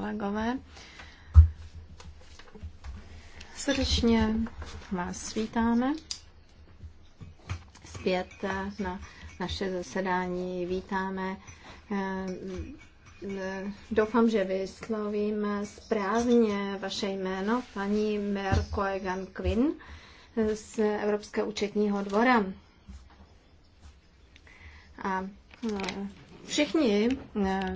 kolegové. Srdečně vás vítáme zpět na naše zasedání. Vítáme. Eh, doufám, že vyslovím správně vaše jméno, paní Merko Egan Quinn z Evropského účetního dvora. A eh, všichni eh,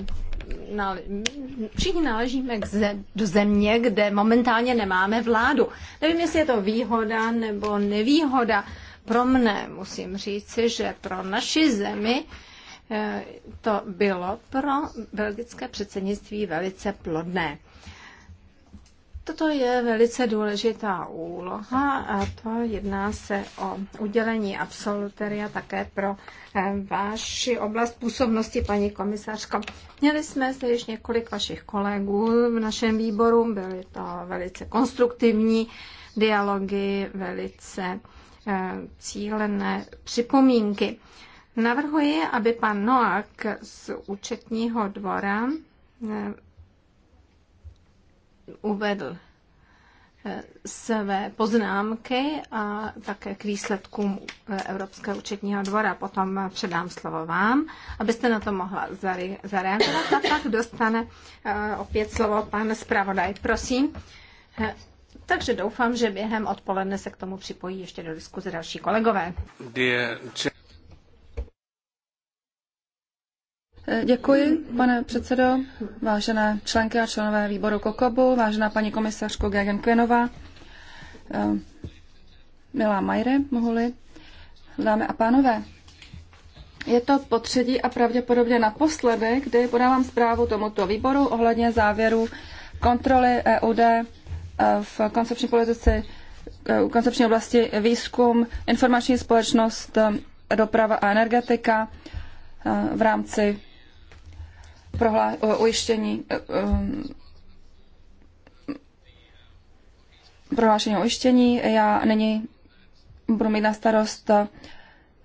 všichni náležíme k zem, do země, kde momentálně nemáme vládu. Nevím, jestli je to výhoda nebo nevýhoda. Pro mne musím říci, že pro naši zemi eh, to bylo pro belgické předsednictví velice plodné. Toto je velice důležitá úloha a to jedná se o udělení absoluteria také pro eh, vaši oblast působnosti, paní komisařko. Měli jsme zde již několik vašich kolegů v našem výboru, byly to velice konstruktivní dialogy, velice eh, cílené připomínky. Navrhuji, aby pan Noak z účetního dvora eh, uvedl eh, své poznámky a také k výsledkům eh, Evropského účetního dvora. Potom eh, předám slovo vám, abyste na to mohla zareagovat a pak dostane opět slovo pan zpravodaj. Prosím. Takže doufám, že během odpoledne se k tomu připojí ještě do diskuze další kolegové. Eh, děkuji, pane předsedo, vážené členky a členové výboru Kokobu, vážená paní komisařko Gegenkvenová, eh, milá Majre, mohli, dámy a pánové. Je to potředí a pravděpodobně naposledy, kdy podávám zprávu tomuto výboru ohledně závěru kontroly EUD eh, v koncepční politice, koncepční oblasti výzkum, informační společnost, doprava a energetika v rámci prohlá- ujištění, eh, ehm, prohlášení ujištění. Já nyní budu mít na starost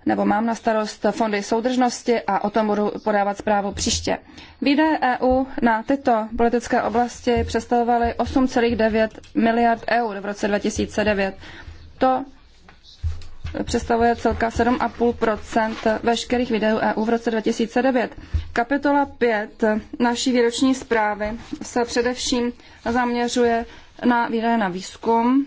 nebo mám na starost fondy soudržnosti a o tom budu podávat zprávu příště. Výdaje EU na tyto politické oblasti představovaly 8,9 miliard eur v roce 2009. To představuje celka 7,5 veškerých videů EU v roce 2009. Kapitola 5 naší výroční zprávy se především zaměřuje na výdaje na výzkum.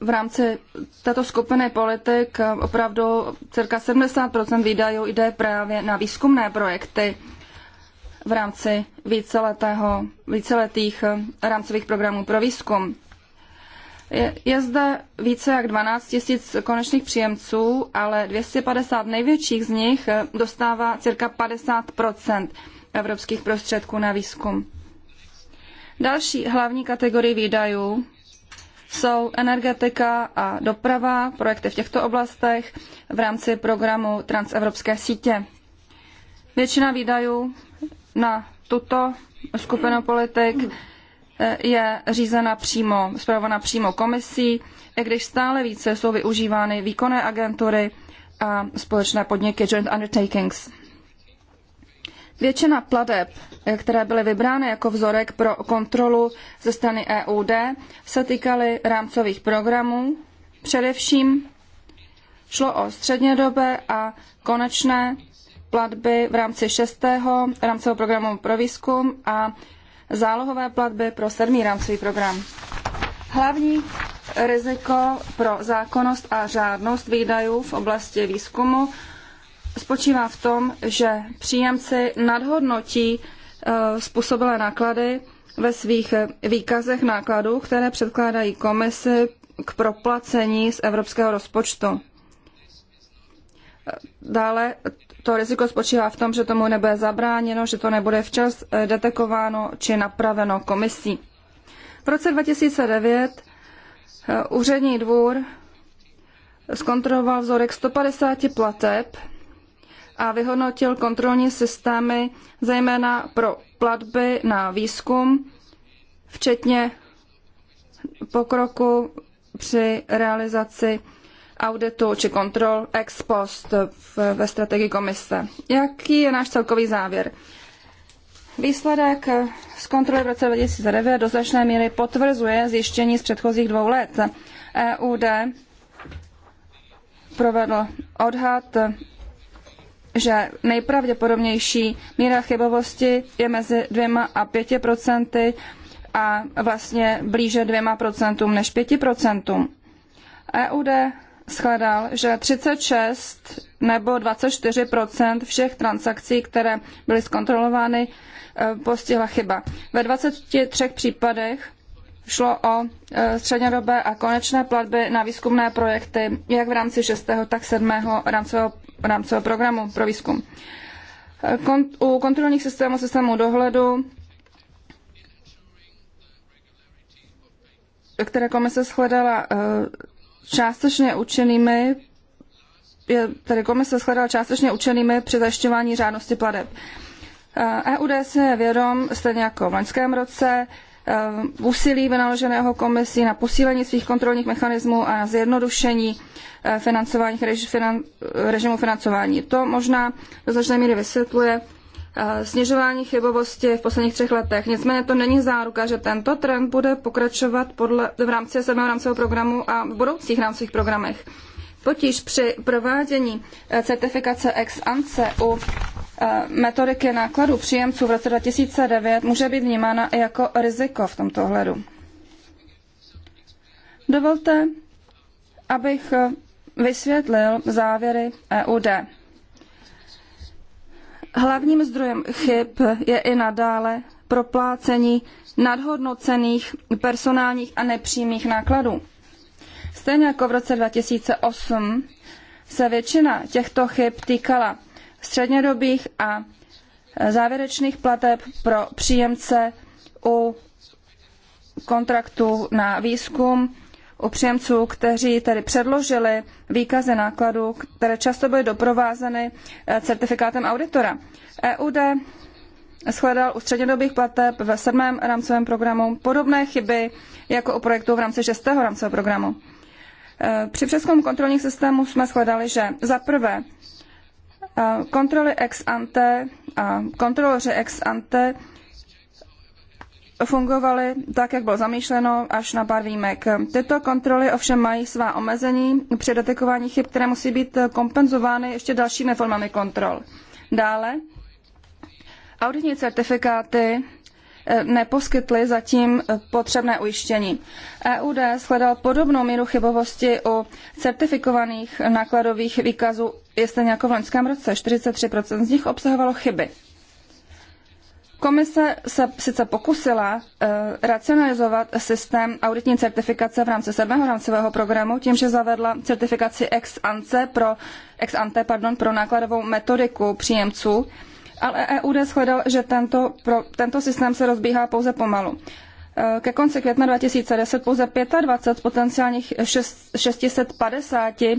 V rámci této skupiny politik opravdu cirka 70 výdajů jde právě na výzkumné projekty v rámci víceletého, víceletých rámcových programů pro výzkum. Je, zde více jak 12 tisíc konečných příjemců, ale 250 největších z nich eh, dostává cirka 50 evropských prostředků na výzkum. Další hlavní kategorii výdajů jsou energetika a doprava, projekty v těchto oblastech v rámci programu Transevropské sítě. Většina výdajů na tuto skupinu politik je řízena přímo, zpravovaná přímo komisí, i když stále více jsou využívány výkonné agentury a společné podniky joint undertakings. Většina plateb, které byly vybrány jako vzorek pro kontrolu ze strany EUD, se týkaly rámcových programů. Především šlo o střednědobé a konečné platby v rámci šestého rámcového programu pro výzkum a zálohové platby pro sedmý rámcový program. Hlavní riziko pro zákonnost a řádnost výdajů v oblasti výzkumu spočívá v tom, že příjemci nadhodnotí eh, způsobilé náklady ve svých výkazech nákladů, které předkládají komisi k proplacení z evropského rozpočtu. Dále to riziko spočívá v tom, že tomu nebude zabráněno, že to nebude včas eh, detekováno či napraveno komisí. V roce 2009 eh, úřední dvůr zkontroloval vzorek 150 plateb a vyhodnotil kontrolní systémy zejména pro platby na výzkum, včetně pokroku při realizaci auditu či kontrol ex post v, ve strategii komise. Jaký je náš celkový závěr? Výsledek z kontroly v roce 2009 do značné míry potvrzuje zjištění z předchozích dvou let. EUD provedl odhad, že nejpravděpodobnější míra chybovosti je mezi dvěma a pěti procenty a vlastně blíže dvěma procentům než pěti procentům. EUD shledal, že 36 nebo 24 všech transakcí, které byly zkontrolovány, eh, postihla chyba. Ve 23 případech šlo o eh, střednědobé a konečné platby na výzkumné projekty, jak v rámci 6. tak 7. rámcového, rámcového programu pro výzkum. Eh, u kontrolních systémů, systémů dohledu které komise shledala částečně učenými je tedy komise shledala částečně učenými při zajišťování řádnosti pladeb. EUD eh, e se je vědom, stejně jako v loňském roce, eh, úsilí vynaloženého komisí na posílení svých kontrolních mechanismů a na zjednodušení eh, financování, režimu financování. To možná do značné míry vysvětluje snižování chybovosti v posledních třech letech. Nicméně to není záruka, že tento trend bude pokračovat podle, v rámci sedmého rámcového programu a v budoucích rámcových programech. Potíž při provádění eh, certifikace ex ante u eh, metodiky nákladů příjemců v roce 2009 může být vnímána i jako riziko v tomto ohledu. Dovolte, abych eh, vysvětlil závěry EUD. Hlavním zdrojem chyb je i nadále proplácení nadhodnocených personálních a nepřímých nákladů. Stejně jako v roce 2008 se většina těchto chyb týkala střednědobých a závěrečných plateb pro příjemce u kontraktu na výzkum u příjemců, kteří tedy předložili výkazy nákladů, které často byly doprovázeny eh, certifikátem auditora. EUD shledal u střednědobých plateb ve sedmém rámcovém programu podobné chyby jako u projektu v rámci šestého rámcového programu. Eh, při přeskumu kontrolních systémů jsme shledali, že za prvé eh, kontroly ex ante a kontroloři ex ante fungovaly tak, jak bylo zamýšleno, až na pár výjimek. Tyto kontroly ovšem mají svá omezení při detekování chyb, které musí být kompenzovány ještě dalšími formami kontrol. Dále, auditní certifikáty eh, neposkytly zatím potřebné ujištění. EUD shledal podobnou míru chybovosti u certifikovaných nákladových výkazů jestli jako v loňském roce. 43% z nich obsahovalo chyby. Komise se sice pokusila uh, racionalizovat systém auditní certifikace v rámci sedmého rámcového programu tím, že zavedla certifikaci ex ante pro, ex ante, pardon, pro nákladovou metodiku příjemců, ale EUD shledal, že tento, pro, tento systém se rozbíhá pouze pomalu. Eh, ke konci května 2010 pouze 25 z potenciálních 650 eh,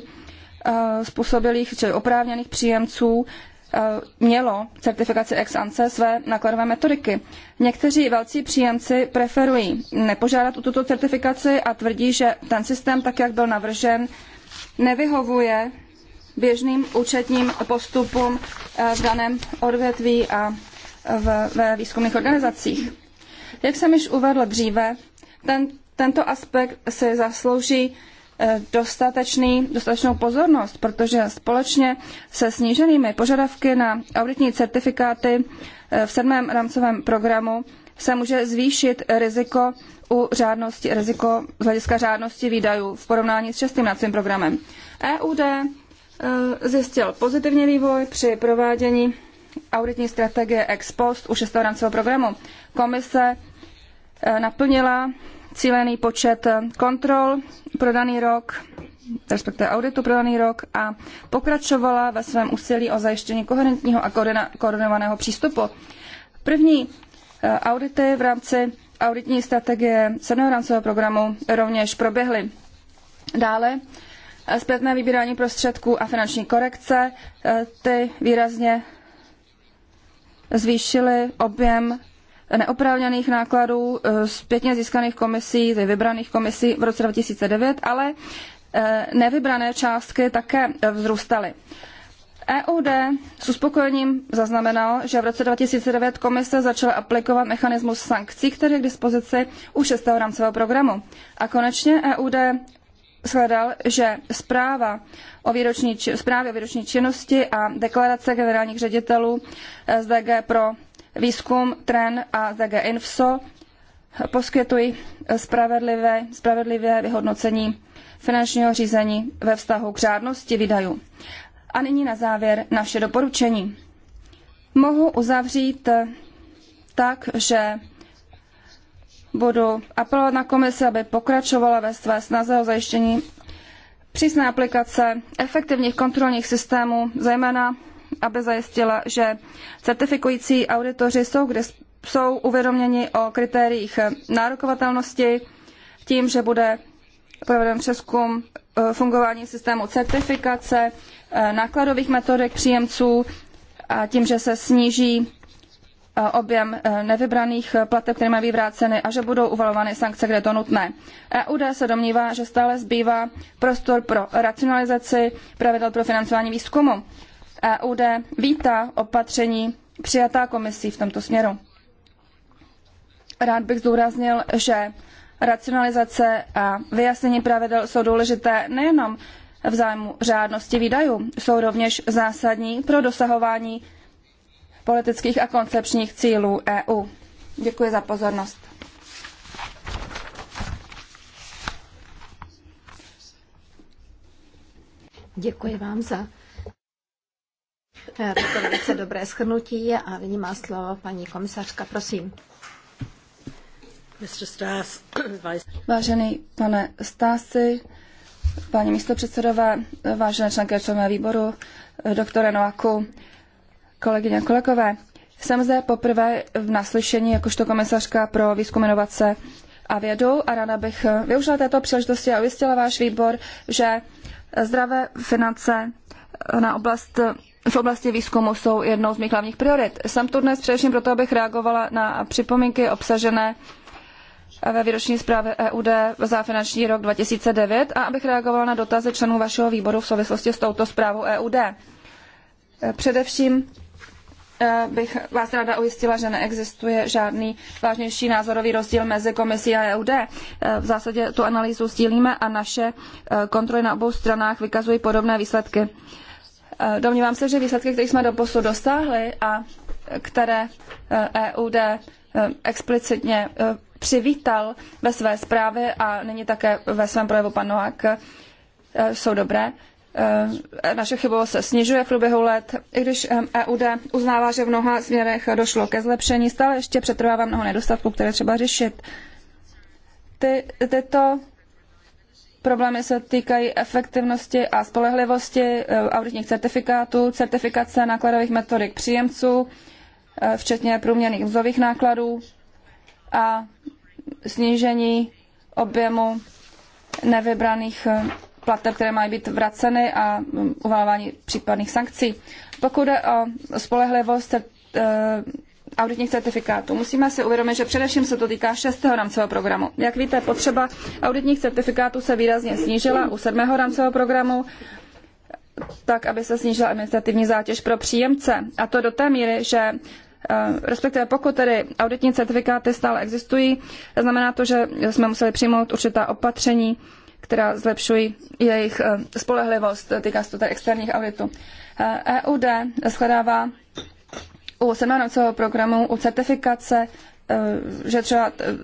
způsobilých či oprávněných příjemců Eh, mělo certifikaci ex ante své nákladové metodiky. Někteří velcí příjemci preferují nepožádat o tuto certifikaci a tvrdí, že ten systém, tak jak byl navržen, nevyhovuje běžným účetním postupům eh, v daném odvětví a eh, v, ve výzkumných organizacích. Jak jsem již uvedl dříve, ten, tento aspekt si zaslouží Eh, dostatečný, dostatečnou pozornost, protože společně se sníženými požadavky na auditní certifikáty eh, v sedmém rámcovém programu se může zvýšit riziko u řádnosti, riziko z hlediska řádnosti výdajů v porovnání s šestým rámcovým programem. EUD eh, zjistil pozitivní vývoj při provádění auditní strategie ex post u šestého rámcového programu. Komise naplnila cílený počet kontrol pro daný rok, respektive auditu pro daný rok a pokračovala ve svém úsilí o zajištění koherentního a koordinovaného přístupu. První eh, audity v rámci auditní strategie sedmého programu rovněž proběhly. Dále eh, zpětné vybírání prostředků a finanční korekce, eh, ty výrazně zvýšily objem neoprávněných nákladů eh, zpětně získaných komisí, tedy vybraných komisí v roce 2009, ale eh, nevybrané částky také eh, vzrůstaly. EUD s uspokojením zaznamenal, že v roce 2009 komise začala aplikovat mechanismus sankcí, který je k dispozici u šestého rámcového programu. A konečně EUD shledal, že zpráva o výroční, zprávy o výroční činnosti a deklarace generálních ředitelů z DG pro výzkum, tren a ZG Info poskytují spravedlivé, spravedlivé vyhodnocení finančního řízení ve vztahu k řádnosti výdajů. A nyní na závěr naše doporučení. Mohu uzavřít tak, že budu apelovat na komisi, aby pokračovala ve své snaze o zajištění přísné aplikace efektivních kontrolních systémů, zejména aby zajistila, že certifikující auditoři jsou, kde jsou uvědoměni o kritériích nárokovatelnosti, tím, že bude proveden přeskum eh, fungování systému certifikace, eh, nákladových metodek příjemců a tím, že se sníží eh, objem nevybraných plateb, které mají být vráceny a že budou uvalovány sankce, kde je to nutné. EUD se domnívá, že stále zbývá prostor pro racionalizaci pravidel pro financování výzkumu. EUD vítá opatření přijatá komisí v tomto směru. Rád bych zdůraznil, že racionalizace a vyjasnění pravidel jsou důležité nejenom v zájmu řádnosti výdajů, jsou rovněž zásadní pro dosahování politických a koncepčních cílů EU. Děkuji za pozornost. Děkuji vám za Eh, to velice dobré schrnutí a nyní má slovo paní komisařka, prosím. Vážený pane Stasi, paní místopředsedové, vážené členky a členové výboru, eh, doktore Noaku, kolegyně a kolegové, jsem zde poprvé v naslyšení jakožto komisařka pro výzkum inovace a vědu a ráda bych eh, využila této příležitosti a ujistila váš výbor, že zdravé finance na oblast v oblasti výzkumu jsou jednou z mých hlavních priorit. Jsem tu dnes především proto, abych reagovala na připomínky obsažené ve výroční zprávě EUD za finanční rok 2009 a abych reagovala na dotazy členů vašeho výboru v souvislosti s touto zprávou EUD. Především eh, bych vás ráda ujistila, že neexistuje žádný vážnější názorový rozdíl mezi komisí a EUD. Eh, v zásadě tu analýzu sdílíme a naše eh, kontroly na obou stranách vykazují podobné výsledky. Eh, domnívám se, že výsledky, které jsme do posud dosáhli a které EUD eh, e eh, explicitně přivítal ve své zprávě a nyní také ve svém projevu pan Noak, jsou dobré. Naše chybovost se snižuje v průběhu let, i když EUD e uznává, že v mnoha směrech došlo ke zlepšení, stále ještě přetrvává mnoho nedostatků, které třeba řešit. Ty, tyto Problémy se týkají efektivnosti a spolehlivosti eh, auditních certifikátů, certifikace nákladových metodik příjemců, eh, včetně průměrných mzdových nákladů a snížení objemu nevybraných eh, plateb, které mají být vraceny a mm, uvalování případných sankcí. Pokud jde o spolehlivost auditních certifikátů. Musíme si uvědomit, že především se to týká šestého rámcového programu. Jak víte, potřeba auditních certifikátů se výrazně snížila u sedmého rámcového programu, tak, aby se snížila administrativní zátěž pro příjemce. A to do té míry, že eh, respektive pokud tedy auditní certifikáty stále existují, znamená to, že jsme museli přijmout určitá opatření, která zlepšují jejich eh, spolehlivost, týká se to externích auditů. EUD eh, e shledává u sedmého programu, u certifikace, eh, že třeba eh,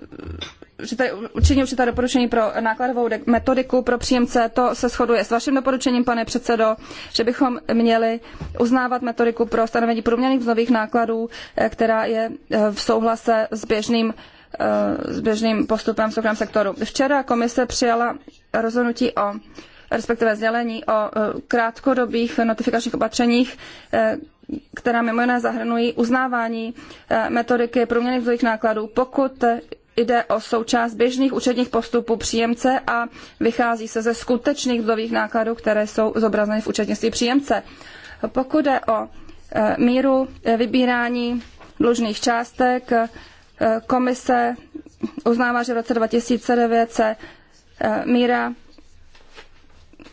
že tady učiní určitá doporučení pro nákladovou metodiku pro příjemce. To se shoduje s vaším doporučením, pane předsedo, že bychom měli uznávat metodiku pro stanovení průměrných vznových nákladů, eh, která je v souhlase s běžným s běžným postupem v soukromém sektoru. Včera komise přijala rozhodnutí o respektive sdělení o krátkodobých notifikačních opatřeních, která mimo jiné zahrnují uznávání eh, metodiky průměrných vzdových nákladů, pokud jde o součást běžných účetních postupů příjemce a vychází se ze skutečných vzdových nákladů, které jsou zobrazeny v účetnictví příjemce. Pokud jde o eh, míru eh, vybírání dlužných částek, komise uznává, že v roce 2009 se míra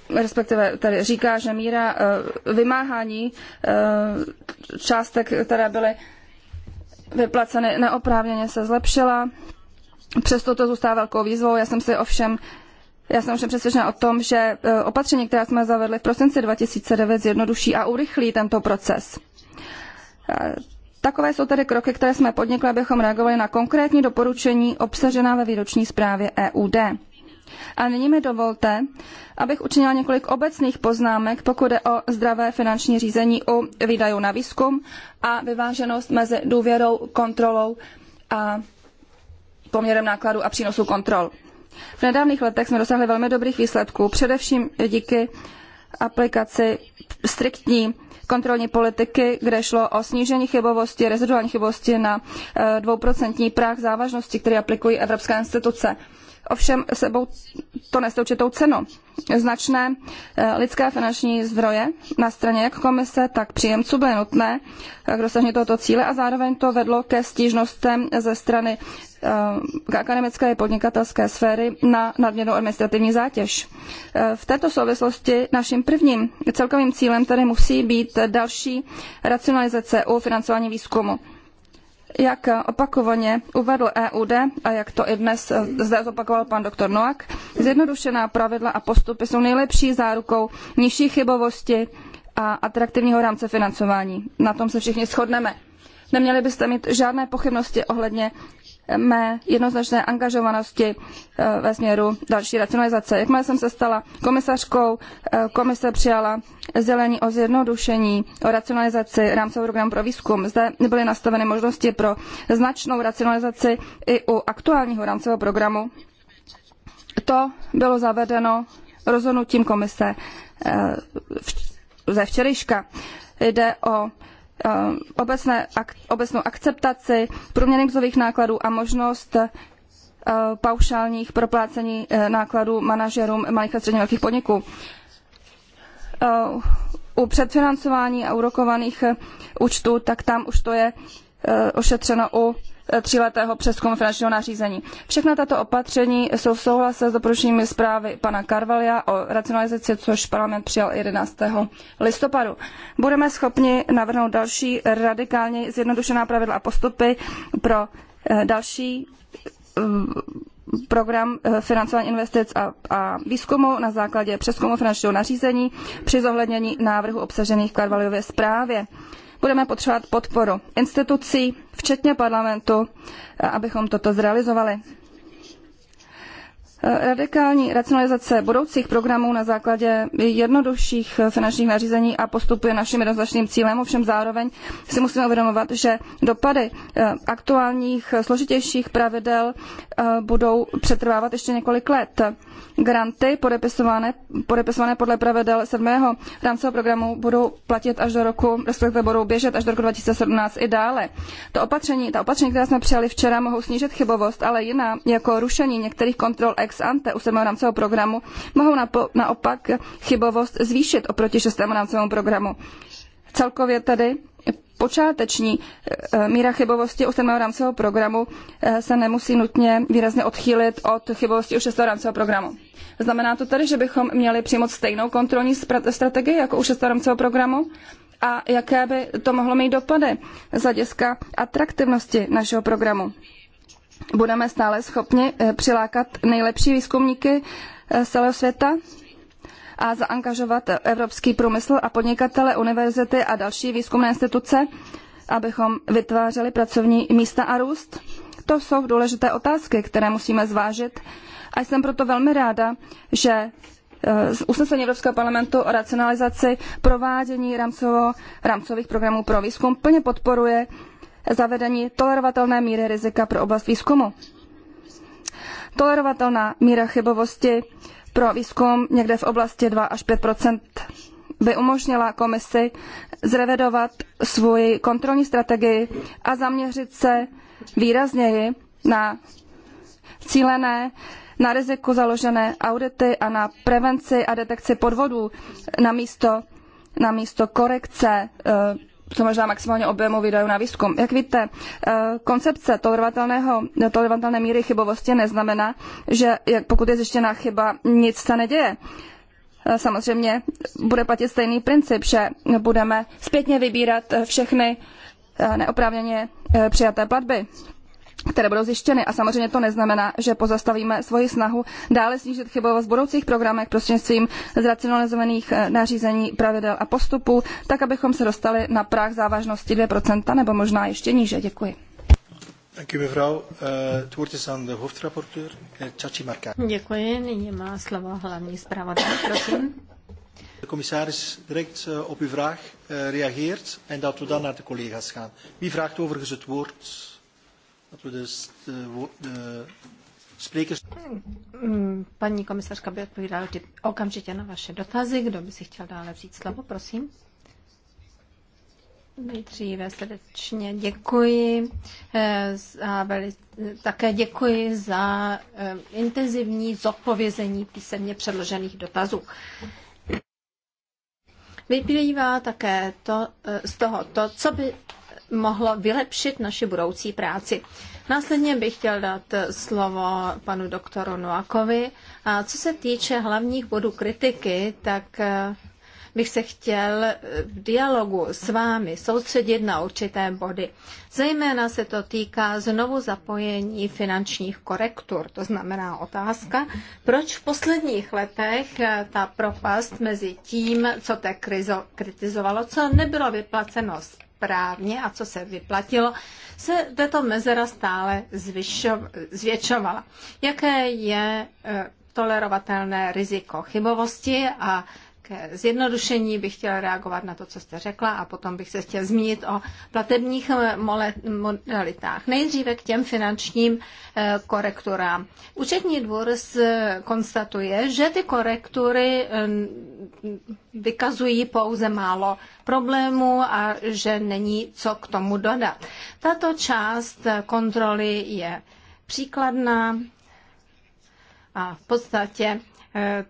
respektive tady říká, že míra eh, vymáhání eh, částek, které byly vyplaceny neoprávněně, se zlepšila. Přesto to zůstává velkou výzvou. Já jsem si ovšem já jsem všem přesvědčena o tom, že eh, opatření, která jsme zavedli v prosinci 2009, zjednoduší a urychlí tento proces. Takové jsou tedy kroky, které jsme podnikli, abychom reagovali na konkrétní doporučení obsažená ve výroční zprávě EUD. A nyní mi dovolte, abych učinila několik obecných poznámek, pokud je o zdravé finanční řízení u výdajů na výzkum a vyváženost mezi důvěrou, kontrolou a poměrem nákladu a přínosu kontrol. V nedávných letech jsme dosáhli velmi dobrých výsledků, především díky aplikaci striktní kontrolní politiky, kde šlo o snížení chybovosti, reziduální chybovosti na eh, dvouprocentní práh závažnosti, který aplikují evropské instituce ovšem sebou to nese určitou cenu. Značné eh, lidské finanční zdroje na straně jak komise, tak příjemců byly nutné eh, k dosažení tohoto cíle a zároveň to vedlo ke stížnostem ze strany eh, akademické i podnikatelské sféry na nadměrnou administrativní zátěž. V této souvislosti naším prvním celkovým cílem tedy musí být další racionalizace u financování výzkumu. Jak opakovaně uvedl EUD a jak to i dnes eh, zde zopakoval pan doktor Noak, zjednodušená pravidla a postupy jsou nejlepší zárukou nižší chybovosti a atraktivního rámce financování. Na tom se všichni shodneme. Neměli byste mít žádné pochybnosti ohledně mé jednoznačné angažovanosti eh, ve směru další racionalizace. Jakmile jsem se stala komisařkou, eh, komise přijala zelení o zjednodušení, o racionalizaci rámcového programu pro výzkum. Zde byly nastaveny možnosti pro značnou racionalizaci i u aktuálního rámcového programu. To bylo zavedeno rozhodnutím komise eh, ze včerejška. Jde o Eh, obecné, ak, obecnou akceptaci průměrných mzdových nákladů a možnost eh, paušálních proplácení eh, nákladů manažerům malých a středně velkých podniků. U předfinancování a úrokovaných účtů, tak tam už to je ošetřeno u tříletého přeskumu finančního nařízení. Všechna tato opatření jsou v souhlase s doporučeními zprávy pana Karvalia o racionalizaci, což parlament přijal 11. listopadu. Budeme schopni navrhnout další radikálně zjednodušená pravidla a postupy pro eh, další eh, program eh, financování investic a, a výzkumu na základě přeskumu finančního nařízení při zohlednění návrhu obsažených v Karvalově zprávě budeme potřebovat podporu institucí, včetně parlamentu, eh, abychom toto zrealizovali. Eh, radikální racionalizace budoucích programů na základě jednodušších eh, finančních nařízení a postupuje je naším jednoznačným cílem, ovšem zároveň si musíme uvědomovat, že dopady aktuálních složitějších pravidel budou přetrvávat ještě několik let granty podepisované, podepisované podle pravidel 7. rámcového programu budou platit až do roku, respektive budou běžet až do roku 2017 i dále. To opatření, ta opatření, která jsme přijali včera, mohou snížit chybovost, ale jiná, jako rušení některých kontrol ex ante u 7. rámcového programu, mohou napo, naopak chybovost zvýšit oproti 6. rámcovému programu. Celkově tedy počáteční eh, eh, míra chybovosti u 7. rámcového programu eh, se nemusí nutně výrazně odchýlit od chybovosti u šestého rámcového programu. Znamená to tedy, že bychom měli přijmout stejnou kontrolní strategii jako u šestého rámcového programu? A jaké by to mohlo mít dopady z hlediska atraktivnosti našeho programu? Budeme stále schopni přilákat nejlepší výzkumníky z celého světa? a zaangažovat evropský průmysl a podnikatele, univerzity a další výzkumné instituce, abychom vytvářeli pracovní místa a růst? To jsou důležité otázky, které musíme zvážit a jsem proto velmi ráda, že e, z usnesení Evropského parlamentu o racionalizaci provádění rámcovo, rámcových programů pro výzkum plně podporuje zavedení tolerovatelné míry rizika pro oblast výzkumu. Tolerovatelná míra chybovosti pro výzkum někde v oblasti 2 až 5 by umožnila komisi zrevedovat svoji kontrolní strategii a zaměřit se výrazněji na cílené, na riziku založené audity a na prevenci a detekci podvodů na místo, na místo korekce eh, co možná maximálně objemu vydají na výzkum. Jak víte, eh, koncepce tolerovatelného, tolerovatelné míry chybovosti neznamená, že pokud je zjištěná chyba, nic se neděje. Eh, samozřejmě bude platit stejný princip, že budeme zpětně vybírat všechny eh, neoprávněně přijaté platby které budou zjištěny. A samozřejmě to neznamená, že pozastavíme svoji snahu dále snížit chybovost v budoucích programech prostřednictvím zracionalizovaných eh, nařízení, pravidel a postupů, tak abychom se dostali na práh závažnosti 2% nebo možná ještě níže. Děkuji. Eh, eh, Děkuji. Nyní má slovo hlavní zpravodaj, prosím. De commissaris direct op uw vraag reageert en dat we dan naar de collega's gaan. Wie vraagt overigens het woord? dat we dus eh, de, eh, de sprekers... Mm, paní komisařka by odpovídala okamžitě na vaše dotazy. Kdo by si chtěl dále vzít slovo, prosím? Nejdříve srdečně děkuji eh, a veli, také děkuji za intenzivní zodpovězení písemně předložených dotazů. Vyplývá také to, z toho to, co by mohlo vylepšit naši budoucí práci. Následně bych chtěl dát slovo panu doktoru Noakovi. A co se týče hlavních bodů kritiky, tak eh, bych se chtěl eh, v dialogu s vámi soustředit na určité body. Zejména se to týká znovu zapojení finančních korektur. To znamená otázka, proč v posledních letech eh, ta propast mezi tím, co te kritizovalo, co nebylo vyplaceno z správně a co se vyplatilo, se tato mezera stále zvětšovala. Jaké je eh, tolerovatelné riziko chybovosti a ke zjednodušení bych chtěla reagovat na to, co jste řekla a potom bych se chtěla zmínit o platebních modalitách. Nejdříve k těm finančním eh, korekturám. Účetní dvůr konstatuje, že ty korektury eh, vykazují pouze málo problémů a že není co k tomu dodat. Tato část kontroly je příkladná a v podstatě eh,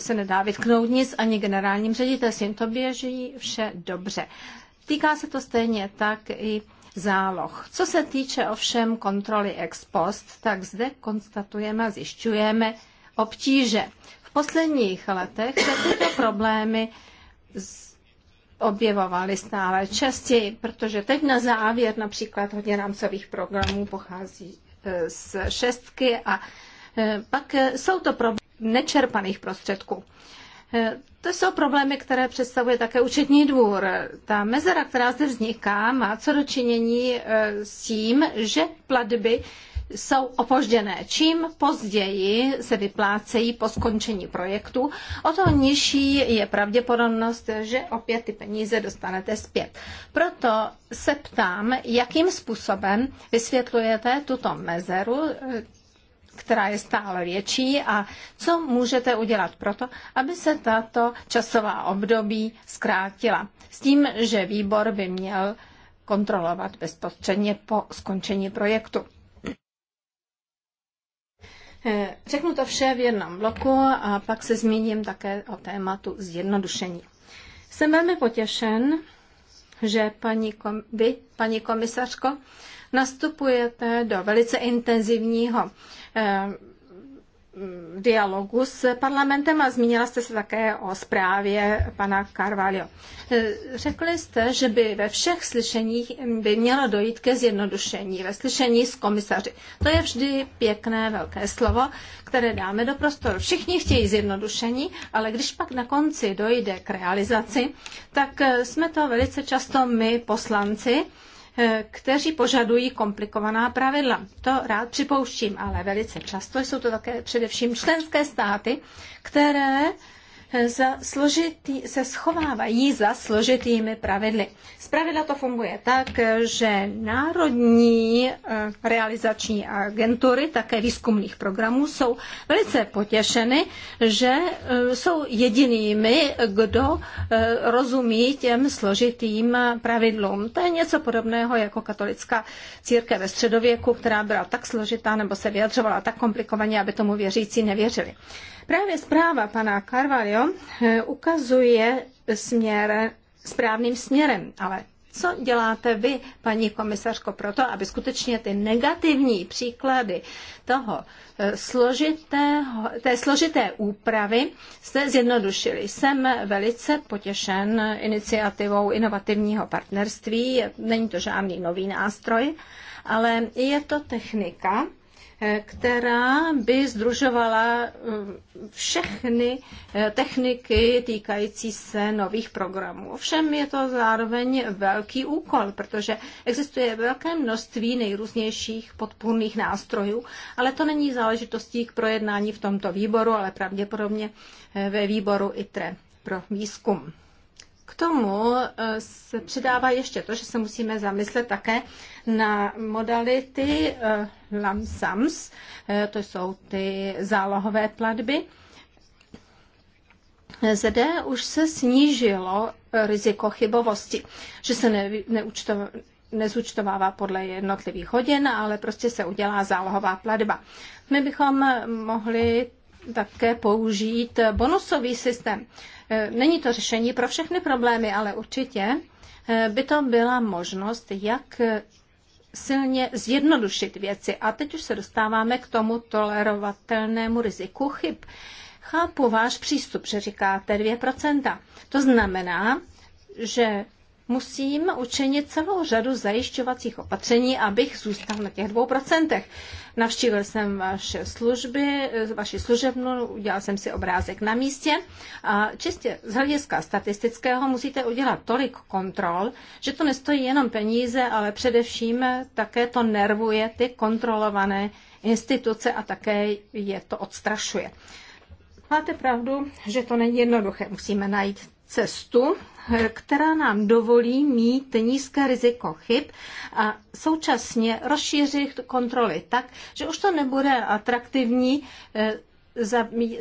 se nedá vytknout nic ani generálním ředitelstvím. To běží vše dobře. Týká se to stejně tak i záloh. Co se týče ovšem kontroly ex post, tak zde konstatujeme a zjišťujeme obtíže. V posledních letech se tyto problémy objevovaly stále častěji, protože teď na závěr například hodně rámcových programů pochází e, z šestky a e, pak e, jsou to problémy, nečerpaných prostředků. E, to jsou problémy, které představuje také účetní dvůr. Ta mezera, která zde vzniká, má co dočinění e, s tím, že platby jsou opožděné. Čím později se vyplácejí po skončení projektu, o to nižší je pravděpodobnost, že opět ty peníze dostanete zpět. Proto se ptám, jakým způsobem vysvětlujete tuto mezeru která je stále větší a co můžete udělat proto, aby se tato časová období zkrátila. S tím, že výbor by měl kontrolovat bezprostředně po skončení projektu. Eh, řeknu to vše v jednom bloku a pak se zmíním také o tématu zjednodušení. Jsem velmi potěšen, že paní, kom, vy, paní komisařko, nastupujete do velice intenzivního eh, dialogu s parlamentem a zmínila jste se také o zprávě pana Carvalho. Eh, řekli jste, že by ve všech slyšeních by mělo dojít ke zjednodušení, ve slyšení s komisaři. To je vždy pěkné velké slovo, které dáme do prostoru. Všichni chtějí zjednodušení, ale když pak na konci dojde k realizaci, tak eh, jsme to velice často my poslanci, Eh, kteří požadují komplikovaná pravidla. To rád připouštím, ale velice často jsou to také především členské státy, které za složitý, se schovávají za složitými pravidly. pravidla to funguje tak, že národní eh, realizační agentury, také výzkumných programů, jsou velice potěšeny, že eh, jsou jedinými, kdo eh, rozumí těm složitým pravidlům. To je něco podobného jako katolická církev ve středověku, která byla tak složitá nebo se vyjadřovala tak komplikovaně, aby tomu věřící nevěřili. Právě zpráva pana Carvalho eh, ukazuje směr, správným směrem, ale co děláte vy, paní komisařko, proto, aby skutečně ty negativní příklady toho eh, složitého, té složité úpravy se zjednodušili. Jsem velice potěšen iniciativou inovativního partnerství. Není to žádný nový nástroj, ale je to technika, Eh, která by združovala eh, všechny eh, techniky týkající se nových programů. Ovšem je to zároveň velký úkol, protože existuje velké množství nejrůznějších podpůrných nástrojů, ale to není záležitostí k projednání v tomto výboru, ale pravděpodobně ve výboru ITRE pro výzkum. K tomu se přidává ještě to, že se musíme zamyslet také na modality eh, LAMSAMS, eh, to jsou ty zálohové platby. Zde už se snížilo riziko chybovosti, že se nezúčtovává podle jednotlivých hodin, ale prostě se udělá zálohová platba. My bychom mohli také použít bonusový systém. Eh, není to řešení pro všechny problémy, ale určitě by to byla možnost, jak silně zjednodušit věci. A teď už se dostáváme k tomu tolerovatelnému riziku chyb. Chápu váš přístup, že říkáte 2%. To znamená, že musím učinit celou řadu zajišťovacích opatření, abych zůstal na těch dvou procentech. Navštívil jsem vaše služby, vaši služebnu, udělal jsem si obrázek na místě a čistě z hlediska statistického musíte udělat tolik kontrol, že to nestojí jenom peníze, ale především také to nervuje ty kontrolované instituce a také je to odstrašuje. Máte pravdu, že to není jednoduché. Musíme najít cestu, která nám dovolí mít nízké riziko chyb a současně rozšířit kontroly tak, že už to nebude atraktivní eh,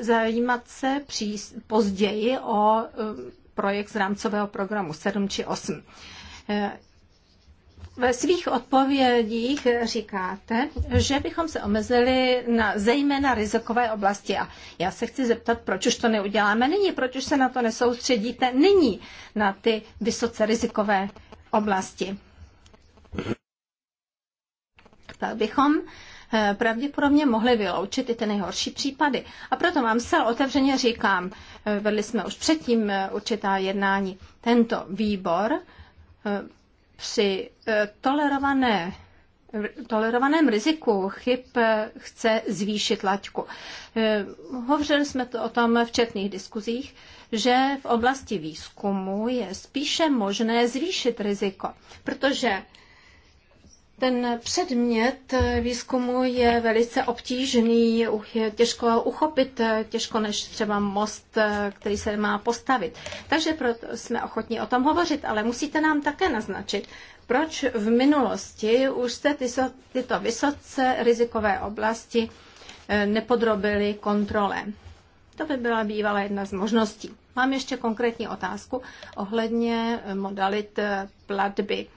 zajímat se později o eh, projekt z rámcového programu 7 či 8. Ve svých odpovědích říkáte, že bychom se omezili na zejména rizikové oblasti. A já se chci zeptat, proč už to neuděláme nyní, proč už se na to nesoustředíte nyní, na ty vysoce rizikové oblasti. Tak bychom eh, pravděpodobně mohli vyloučit i ty nejhorší případy. A proto vám se otevřeně říkám, eh, vedli jsme už předtím eh, určitá jednání. Tento výbor při eh, tolerované tolerovaném riziku chyb eh, chce zvýšit laťku. Eh, hovořili jsme to o tom v četných diskuzích, že v oblasti výzkumu je spíše možné zvýšit riziko, protože ten předmět výzkumu je velice obtížný, je těžko uchopit, těžko než třeba most, který se má postavit. Takže proto jsme ochotní o tom hovořit, ale musíte nám také naznačit, proč v minulosti už jste tyso, tyto vysoce rizikové oblasti eh, nepodrobili kontrole. To by byla bývala jedna z možností. Mám ještě konkrétní otázku ohledně eh, modalit eh, platby.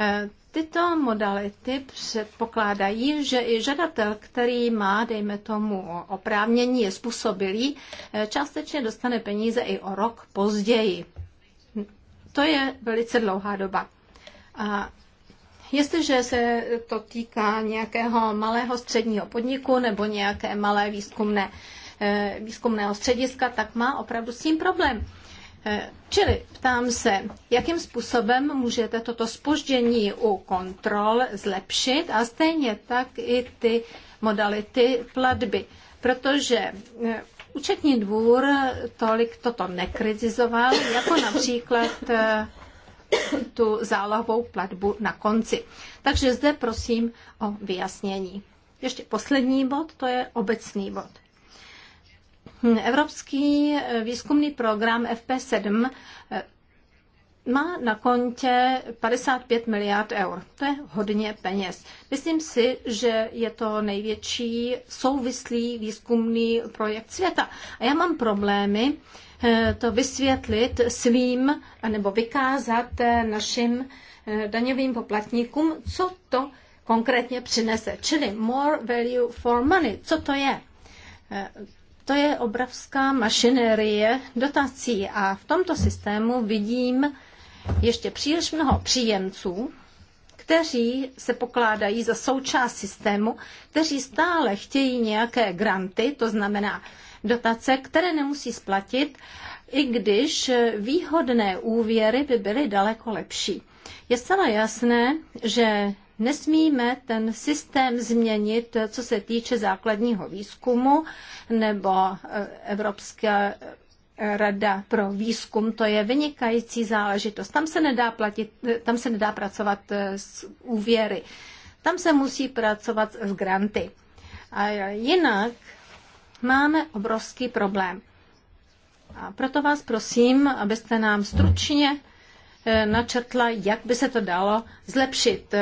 Eh, tyto modality předpokládají, že i žadatel, který má, dejme tomu, oprávnění, je způsobilý, eh, částečně dostane peníze i o rok později. To je velice dlouhá doba. A Jestliže se to týká nějakého malého středního podniku nebo nějaké malé výzkumné, eh, výzkumného střediska, tak má opravdu s tím problém. Eh, čili ptám se, jakým způsobem můžete toto spoždění u kontrol zlepšit a stejně tak i ty modality platby, protože eh, účetní dvůr tolik toto nekritizoval, jako například eh, tu zálohovou platbu na konci. Takže zde prosím o vyjasnění. Ještě poslední bod, to je obecný bod. Evropský eh, výzkumný program FP7 eh, má na kontě 55 miliard eur. To je hodně peněz. Myslím si, že je to největší souvislý výzkumný projekt světa. A já mám problémy eh, to vysvětlit svým, nebo vykázat našim daňovým poplatníkům, co to konkrétně přinese. Čili more value for money. Co to je? To je obrovská mašinérie dotací a v tomto systému vidím ještě příliš mnoho příjemců, kteří se pokládají za součást systému, kteří stále chtějí nějaké granty, to znamená dotace, které nemusí splatit, i když výhodné úvěry by byly daleko lepší. Je zcela jasné, že Nesmíme ten systém změnit, co se týče základního výzkumu nebo eh, Evropské rada pro výzkum, to je vynikající záležitost. Tam se nedá, platit, eh, tam se nedá pracovat eh, s úvěry. Tam se musí pracovat s granty. A jinak máme obrovský problém. A proto vás prosím, abyste nám stručně načrtla, jak by se to dalo zlepšit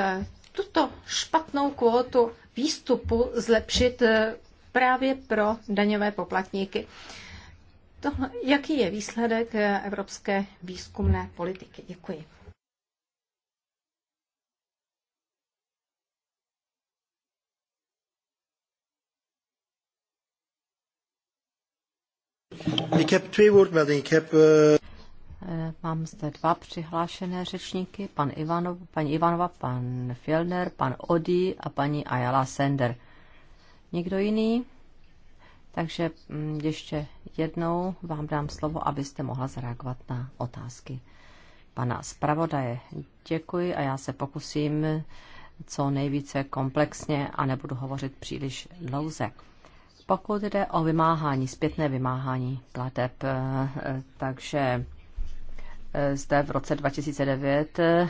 tuto špatnou kvótu výstupu zlepšit eh, právě pro daňové poplatníky. Tohle, jaký je výsledek eh, evropské výzkumné politiky? Děkuji. Ik heb twee woordmeldingen. Ik heb uh... Mám zde dva přihlášené řečníky, pan Ivanov, paní Ivanova, pan Fjellner, pan Odi a paní Ayala Sender. Nikdo jiný? Takže mm, ještě jednou vám dám slovo, abyste mohla zareagovat na otázky pana zpravodaje. Děkuji a já se pokusím co nejvíce komplexně a nebudu hovořit příliš dlouze. Pokud jde o vymáhání, zpětné vymáhání plateb, eh, eh, takže zde v roce 2009 eh,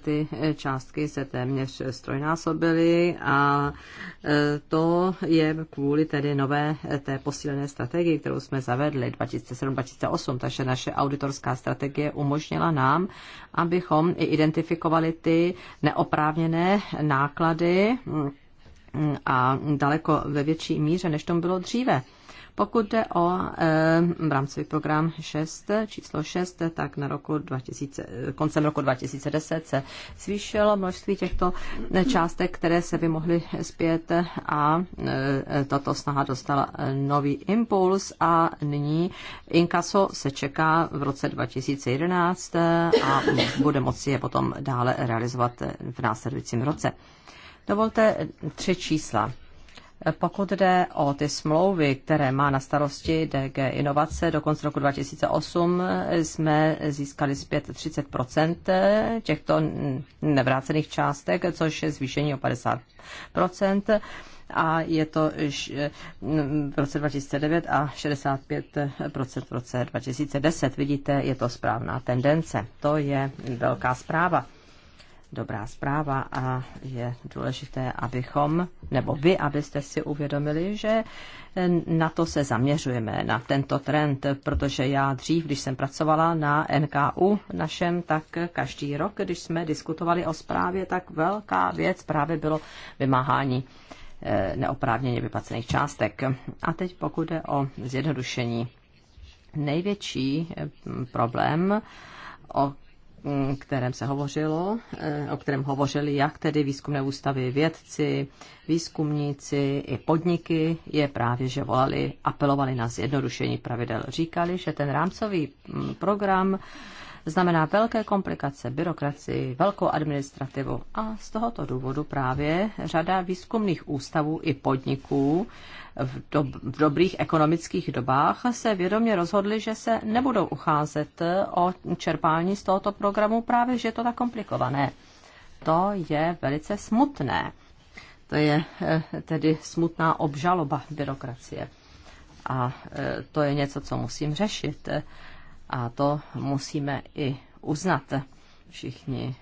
ty částky se téměř strojnásobily a eh, to je kvůli tedy nové eh, té posílené strategii, kterou jsme zavedli 2007-2008, takže naše auditorská strategie umožnila nám, abychom i identifikovali ty neoprávněné náklady mm, a daleko ve větší míře, než tomu bylo dříve. Pokud jde o e, rámcový program 6, číslo 6, tak na roku 2000, koncem roku 2010 se zvýšilo množství těchto eh, částek, které se by mohly zpět a eh, tato snaha dostala nový impuls a nyní inkaso se čeká v roce 2011 a bude moci je potom dále realizovat v následujícím roce. Dovolte tři čísla. Pokud jde o ty smlouvy, které má na starosti DG Inovace, do konce roku 2008 jsme získali zpět 30 těchto nevrácených částek, což je zvýšení o 50 a je to v roce 2009 a 65% v roce 2010. Vidíte, je to správná tendence. To je velká zpráva dobrá zpráva a je důležité, abychom, nebo vy, abyste si uvědomili, že eh, na to se zaměřujeme, na tento trend, protože já dřív, když jsem pracovala na NKU našem, tak každý rok, když jsme diskutovali o zprávě, tak velká věc právě bylo vymáhání eh, neoprávněně vypacených částek. A teď pokud jde o zjednodušení. Největší eh, problém, o Mm, kterém se hovořilo, eh, o kterém hovořili jak tedy výzkumné ústavy, vědci, výzkumníci i podniky, je právě, že volali, apelovali na zjednodušení pravidel. Říkali, že ten rámcový mm, program znamená velké komplikace, byrokracii, velkou administrativu. A z tohoto důvodu právě řada výzkumných ústavů i podniků v, do, v dobrých ekonomických dobách se vědomě rozhodli, že se nebudou ucházet o čerpání z tohoto programu právě, že je to tak komplikované. To je velice smutné. To je eh, tedy smutná obžaloba byrokracie. A eh, to je něco, co musím řešit. A to musíme i uznat všichni,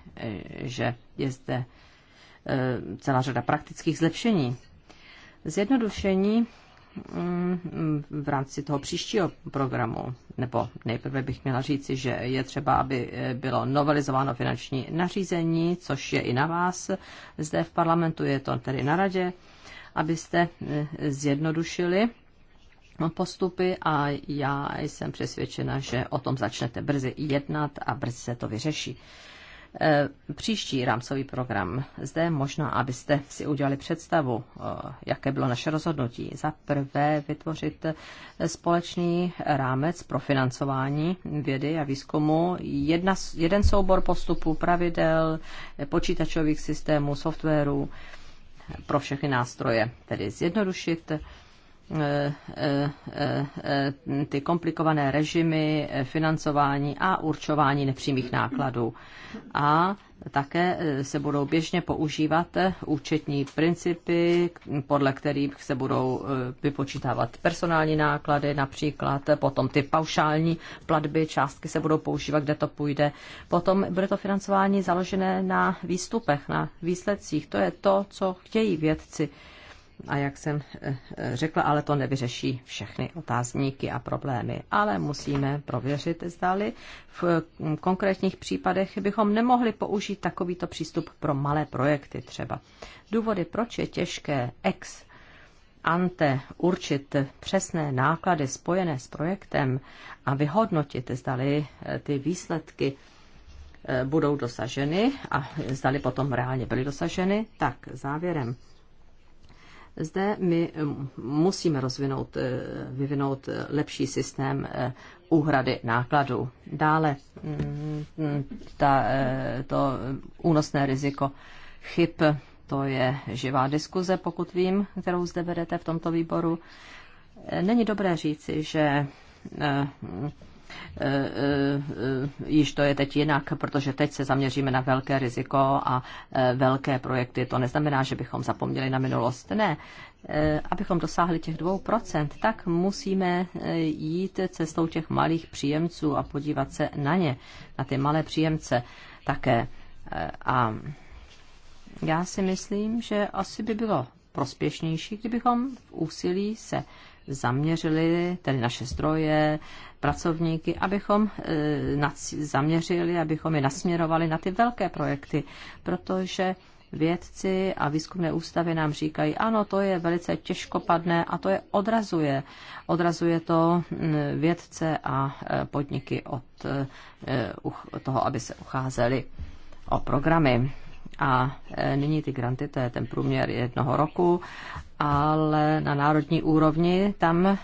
že je zde e, celá řada praktických zlepšení. Zjednodušení mm, v rámci toho příštího programu, nebo nejprve bych měla říci, že je třeba, aby e, bylo novelizováno finanční nařízení, což je i na vás zde v parlamentu, je to tedy na radě, abyste e, zjednodušili postupy a já jsem přesvědčena, že o tom začnete brzy jednat a brzy se to vyřeší. Eh, příští rámcový program. Zde možná, abyste si udělali představu, eh, jaké bylo naše rozhodnutí. Za prvé vytvořit eh, společný rámec pro financování vědy a výzkumu, jedna, jeden soubor postupů, pravidel, počítačových systémů, softwarů pro všechny nástroje, tedy zjednodušit Eh, eh, eh, ty komplikované režimy financování a určování nepřímých nákladů. A také se budou běžně používat účetní principy, podle kterých se budou vypočítávat personální náklady, například potom ty paušální platby, částky se budou používat, kde to půjde. Potom bude to financování založené na výstupech, na výsledcích. To je to, co chtějí vědci a jak jsem eh, eh, řekla, ale to nevyřeší všechny otázníky a problémy. Ale musíme prověřit, zdali v mm, konkrétních případech bychom nemohli použít takovýto přístup pro malé projekty třeba. Důvody, proč je těžké ex ante určit přesné náklady spojené s projektem a vyhodnotit, zdali eh, ty výsledky budou dosaženy a zdali potom reálně byly dosaženy, tak závěrem zde my eh, musíme rozvinout, eh, vyvinout eh, lepší systém úhrady nákladů. Dále mm, mm, ta, to únosné riziko chyb, to je živá diskuze, pokud vím, kterou zde vedete v tomto výboru. Není dobré říci, že Eh, eh, již to je teď jinak, protože teď se zaměříme na velké riziko a eh, velké projekty. To neznamená, že bychom zapomněli na minulost. Ne. Abychom dosáhli těch 2%, tak musíme jít cestou těch malých příjemců a podívat se na ně, na ty malé příjemce také. A já si myslím, že asi by bylo prospěšnější, kdybychom v úsilí se zaměřili, tedy naše zdroje, pracovníky, abychom e, zaměřili, abychom je nasměrovali na ty velké projekty, protože vědci a výzkumné ústavy nám říkají, ano, to je velice těžkopadné a to je odrazuje. Odrazuje to vědce a e, podniky od e, toho, aby se ucházeli o programy a e, nyní ty granty, to je ten průměr jednoho roku, ale na národní úrovni tam e,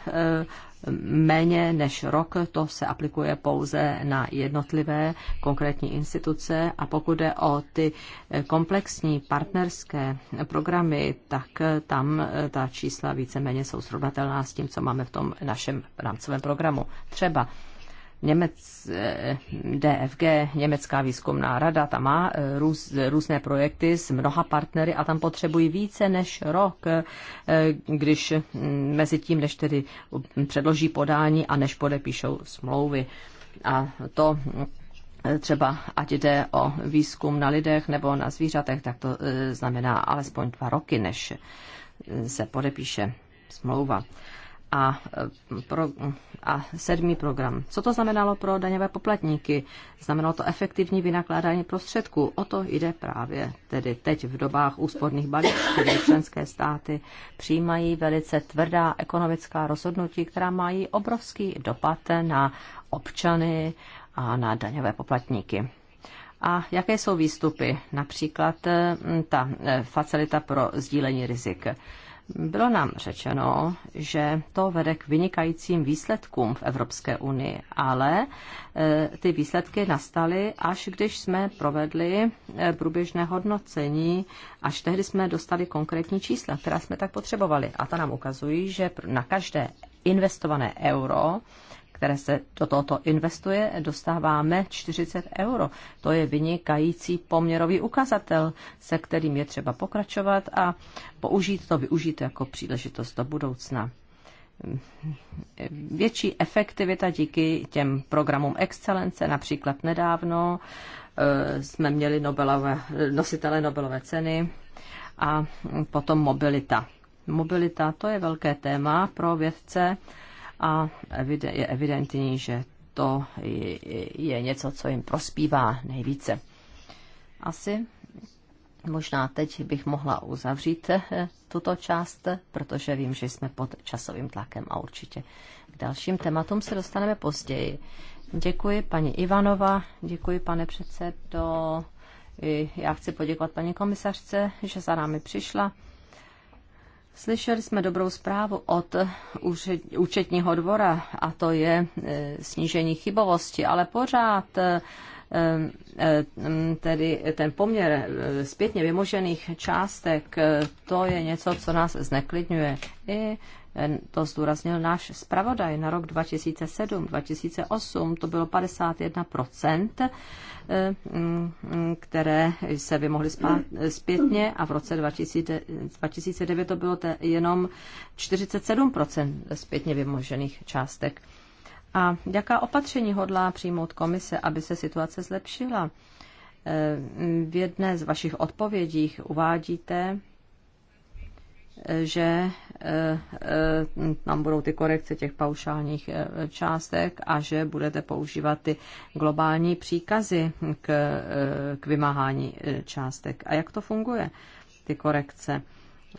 méně než rok, to se aplikuje pouze na jednotlivé konkrétní instituce a pokud jde o ty e, komplexní partnerské programy, tak tam ta čísla víceméně jsou srovnatelná s tím, co máme v tom našem rámcovém programu. Třeba Němec, eh, DFG, Německá výzkumná rada, tam má eh, růz, různé projekty s mnoha partnery a tam potřebují více než rok, eh, když mm, mezi tím, než tedy mm, předloží podání a než podepíšou smlouvy. A to třeba ať jde o výzkum na lidech nebo na zvířatech, tak to znamená alespoň dva roky, než se podepíše smlouva a, pro, a sedmý program. Co to znamenalo pro daňové poplatníky? Znamenalo to efektivní vynakládání prostředků. O to jde právě tedy teď v dobách úsporných balíčků, kdy členské státy přijímají velice tvrdá ekonomická rozhodnutí, která mají obrovský dopad na občany a na daňové poplatníky. A jaké jsou výstupy? Například mm, ta eh, facilita pro sdílení rizik. Bylo nám řečeno, že to vede k vynikajícím výsledkům v Evropské unii, ale e, ty výsledky nastaly, až když jsme provedli e, průběžné hodnocení, až tehdy jsme dostali konkrétní čísla, která jsme tak potřebovali. A ta nám ukazují, že na každé investované euro které se do tohoto investuje, dostáváme 40 euro. To je vynikající poměrový ukazatel, se kterým je třeba pokračovat a použít to, využít jako příležitost do budoucna větší efektivita díky těm programům excelence. Například nedávno eh, jsme měli Nobelové, nositele Nobelové ceny a potom mobilita. Mobilita to je velké téma pro vědce a je evidentní, že to je něco, co jim prospívá nejvíce. Asi možná teď bych mohla uzavřít eh, tuto část, protože vím, že jsme pod časovým tlakem a určitě k dalším tématům se dostaneme později. Děkuji paní Ivanova, děkuji pane předsedo. Já chci poděkovat paní komisařce, že za námi přišla. Slyšeli jsme dobrou zprávu od účetního dvora a to je e, snížení chybovosti, ale pořád e, e, tedy ten poměr zpětně vymožených částek, to je něco, co nás zneklidňuje. I to zdůraznil náš zpravodaj na rok 2007, 2008, to bylo 51%, eh, mm, které se vymohly zpětně a v roce 2009 to bylo jenom 47% zpětně vymožených částek. A jaká opatření hodlá přijmout komise, aby se situace zlepšila? Eh, mm, v jedné z vašich odpovědích uvádíte, eh, že Eh, eh, tam budou ty korekce těch paušálních eh, částek a že budete používat ty globální příkazy k, k vymáhání částek. A jak to funguje, ty korekce?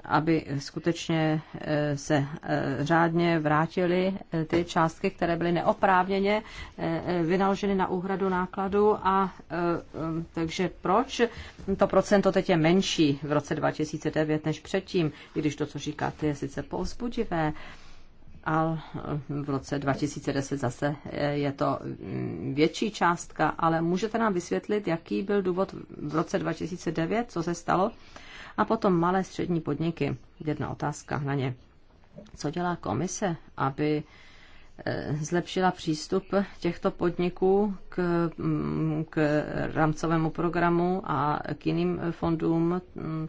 aby skutečně eh, se eh, řádně vrátily eh, ty částky, které byly neoprávněně vynaloženy na úhradu nákladu a um, takže proč to procento teď je menší v roce 2009 než předtím, i když to, co říkáte, je sice povzbudivé, ale v roce 2010 zase je to mm, větší částka, ale můžete nám vysvětlit, jaký byl důvod v roce 2009, co se stalo? A potom malé střední podniky. Jedna otázka na ně. Co dělá komise, aby e, zlepšila přístup těchto podniků k, mm, k rámcovému programu a k jiným fondům? Mm,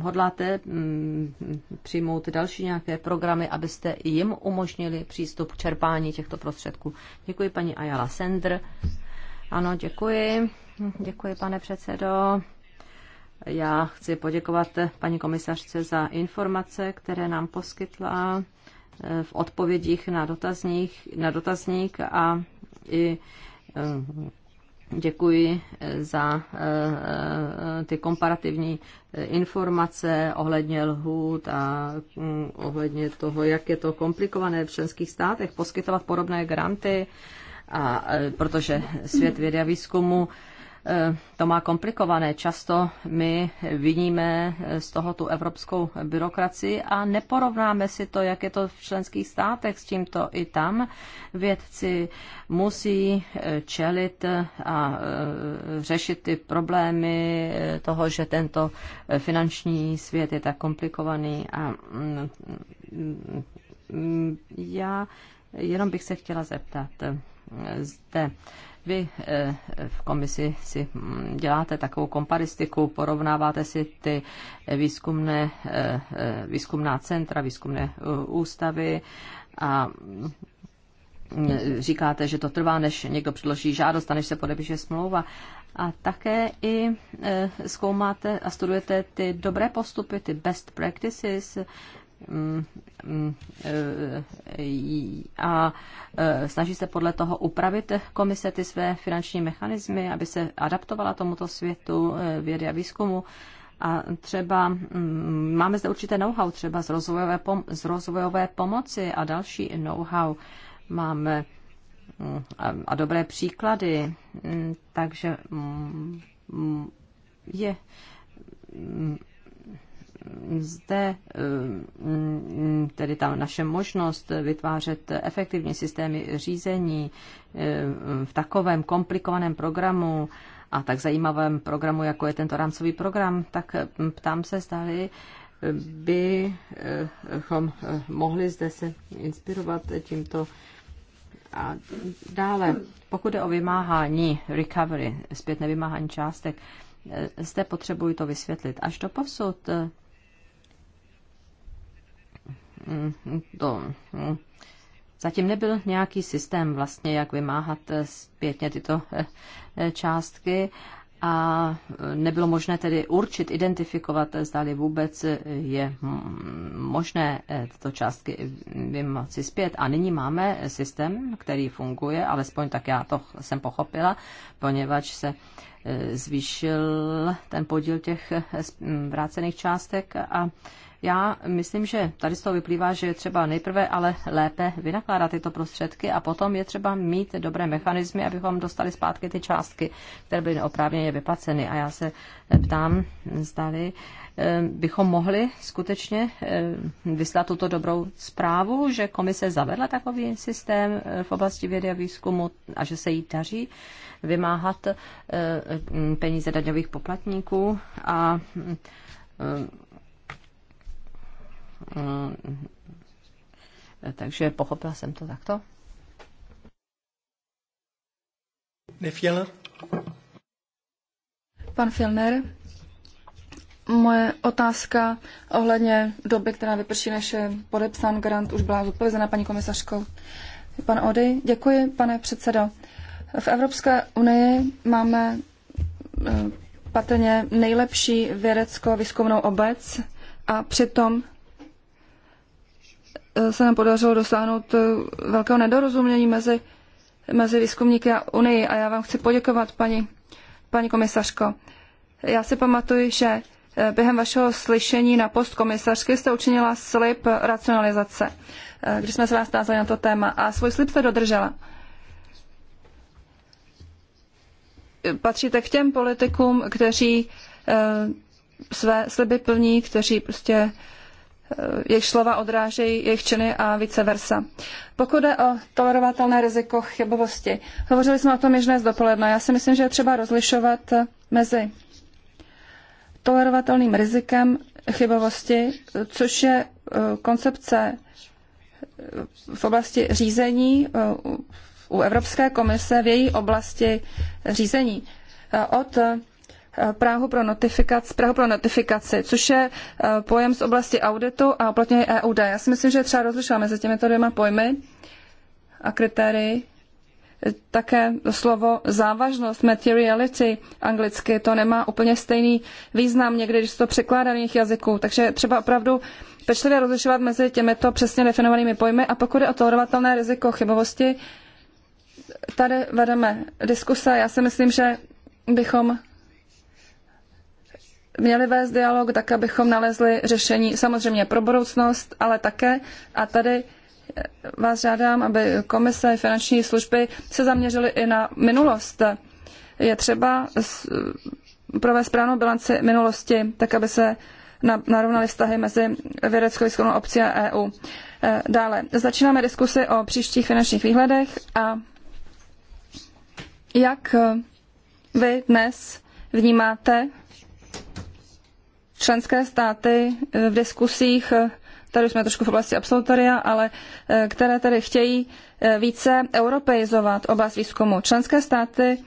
hodláte mm, přijmout další nějaké programy, abyste jim umožnili přístup k čerpání těchto prostředků? Děkuji paní Ayala Sender. Ano, děkuji. Děkuji, pane předsedo. Já chci poděkovat paní komisařce za informace, které nám poskytla eh, v odpovědích na, dotazních, na dotazník a i eh, děkuji eh, za ty komparativní informace ohledně lhůt a mm, ohledně toho, jak je to komplikované v členských státech poskytovat podobné granty, a, protože svět vědy a výzkumu Eh, to má komplikované. Často my vidíme z toho tu evropskou byrokracii a neporovnáme si to, jak je to v členských státech s tímto i tam. Vědci musí eh, čelit a eh, řešit ty problémy toho, že tento finanční svět je tak komplikovaný a mm, mm, mm, já jenom bych se chtěla zeptat zde vy eh, v komisi si mm, děláte takovou komparistiku, porovnáváte si ty výzkumné, eh, eh, výzkumná centra, výzkumné ústavy a mm, říkáte, že to trvá, než někdo předloží žádost a než se podepíše smlouva. A také i zkoumáte a studujete ty dobré postupy, ty best practices, Mm, mm, e, e, a e, snaží se podle toho upravit komise ty své finanční mechanismy, aby se adaptovala tomuto světu vědy a výzkumu. A třeba mm, máme zde určité know-how, třeba z rozvojové, pom- z rozvojové pomoci a další know-how máme a, a dobré příklady, takže je zde eh, tedy ta naše možnost vytvářet efektivní systémy řízení eh, v takovém komplikovaném programu a tak zajímavém programu, jako je tento rámcový program, tak hm, ptám se, zdali bychom eh, mohli zde se inspirovat tímto a dále, pokud je o vymáhání, recovery, zpětné vymáhání částek, zde potřebuji to vysvětlit. Až do posud Mm, to mm, zatím nebyl nějaký systém vlastně, jak vymáhat eh, zpětně tyto eh, eh, částky a nebylo možné tedy určit, identifikovat, zdali vůbec je mm, možné tyto částky vymoci zpět. A nyní máme systém, který funguje, alespoň tak já to jsem pochopila, poněvadž se zvýšil ten podíl těch vrácených částek a já myslím, že tady z toho vyplývá, že je třeba nejprve ale lépe vynakládat tyto prostředky a potom je třeba mít dobré mechanismy, abychom dostali zpátky ty částky, které byly neoprávněně vyplaceny. A já se ptám, zdali eh, bychom mohli skutečně eh, vyslat tuto dobrou zprávu, že komise zavedla takový systém eh, v oblasti vědy a výzkumu a že se jí daří vymáhat peníze daňových poplatníků a mm, Eh, takže pochopila jsem to takto. Nefjellner? Pan Filner, moje otázka ohledně doby, která vyprší, než je podepsán grant, už byla zodpovězena paní komisařko. Pan Ody, děkuji, pane předsedo. V Evropské unii máme eh, patrně nejlepší vědecko-výzkumnou obec a přitom se nám podařilo dosáhnout eh, velkého nedorozumění mezi, mezi výzkumníky a Unii. A já vám chci poděkovat, paní, paní komisařko. Já si pamatuju, že eh, během vašeho slyšení na post komisařky jste učinila slib racionalizace, eh, když jsme se vás tázali na to téma. A svůj slib jste dodržela. Patříte k těm politikům, kteří své sliby plní, kteří prostě Eh, jejich slova odrážejí jejich činy a vice versa. Pokud je o tolerovatelné riziko chybovosti, hovořili jsme o tom již dnes dopoledne. Já si myslím, že je třeba rozlišovat eh, mezi tolerovatelným rizikem chybovosti, eh, což je koncepce v oblasti řízení u Evropské komise v její oblasti řízení. Od Eh, práhu pro, notifikaci, práhu pro notifikaci, což je eh, pojem z oblasti auditu a uplatnění EUD. Já si myslím, že je třeba rozlišovat mezi těmito dvěma pojmy a kritérii. Také slovo závažnost, materiality anglicky, to nemá úplně stejný význam někdy, když to překládá do jiných jazyků. Takže třeba opravdu pečlivě rozlišovat mezi těmito přesně definovanými pojmy a pokud je o tolerovatelné riziko chybovosti, tady vedeme diskuse. Já si myslím, že bychom měli vést dialog, tak abychom nalezli řešení samozřejmě pro budoucnost, ale také a tady eh, vás žádám, aby komise finanční služby se zaměřily i na minulost. Je třeba provést správnou bilanci minulosti, tak aby se narovnaly vztahy mezi vědeckou výzkumnou obcí a EU. Eh, dále, začínáme diskusy o příštích finančních výhledech a jak vy dnes vnímáte členské státy eh, v diskusích, eh, tady jsme trošku v oblasti absolutoria, ale eh, které tedy chtějí více europeizovat oblast výzkumu. Členské státy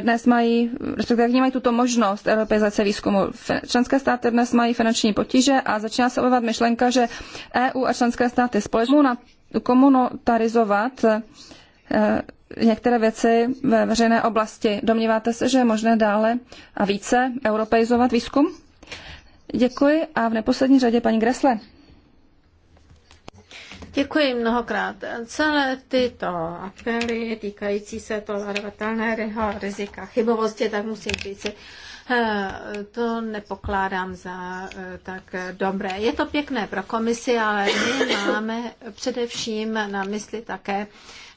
dnes mají, respektive mají tuto možnost europeizace výzkumu. Členské státy dnes mají finanční potíže a začíná se objevovat myšlenka, že EU a členské státy společně komunitarizovat některé věci ve veřejné oblasti. Domníváte se, že je možné dále a více europeizovat výzkum? Děkuji a v neposlední řadě paní Gresle. Děkuji mnohokrát. Celé tyto apely týkající se tolerovatelného rizika chybovosti, tak musím říct, eh, to nepokládám za eh, tak dobré. Je to pěkné pro komisi, ale my máme především na mysli také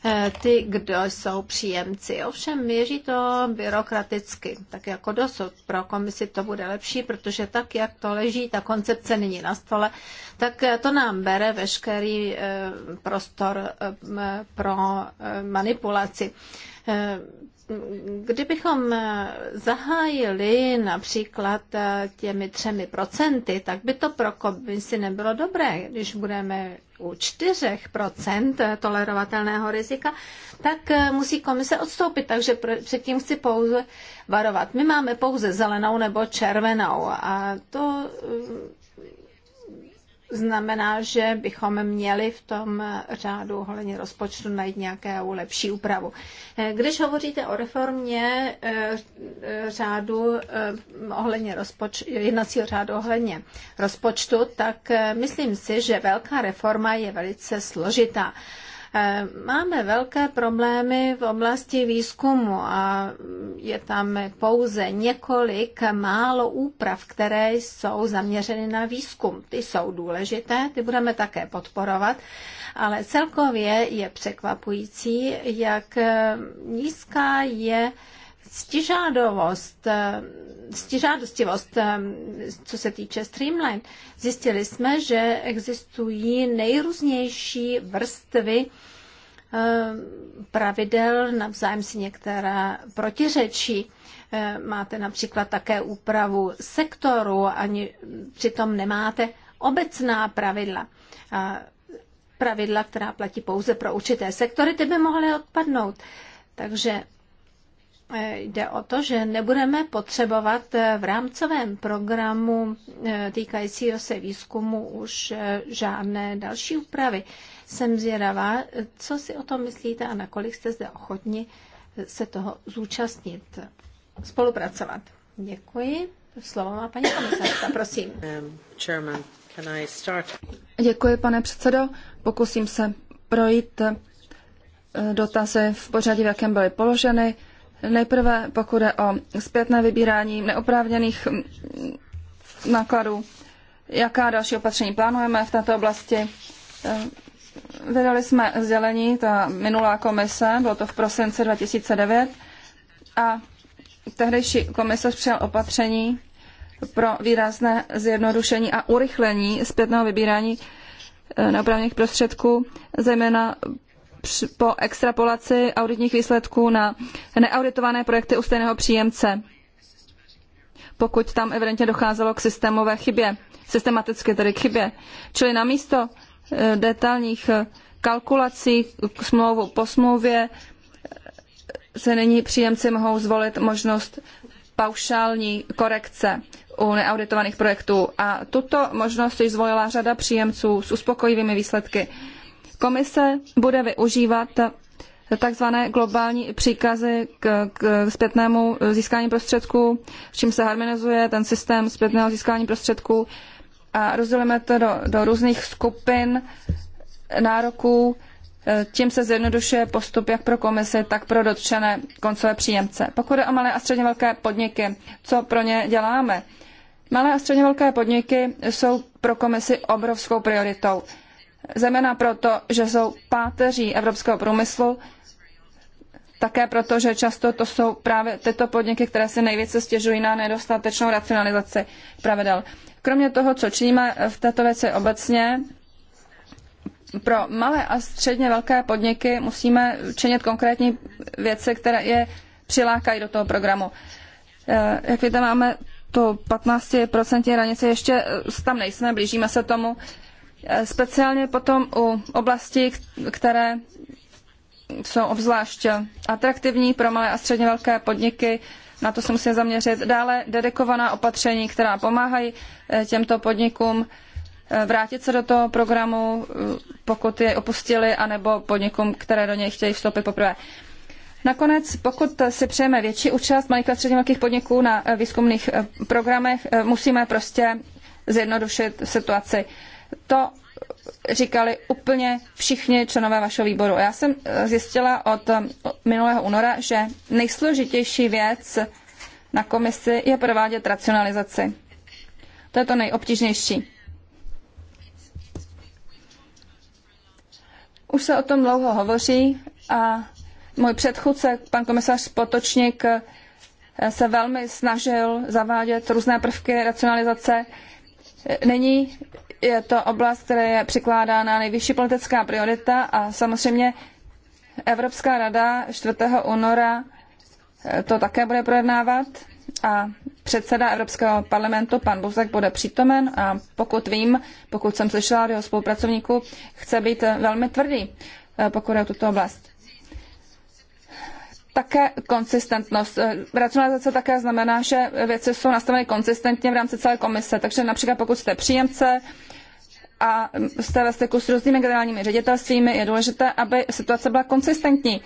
Eh, ty, kdo jsou příjemci. Ovšem měří to byrokraticky, tak jako dosud. Pro komisi to bude lepší, protože tak, jak to leží, ta koncepce není na stole, tak eh, to nám bere veškerý eh, prostor pro manipulaci Kdybychom eh, zahájili například eh, těmi třemi procenty, tak by to pro komisi nebylo dobré. Když budeme u čtyřech procent eh, tolerovatelného rizika, tak musí komise odstoupit. Takže předtím chci pouze varovat. My máme pouze zelenou nebo červenou a to znamená, že bychom měli v tom řádu ohledně rozpočtu najít nějakou lepší úpravu. Eh, když hovoříte o reformě eh, řádu eh, ohledně rozpoč- jednacího řádu ohledně rozpočtu, tak myslím si, že velká reforma je velice složitá. Eh, máme velké problémy v oblasti výzkumu a je tam pouze několik málo úprav, které jsou zaměřeny na výzkum. Ty jsou důležité, ty budeme také podporovat, ale celkově je překvapující, jak eh, nízká je stižádovost, eh, stižádostivost, eh, co se týče Streamline, zjistili jsme, že existují nejrůznější vrstvy eh, pravidel, navzájem si některá protiřečí. Máte například také úpravu sektoru, ani přitom nemáte obecná pravidla. Pravidla, která platí pouze pro určité sektory, ty by mohly odpadnout. Takže E, jde o to, že nebudeme potřebovat e, v rámcovém programu e, týkajícího se výzkumu už žádné další úpravy. Jsem zvědavá, co si o tom myslíte a nakolik jste zde ochotni se toho zúčastnit, spolupracovat. Děkuji. Slovo má paní komisařka, prosím. Um, chairman, can I start? Děkuji, pane předsedo. Pokusím se projít dotazy v pořadí, v jakém byly položeny. Nejprve pokud jde o zpětné vybírání neoprávněných nákladů, jaká další opatření plánujeme v této oblasti. Eh, vydali jsme sdělení, ta minulá komise, bylo to v prosinci 2009, a tehdejší komisař přijal opatření pro výrazné zjednodušení a urychlení zpětného vybírání eh, neoprávněných prostředků, zejména po extrapolaci auditních výsledků na neauditované projekty u stejného příjemce, pokud tam evidentně docházelo k systémové chybě, systematicky tedy k chybě. Čili namísto eh, detailních eh, kalkulací smlouvu po smlouvě eh, se nyní příjemci mohou zvolit možnost paušální korekce u neauditovaných projektů. A tuto možnost již zvolila řada příjemců s uspokojivými výsledky. Komise bude využívat takzvané globální příkazy k, k zpětnému získání prostředků, čím se harmonizuje ten systém zpětného získání prostředků a rozdělíme to do, do různých skupin nároků, tím se zjednodušuje postup jak pro komisi, tak pro dotčené koncové příjemce. Pokud je o malé a středně velké podniky, co pro ně děláme? Malé a středně velké podniky jsou pro komisi obrovskou prioritou zejména proto, že jsou páteří evropského průmyslu, také proto, že často to jsou právě tyto podniky, které si nejvíce stěžují na nedostatečnou racionalizaci pravidel. Kromě toho, co činíme v této věci obecně, pro malé a středně velké podniky musíme činit konkrétní věci, které je přilákají do toho programu. Eh, jak víte, máme tu 15% hranici, ještě eh, tam nejsme, blížíme se tomu. Eh, speciálně potom u oblastí, které jsou obzvlášť atraktivní pro malé a středně velké podniky. Na to se musíme zaměřit. Dále dedikovaná opatření, která pomáhají eh, těmto podnikům eh, vrátit se do toho programu, pokud je opustili, anebo podnikům, které do něj chtějí vstoupit poprvé. Nakonec, pokud si přejeme větší účast malých a středně velkých podniků na výzkumných programech, musíme prostě zjednodušit situaci. To říkali úplně všichni členové vašeho výboru. Já jsem eh, zjistila od eh, minulého února, že nejsložitější věc na komisi je provádět racionalizaci. To je to nejobtížnější. Už se o tom dlouho hovoří a můj předchůdce, pan komisař Potočník, eh, se velmi snažil zavádět různé prvky racionalizace. Nyní je to oblast, které je přikládána nejvyšší politická priorita a samozřejmě Evropská rada 4. února eh, to také bude projednávat a předseda Evropského parlamentu, pan Buzek, bude přítomen a pokud vím, pokud jsem slyšela od jeho spolupracovníků, chce být eh, velmi tvrdý, eh, pokud je o tuto oblast také konsistentnost. Eh, racionalizace také znamená, že věci jsou nastaveny konsistentně v rámci celé komise. Takže například pokud jste příjemce a jste ve styku s různými generálními ředitelstvími, je důležité, aby situace byla konsistentní.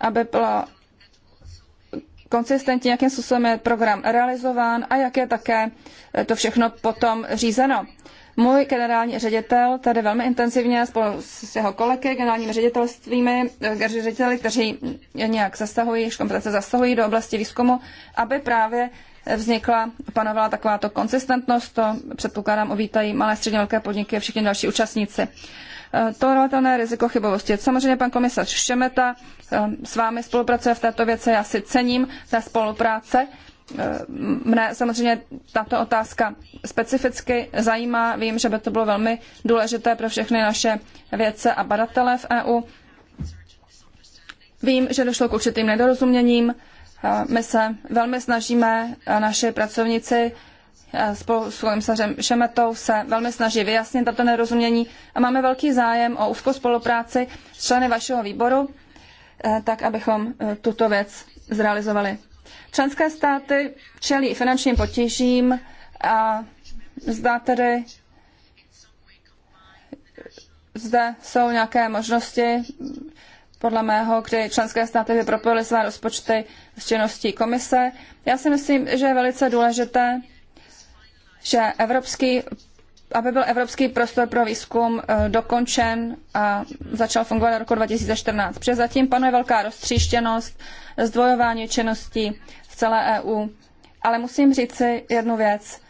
Aby byla konsistentní, jakým způsobem je program realizován a jak je také to všechno potom řízeno. Můj generální ředitel tady velmi intenzivně spolu s jeho kolegy, generálními ředitelstvími, eh, řediteli, kteří nějak zasahují, jejich kompetence zasahují do oblasti výzkumu, aby právě eh, vznikla, panovala takováto konsistentnost, to předpokládám uvítají malé středně velké podniky a všichni další účastníci. Eh, Tolerovatelné riziko chybovosti. Samozřejmě pan komisař Šemeta s vámi spolupracuje v této věci, já si cením té spolupráce Eh, mne samozřejmě tato otázka specificky zajímá. Vím, že by to bylo velmi důležité pro všechny naše vědce a badatele v EU. Vím, že došlo k určitým nedorozuměním. Eh, my se velmi snažíme, eh, naši pracovníci spolu s komisařem Šemetou se velmi snaží vyjasnit tato nerozumění a máme velký zájem o úzkou spolupráci s členy vašeho výboru, tak abychom tuto věc zrealizovali Členské státy čelí finančním potížím a zdá tedy, zde jsou nějaké možnosti, podle mého, kdy členské státy by propojily své rozpočty s činností komise. Já si myslím, že je velice důležité, že evropský, aby byl evropský prostor pro výzkum eh, dokončen a začal fungovat v roku 2014. Protože zatím panuje velká roztříštěnost, zdvojování činností, v celé EU. Ale musím říci jednu věc.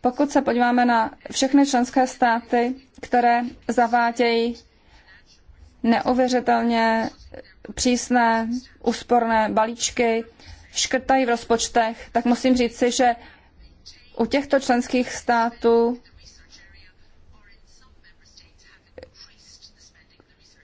Pokud se podíváme na všechny členské státy, které zavádějí neuvěřitelně přísné úsporné balíčky, škrtají v rozpočtech, tak musím říci, že u těchto členských států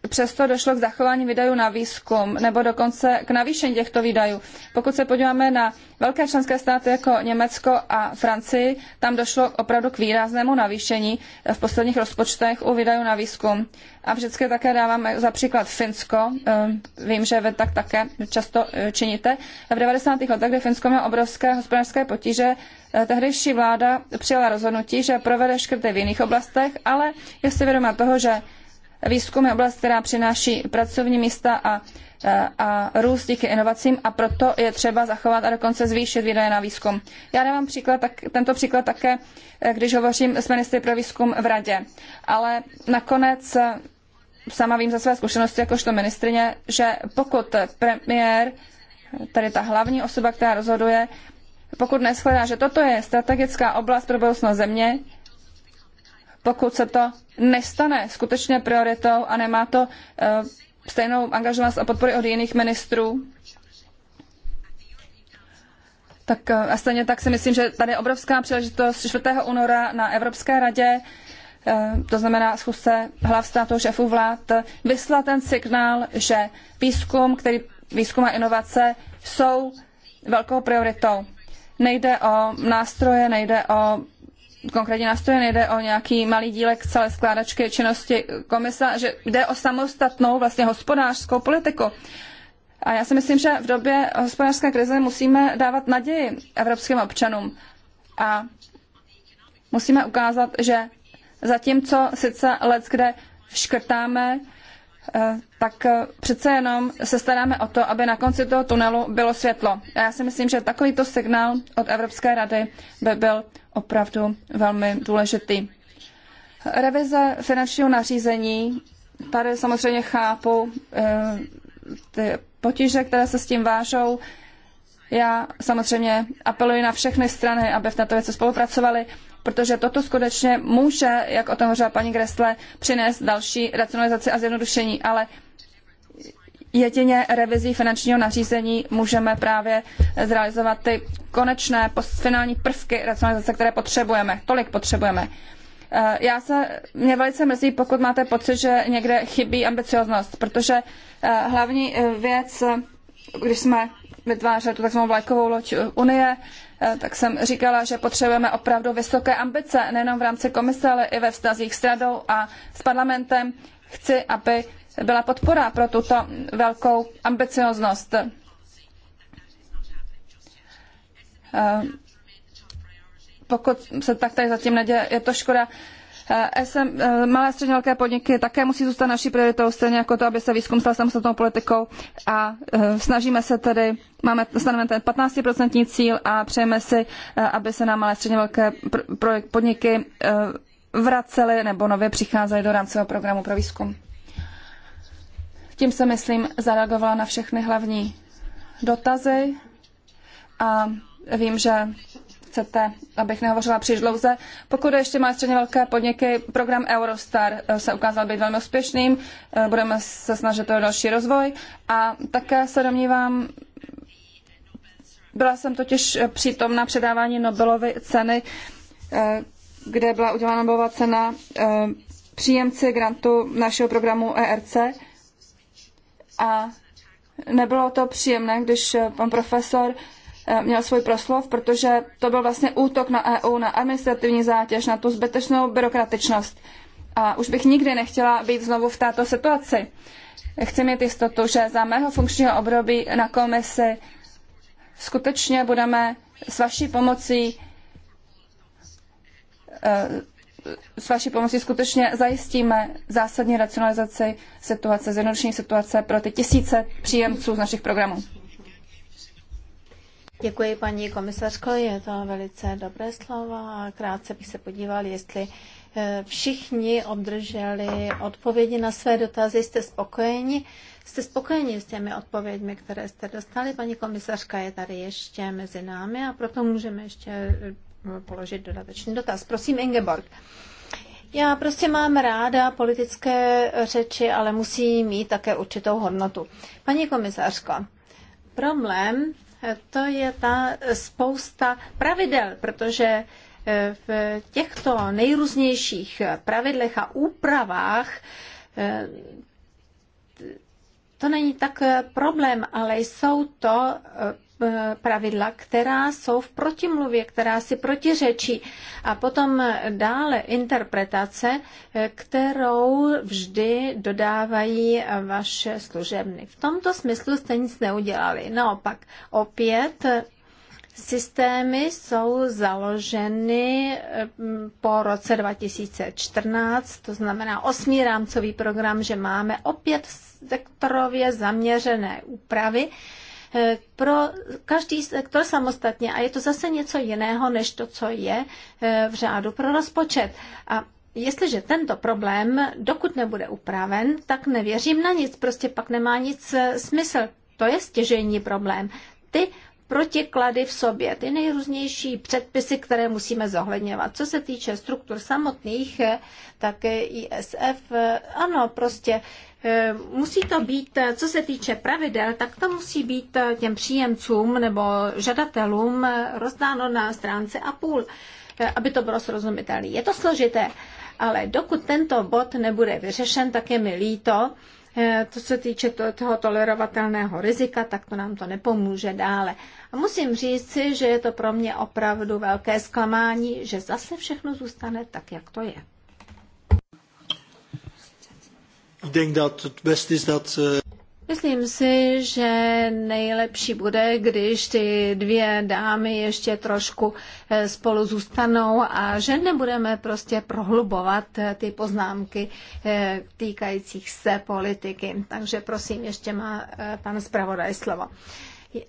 Přesto došlo k zachování výdajů na výzkum nebo dokonce k navýšení těchto výdajů. Pokud se podíváme na velké členské státy jako Německo a Francii, tam došlo opravdu k výraznému navýšení v posledních rozpočtech u výdajů na výzkum. A vždycky také dávám za příklad Finsko. Ehm, vím, že vy tak také často e, činíte. V 90. letech, kdy Finsko mělo obrovské hospodářské potíže, e, tehdejší vláda přijala rozhodnutí, že provede škrty v jiných oblastech, ale je si vědoma toho, že Výzkum je oblast, která přináší pracovní místa a, a, a růst díky inovacím a proto je třeba zachovat a dokonce zvýšit výdaje na výzkum. Já dávám příklad, tak, tento příklad také, když hovořím s ministry pro výzkum v radě. Ale nakonec eh, sama vím za své zkušenosti jakožto ministrině, že pokud premiér, tedy ta hlavní osoba, která rozhoduje, pokud neschledá, že toto je strategická oblast pro budoucnost země, pokud se to nestane skutečně prioritou a nemá to eh, stejnou angažovanost a podporu od jiných ministrů, tak eh, a stejně tak si myslím, že tady je obrovská příležitost 4. února na Evropské radě, eh, to znamená schůzce hlav států šefů vlád, vyslat ten signál, že výzkum, který výzkum a inovace jsou velkou prioritou. Nejde o nástroje, nejde o konkrétně nástroje, nejde o nějaký malý dílek celé skládačky činnosti komisa, že jde o samostatnou vlastně hospodářskou politiku. A já si myslím, že v době hospodářské krize musíme dávat naději evropským občanům a musíme ukázat, že zatímco sice let, kde škrtáme, Eh, tak eh, přece jenom se staráme o to, aby na konci toho tunelu bylo světlo. A já si myslím, že takovýto signál od Evropské rady by byl opravdu velmi důležitý. Revize finančního nařízení, tady samozřejmě chápu eh, ty potíže, které se s tím vážou. Já samozřejmě apeluji na všechny strany, aby v této věci spolupracovali protože toto skutečně může, jak o tom hořela paní Gresle, přinést další racionalizaci a zjednodušení, ale jedině revizí finančního nařízení můžeme právě zrealizovat ty konečné finální prvky racionalizace, které potřebujeme, tolik potřebujeme. Eh, já se, mě velice mrzí, pokud máte pocit, že někde chybí ambicioznost, protože eh, hlavní eh, věc, když jsme vytvářeli tu takzvanou vlajkovou loď Unie, Eh, tak jsem říkala, že potřebujeme opravdu vysoké ambice, nejenom v rámci komise, ale i ve vztazích s radou a s parlamentem. Chci, aby byla podpora pro tuto velkou ambicioznost. Eh, pokud se tak tady zatím neděje, je to škoda. Eh, SM, eh, malé a středně velké podniky také musí zůstat naší prioritou, stejně jako to, aby se výzkum stal samostatnou politikou a eh, snažíme se tedy, máme stanoven ten 15% cíl a přejeme si, aby se nám malé a středně velké podniky vracely nebo nově přicházely do rámcového programu pro výzkum. Tím se, myslím, zareagovala na všechny hlavní dotazy a vím, že chcete, abych nehovořila příliš dlouze. Pokud ještě má středně velké podniky, program Eurostar eh, se ukázal být velmi úspěšným, eh, budeme se snažit o další rozvoj a také se domnívám, byla jsem totiž přítomna předávání Nobelovy ceny, eh, kde byla udělána Nobelová cena příjemci grantu našeho programu ERC a nebylo to příjemné, když pan profesor Eh, měl svůj proslov, protože to byl vlastně útok na EU, na administrativní zátěž, na tu zbytečnou byrokratičnost. A už bych nikdy nechtěla být znovu v této situaci. Chci mít jistotu, že za mého funkčního období na komisi skutečně budeme s vaší pomocí eh, s vaší pomocí skutečně zajistíme zásadní racionalizaci situace, zjednodušení situace pro ty tisíce příjemců z našich programů. Děkuji, paní komisařko, je to velice dobré slovo a krátce bych se podíval, jestli eh, všichni obdrželi odpovědi na své dotazy. Jste spokojeni? Jste spokojeni s těmi odpověďmi, které jste dostali? Paní komisařka je tady ještě mezi námi a proto můžeme ještě eh, položit dodatečný dotaz. Prosím, Ingeborg. Já prostě mám ráda politické řeči, ale musí mít také určitou hodnotu. Paní komisařko, problém to je ta spousta pravidel, protože eh, v těchto nejrůznějších pravidlech a úpravách eh, to není tak eh, problém, ale jsou to Eh, pravidla, která jsou v protimluvě, která si protiřečí. A potom dále interpretace, eh, kterou vždy dodávají vaše služebny. V tomto smyslu jste nic neudělali. Naopak, opět eh, Systémy jsou založeny po roce 2014, to znamená osmý rámcový program, že máme opět sektorově zaměřené úpravy, Eh, pro každý sektor samostatně a je to zase něco jiného, než to, co je eh, v řádu pro rozpočet. A Jestliže tento problém, dokud nebude upraven, tak nevěřím na nic, prostě pak nemá nic eh, smysl. To je stěžejní problém. Ty protiklady v sobě, ty nejrůznější předpisy, které musíme zohledňovat. Co se týče struktur samotných, tak ISF, ano, prostě Eh, musí to být, eh, co se týče pravidel, tak to musí být eh, těm příjemcům nebo žadatelům rozdáno na stránce a půl, aby to bylo srozumitelné. Je to složité, ale dokud tento bod nebude vyřešen, tak je mi líto, co se týče toho tolerovatelného rizika, tak to nám to nepomůže dále. A musím říct si, že je to pro mě opravdu velké zklamání, že zase všechno zůstane tak, jak to je. Ik denk dat het is dat... Eh, Myslím si, že nejlepší bude, když ty dvě dámy ještě trošku eh, spolu zůstanou a že nebudeme prostě prohlubovat eh, ty poznámky týkajících se politiky. Takže prosím, ještě má pan zpravodaj slovo.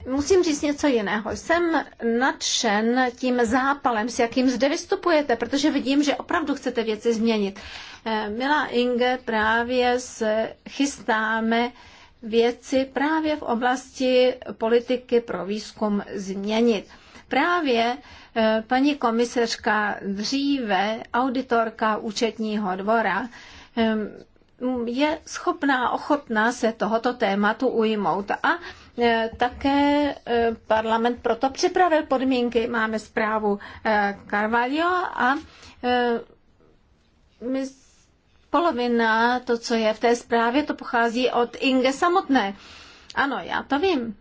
Musím říct něco jiného. Jsem nadšen tím zápalem, s jakým zde vystupujete, protože vidím, že opravdu chcete věci změnit. Eh, Milá Inge, právě se chystáme věci právě v oblasti politiky pro výzkum změnit. Právě eh, paní komisařka dříve, auditorka účetního dvora, eh, je schopná, ochotná se tohoto tématu ujmout. A také parlament proto připravil podmínky. Máme zprávu Carvalho a my polovina to, co je v té zprávě, to pochází od Inge samotné. Ano, já to vím.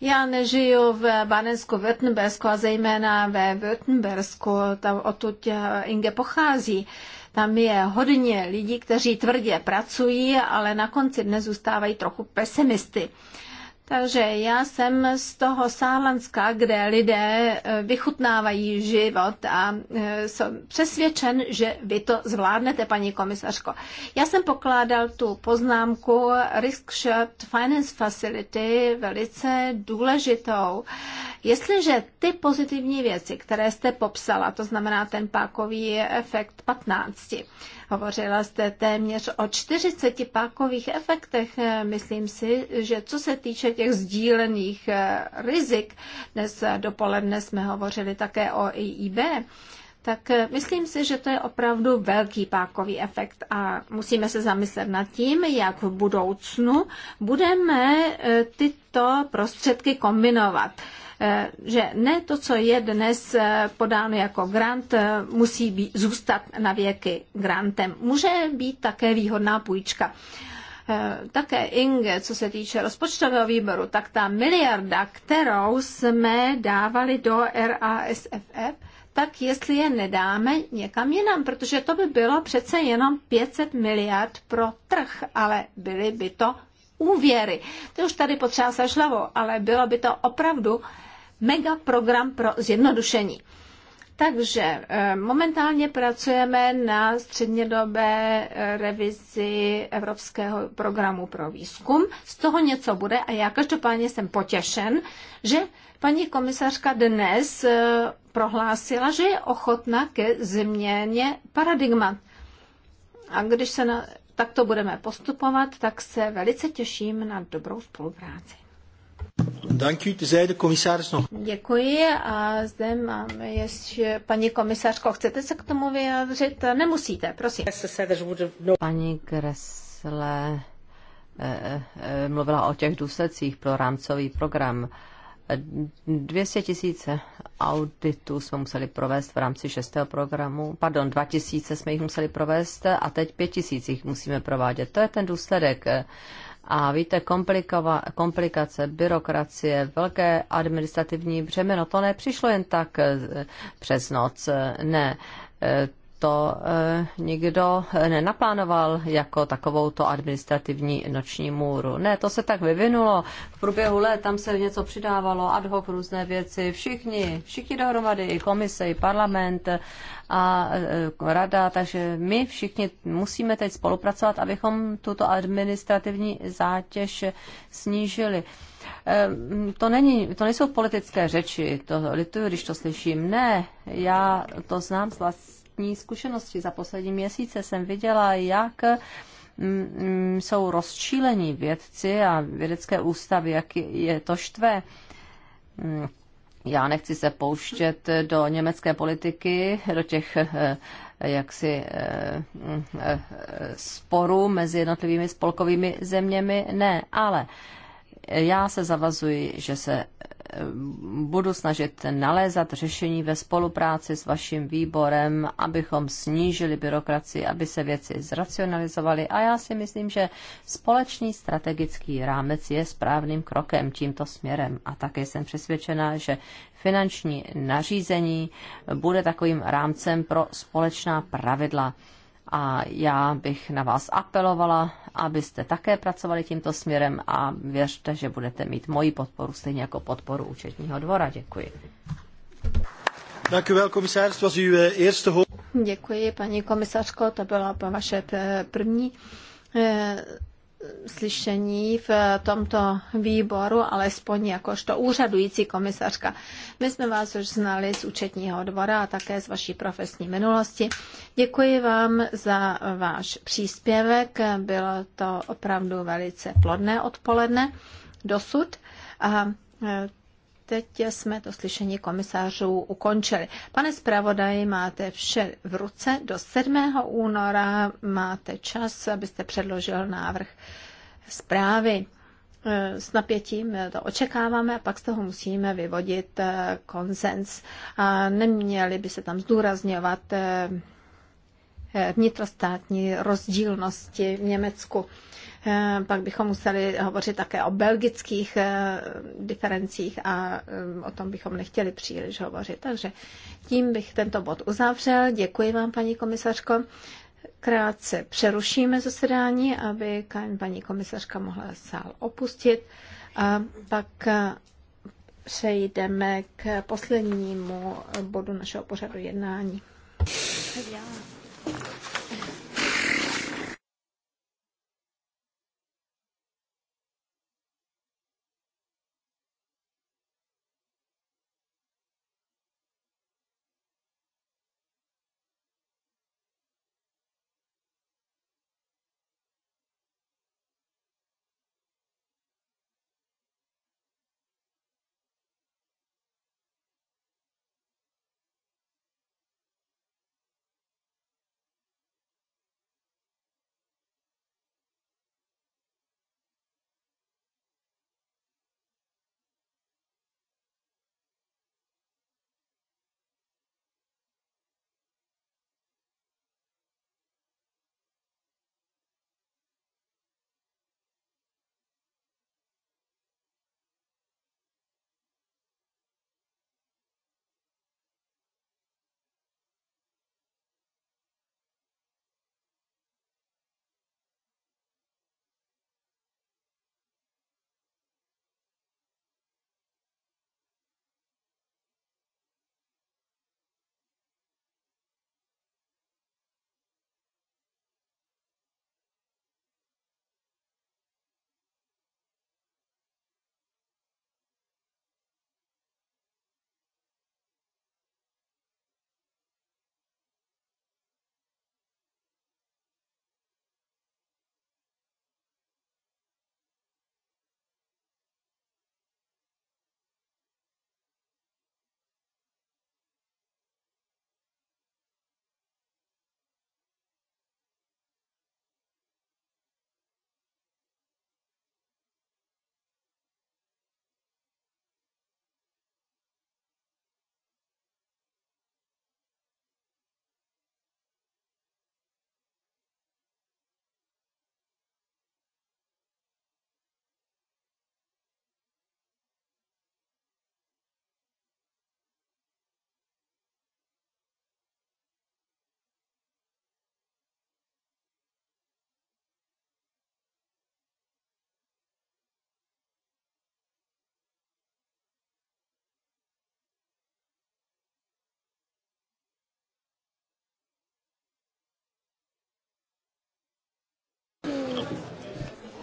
Já nežiju v Banensku, Württembersku a zejména ve Württembersku, tam odtud eh, Inge pochází. Tam je hodně lidí, kteří tvrdě pracují, ale na konci dne zůstávají trochu pesimisty. Uh, takže já jsem z toho Sálanska, kde lidé eh, vychutnávají život a eh, jsem přesvědčen, že vy to zvládnete, paní komisařko. Já jsem pokládal tu poznámku Risk Shared Finance Facility velice důležitou. Jestliže ty pozitivní věci, které jste popsala, to znamená ten pákový efekt 15, hovořila jste téměř o 40 pákových efektech, myslím si, že co se týče těch sdílených rizik, dnes dopoledne jsme hovořili také o EIB, tak eh, myslím si, že to je opravdu velký pákový efekt a musíme se zamyslet nad tím, jak v budoucnu budeme eh, tyto prostředky kombinovat eh, že ne to, co je dnes podáno jako grant, musí být, zůstat na věky grantem. Může být také výhodná půjčka. Také Inge, co se týče rozpočtového výboru, tak ta miliarda, kterou jsme dávali do RASFF, tak jestli je nedáme někam jinam, protože to by bylo přece jenom 500 miliard pro trh, ale byly by to úvěry. To už tady potřeba se šlavo, ale bylo by to opravdu mega program pro zjednodušení. Takže eh, momentálně pracujeme na střednědobé eh, revizi Evropského programu pro výzkum. Z toho něco bude a já každopádně jsem potěšen, že Paní komisařka dnes eh, prohlásila, že je ochotna ke změně paradigma. A když se na, takto budeme postupovat, tak se velice těším na dobrou spolupráci. Děkuji a zde máme ještě paní komisařko, chcete se k tomu vyjádřit? Nemusíte, prosím. No. Paní Gresle eh, eh, mluvila o těch důsledcích pro rámcový program 200 tisíc auditů jsme museli provést v rámci šestého programu, pardon, 2 tisíce jsme jich museli provést a teď 5 tisíc jich musíme provádět. To je ten důsledek. A víte, komplikace, byrokracie, velké administrativní břemeno, to nepřišlo jen tak eh, přes noc. Ne, eh, to eh, nikdo eh, nenaplánoval jako takovou to administrativní noční můru. Ne, to se tak vyvinulo. V průběhu let tam se něco přidávalo, ad hoc různé věci, všichni, všichni dohromady, i komise, i parlament eh, a rada, takže my všichni musíme teď spolupracovat, abychom tuto administrativní zátěž snížili. To, není, to nejsou politické řeči, to lituju, když to slyším. Ne, já to znám z životní zkušenosti. Za poslední měsíce jsem viděla, jak mm, mm, jsou rozčílení vědci a vědecké ústavy, jak je to štve. Mm, já nechci se pouštět do německé politiky, do těch eh, jaksi eh, eh, sporů mezi jednotlivými spolkovými zeměmi, ne, ale já se zavazuji, že se budu snažit nalézat řešení ve spolupráci s vaším výborem, abychom snížili byrokracii, aby se věci zracionalizovaly a já si myslím, že společný strategický rámec je správným krokem tímto směrem a také jsem přesvědčena, že finanční nařízení bude takovým rámcem pro společná pravidla a já bych na vás apelovala, abyste také pracovali tímto směrem a věřte, že budete mít moji podporu, stejně jako podporu účetního dvora. Děkuji. Eh, Děkuji, paní komisařko, to byla vaše eh, první eh, slyšení v tomto výboru, alespoň jakožto úřadující komisařka. My jsme vás už znali z účetního dvora a také z vaší profesní minulosti. Děkuji vám za váš příspěvek. Bylo to opravdu velice plodné odpoledne dosud. A Teď jsme to slyšení komisářů ukončili. Pane zpravodaji, máte vše v ruce. Do 7. února máte čas, abyste předložil návrh zprávy. S napětím to očekáváme a pak z toho musíme vyvodit eh, konsens. A neměli by se tam zdůrazňovat eh, vnitrostátní rozdílnosti v Německu. Eh, pak bychom museli hovořit také o belgických eh, diferencích a eh, o tom bychom nechtěli příliš hovořit. Takže tím bych tento bod uzavřel. Děkuji vám, paní komisařko. Krátce přerušíme zasedání, aby paní komisařka mohla sál opustit. A pak přejdeme k poslednímu bodu našeho pořadu jednání. Yeah.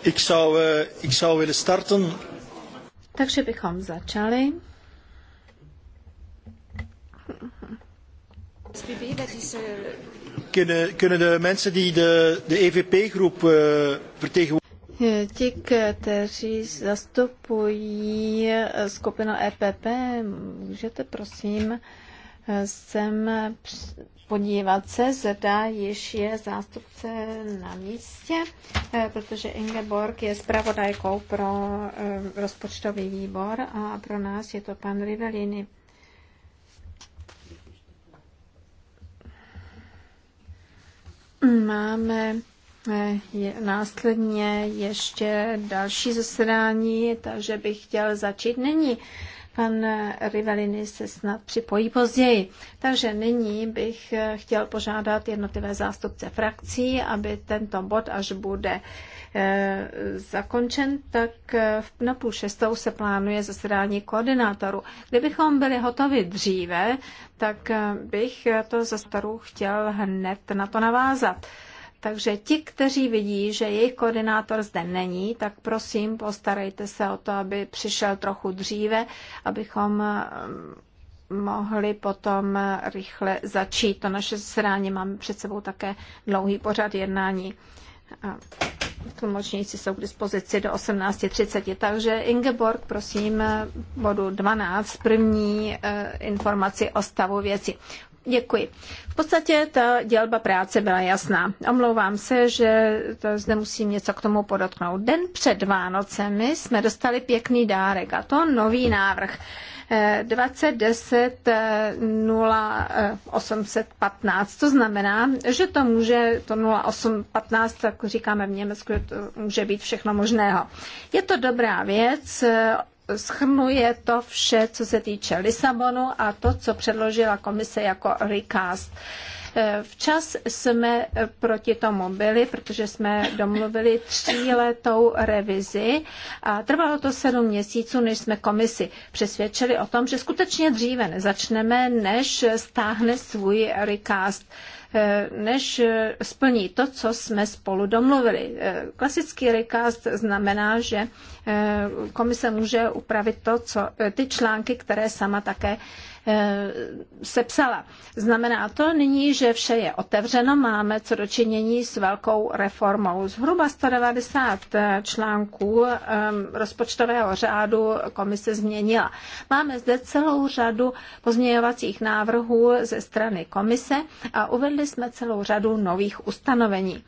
Ik zou, eh, ik zou willen starten. Takže bychom začali. Kunnen, kunnen de mensen die de, de EVP-groep eh, vertegenwoordigen. Eh, ti, kteří zastupují skupinu EPP, můžete prosím sem podívat se, zda již je zástupce na místě, eh, protože Ingeborg je zpravodajkou pro eh, rozpočtový výbor a pro nás je to pan Rivelini. Máme eh, je, následně ještě další zasedání, takže bych chtěl začít. Není Pan Rivelini se snad připojí později. Takže nyní bych chtěl požádat jednotlivé zástupce frakcí, aby tento bod, až bude eh, zakončen, tak eh, na půl šestou se plánuje zasedání koordinátorů. Kdybychom byli hotovi dříve, tak eh, bych to za starou chtěl hned na to navázat. Takže ti, kteří vidí, že jejich koordinátor zde není, tak prosím, postarejte se o to, aby přišel trochu dříve, abychom mm, mohli potom rychle začít. To naše zasedání máme před sebou také dlouhý pořad jednání. Tlumočníci jsou k dispozici do 18.30. Takže Ingeborg, prosím, bodu 12, první eh, informaci o stavu věci. Děkuji. V podstatě ta dělba práce byla jasná. Omlouvám se, že to zde musím něco k tomu podotknout. Den před Vánocemi jsme dostali pěkný dárek a to nový návrh. 2010 eh, 0815. To znamená, že to může, to 0815, tak říkáme v Německu, že to může být všechno možného. Je to dobrá věc, schrnuje to vše, co se týče Lisabonu a to, co předložila komise jako recast. E, včas jsme proti tomu byli, protože jsme domluvili tříletou revizi a trvalo to sedm měsíců, než jsme komisi přesvědčili o tom, že skutečně dříve nezačneme, než stáhne svůj recast. Eh, než eh, splní to, co jsme spolu domluvili. Eh, klasický recast znamená, že komise může upravit to, co ty články, které sama také Eh, sepsala. Znamená to nyní, že vše je otevřeno, máme co dočinění s velkou reformou. Zhruba 190 eh, článků eh, rozpočtového řádu komise změnila. Máme zde celou řadu pozměňovacích návrhů ze strany komise a uvedli jsme celou řadu nových ustanovení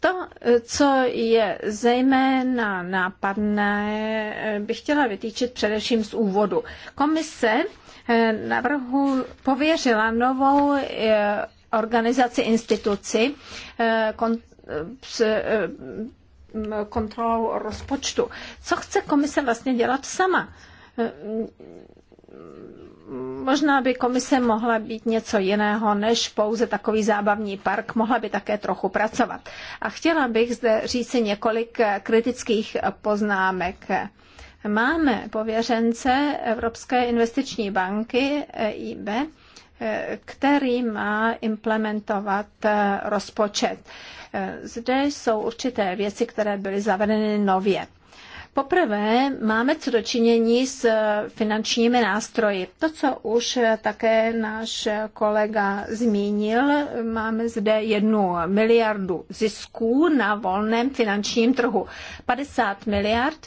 to, co je zejména nápadné, bych chtěla vytýčit především z úvodu. Komise eh, navrhu pověřila novou eh, organizaci instituci eh, kontrolou rozpočtu. Co chce komise vlastně dělat sama? Možná by komise mohla být něco jiného než pouze takový zábavní park, mohla by také trochu pracovat. A chtěla bych zde říci několik eh, kritických poznámek. Máme pověřence Evropské investiční banky EIB, eh, který má implementovat eh, rozpočet. Zde jsou určité věci, které byly zavedeny nově. Poprvé máme co dočinění s finančními nástroji. To, co už také náš kolega zmínil, máme zde jednu miliardu zisků na volném finančním trhu. 50 miliard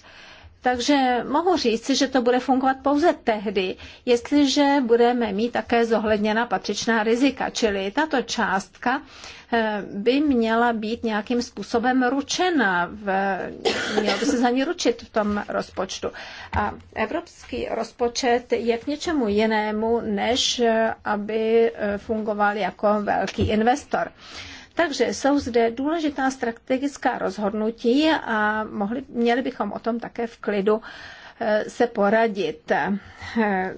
takže mohu říci, že to bude fungovat pouze tehdy, jestliže budeme mít také zohledněna patřičná rizika, čili tato částka Eh, by měla být nějakým způsobem ručena, v, mělo by se za ní ručit v tom rozpočtu. A evropský rozpočet je k něčemu jinému, než eh, aby eh, fungoval jako velký investor. Takže jsou zde důležitá strategická rozhodnutí a mohli, měli bychom o tom také v klidu uh, se poradit.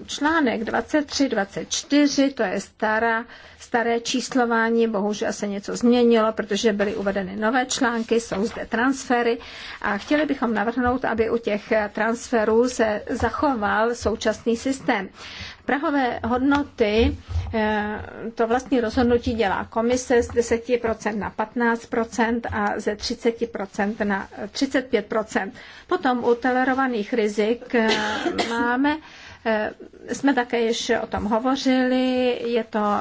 Článek 23-24, to je stará, staré číslování, bohužel se něco změnilo, protože byly uvedeny nové články, jsou zde transfery a chtěli bychom navrhnout, aby u těch transferů se zachoval současný systém. Prahové hodnoty, eh, to vlastní rozhodnutí dělá komise z 10% na 15% a ze 30% na 35%. Potom u tolerovaných rizik eh, máme eh, jsme také již o tom hovořili, je to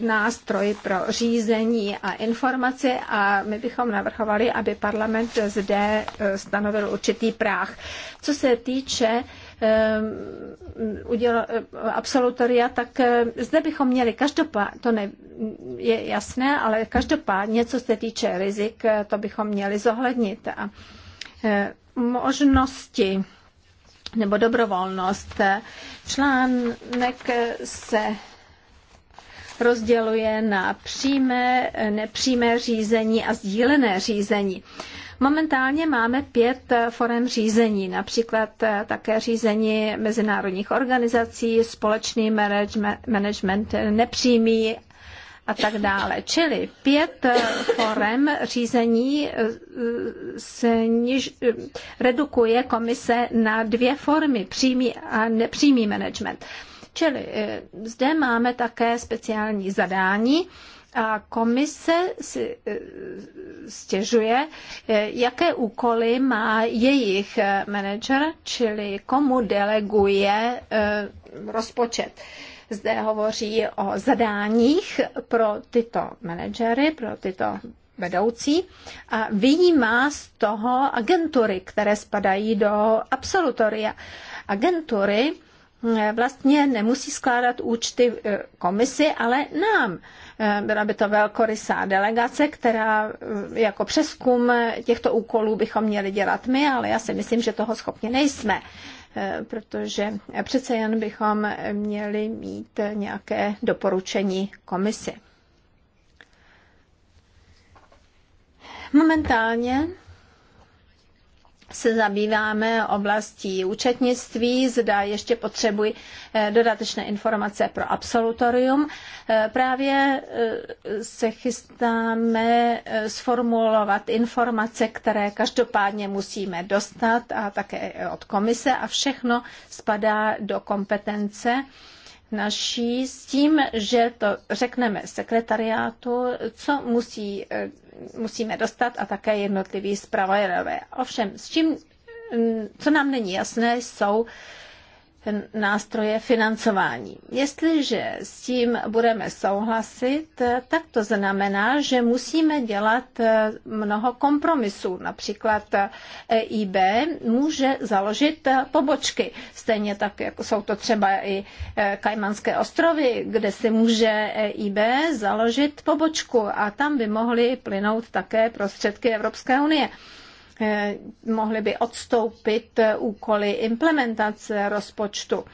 nástroj pro řízení a informace a my bychom navrhovali, aby parlament zde stanovil určitý práh. Co se týče Eh, udělal eh, absolutoria, tak eh, zde bychom měli každopádně, to ne, je jasné, ale každopádně, co se týče rizik, to bychom měli zohlednit. A možnosti nebo dobrovolnost. Článek se rozděluje na přímé, nepřímé řízení a sdílené řízení. Momentálně máme pět forem řízení, například eh, také řízení mezinárodních organizací, společný management nepřímý a tak dále. Čili pět eh, forem řízení eh, niž, redukuje komise na dvě formy, přímý a nepřímý management. Čili zde máme také speciální zadání, a komise si eh, stěžuje, eh, jaké úkoly má jejich eh, manažer, čili komu deleguje rozpočet. Zde hovoří o zadáních pro tyto manažery, pro tyto vedoucí a vyjímá z toho agentury, které spadají do absolutoria. Agentury Eh, vlastně nemusí skládat účty eh, komisi, ale nám. Eh, byla by to velkorysá delegace, která jako přeskum těchto úkolů bychom měli dělat my, ale já si myslím, že toho schopni nejsme protože přece jen bychom měli mít nějaké doporučení komisi. Momentálně se zabýváme oblastí účetnictví, zda ještě potřebují eh, dodatečné informace pro absolutorium. Eh, právě eh, se chystáme sformulovat informace, které každopádně musíme dostat a také od komise a všechno spadá do kompetence naší s tím, že to řekneme sekretariátu, co musí musíme dostat a také jednotliví zpravodajové. Ovšem, s čím, mm, co nám není jasné, jsou nástroje financování. Jestliže s tím budeme souhlasit, tak to znamená, že musíme dělat eh, mnoho kompromisů. Například EIB eh, e může založit eh, pobočky. Stejně tak, jako jsou to třeba i Kajmanské ostrovy, kde si může EIB založit pobočku a tam by mohly plynout také prostředky Evropské unie. Eh, mohly by odstoupit eh, úkoly implementace rozpočtu.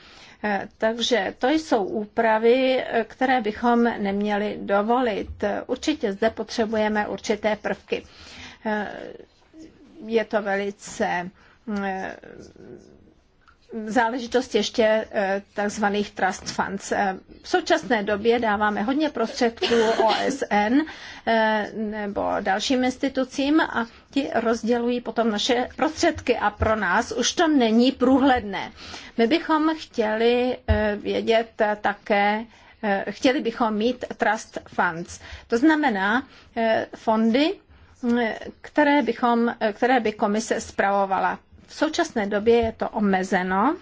Eh, takže to jsou úpravy, které bychom neměli dovolit. Určitě zde potřebujeme určité prvky. Je to velice záležitost ještě eh, tzv. trust funds. Eh, v současné době dáváme hodně prostředků OSN eh, nebo dalším institucím a ti rozdělují potom naše prostředky a pro nás už to není průhledné. My bychom chtěli vědět také, chtěli bychom mít trust funds. To znamená fondy, které, bychom, které by komise spravovala. V současné době je to omezeno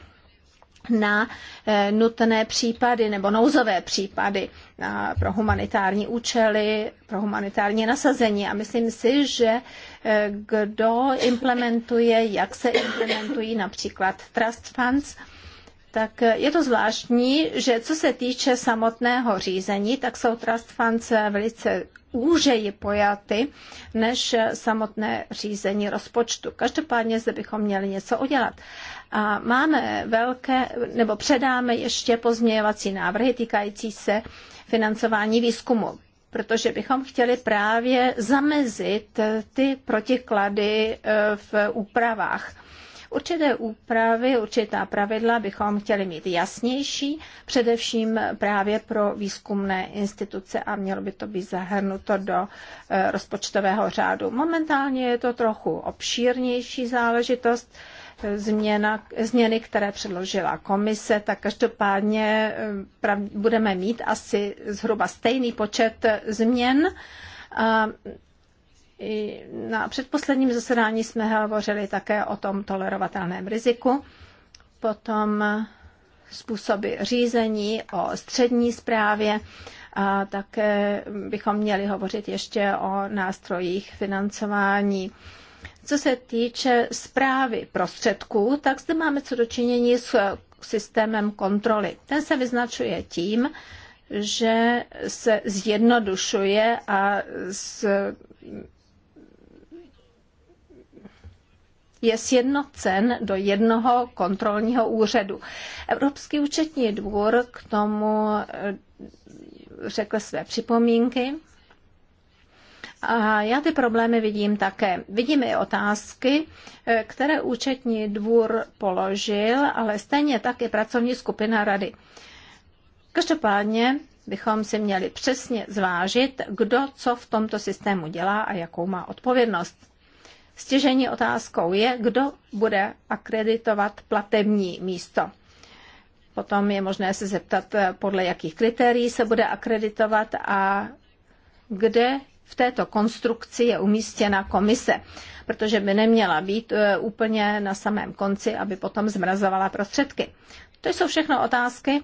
na eh, nutné případy nebo nouzové případy eh, pro humanitární účely, pro humanitární nasazení. A myslím si, že eh, kdo implementuje, jak se implementují například trust funds, tak je to zvláštní, že co se týče samotného řízení, tak jsou trust funds velice úžeji pojaty než samotné řízení rozpočtu. Každopádně zde bychom měli něco udělat. A máme velké, nebo předáme ještě pozměňovací návrhy týkající se financování výzkumu protože bychom chtěli právě zamezit ty protiklady eh, v úpravách. Určité úpravy, určitá pravidla bychom chtěli mít jasnější, především právě pro výzkumné instituce a mělo by to být zahrnuto do eh, rozpočtového řádu. Momentálně je to trochu obšírnější záležitost, eh, změna, změny, které předložila komise, tak každopádně eh, prav, budeme mít asi zhruba stejný počet změn. A na předposledním zasedání jsme hovořili také o tom tolerovatelném riziku, potom způsoby řízení, o střední správě a také bychom měli hovořit ještě o nástrojích financování. Co se týče zprávy prostředků, tak zde máme co dočinění s systémem kontroly. Ten se vyznačuje tím, že se zjednodušuje a z, je sjednocen do jednoho kontrolního úřadu. Evropský účetní dvůr k tomu eh, řekl své připomínky. A já ty problémy vidím také. Vidím i otázky, eh, které účetní dvůr položil, ale stejně tak i pracovní skupina rady. Každopádně bychom si měli přesně zvážit, kdo co v tomto systému dělá a jakou má odpovědnost. Stěžení otázkou je, kdo bude akreditovat platební místo. Potom je možné se zeptat, eh, podle jakých kritérií se bude akreditovat a kde v této konstrukci je umístěna komise, protože by neměla být eh, úplně na samém konci, aby potom zmrazovala prostředky. To jsou všechno otázky,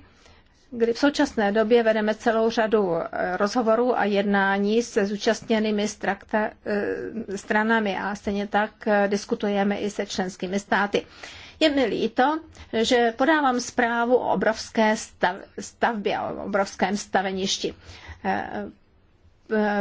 kdy v současné době vedeme celou řadu eh, rozhovorů a jednání se zúčastněnými strakta, eh, stranami a stejně tak eh, diskutujeme i se členskými státy. Je mi líto, že podávám zprávu o obrovské stav, stavbě, o obrovském staveništi.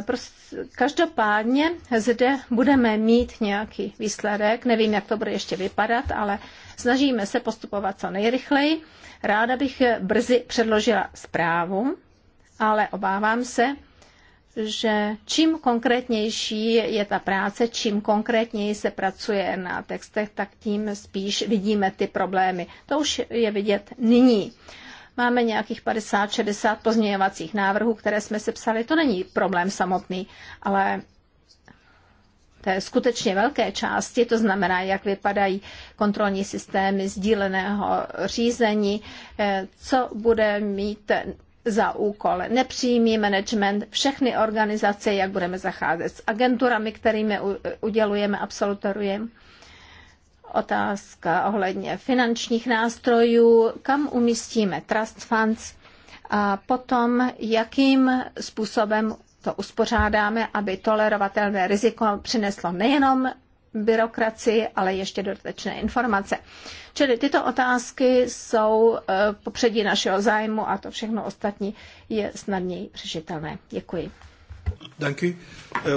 Prostě každopádně zde budeme mít nějaký výsledek, nevím, jak to bude ještě vypadat, ale snažíme se postupovat co nejrychleji Ráda bych brzy předložila zprávu, ale obávám se, že čím konkrétnější je ta práce, čím konkrétněji se pracuje na textech, tak tím spíš vidíme ty problémy. To už je vidět nyní. Máme nějakých 50-60 pozměňovacích návrhů, které jsme sepsali. To není problém samotný, ale té skutečně velké části, to znamená, jak vypadají kontrolní systémy sdíleného řízení, eh, co bude mít za úkol nepřímý management, všechny organizace, jak budeme zacházet s agenturami, kterými udělujeme, absolutorujeme. Otázka ohledně finančních nástrojů, kam umístíme trust funds a potom, jakým způsobem to uspořádáme, aby tolerovatelné riziko přineslo nejenom byrokraci, ale ještě dodatečné informace. Čili tyto otázky jsou eh, popředí našeho zájmu a to všechno ostatní je snadněji řešitelné. Děkuji. Eh,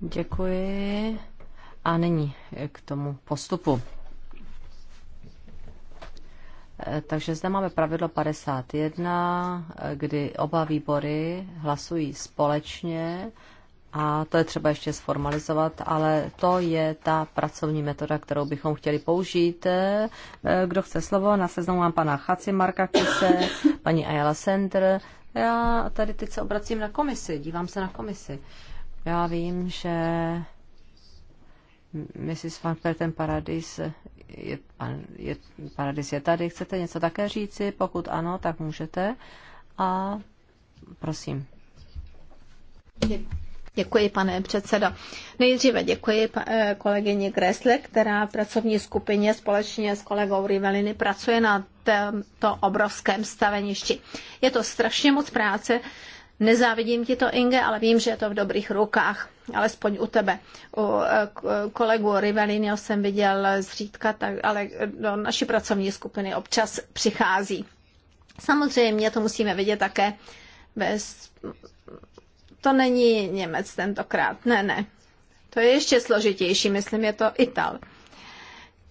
Děkuji. A nyní k tomu postupu. Eh, takže zde máme pravidlo 51, eh, kdy oba výbory hlasují společně a to je třeba ještě sformalizovat, ale to je ta pracovní metoda, kterou bychom chtěli použít. Eh, kdo chce slovo, na seznamu mám pana Chaci Marka Kise, paní Ayala Center. Já tady teď se obracím na komisi, dívám se na komisi. Já vím, že Mrs. Van Perten Paradis je, pan, je, Paradis je tady. Chcete něco také říci? Pokud ano, tak můžete. A prosím. Děkuji, pane předsedo. Nejdříve děkuji eh, kolegyni Gresle, která v pracovní skupině společně s kolegou Riveliny pracuje na tomto obrovském staveništi. Je to strašně moc práce, Nezávidím ti to, Inge, ale vím, že je to v dobrých rukách, alespoň u tebe. U eh, eh, kolegu Rivelinio jsem viděl zřídka, tak, ale eh, do naší pracovní skupiny občas přichází. Samozřejmě to musíme vidět také bez... To není Němec tentokrát, ne, ne. To je ještě složitější, myslím, je to Ital.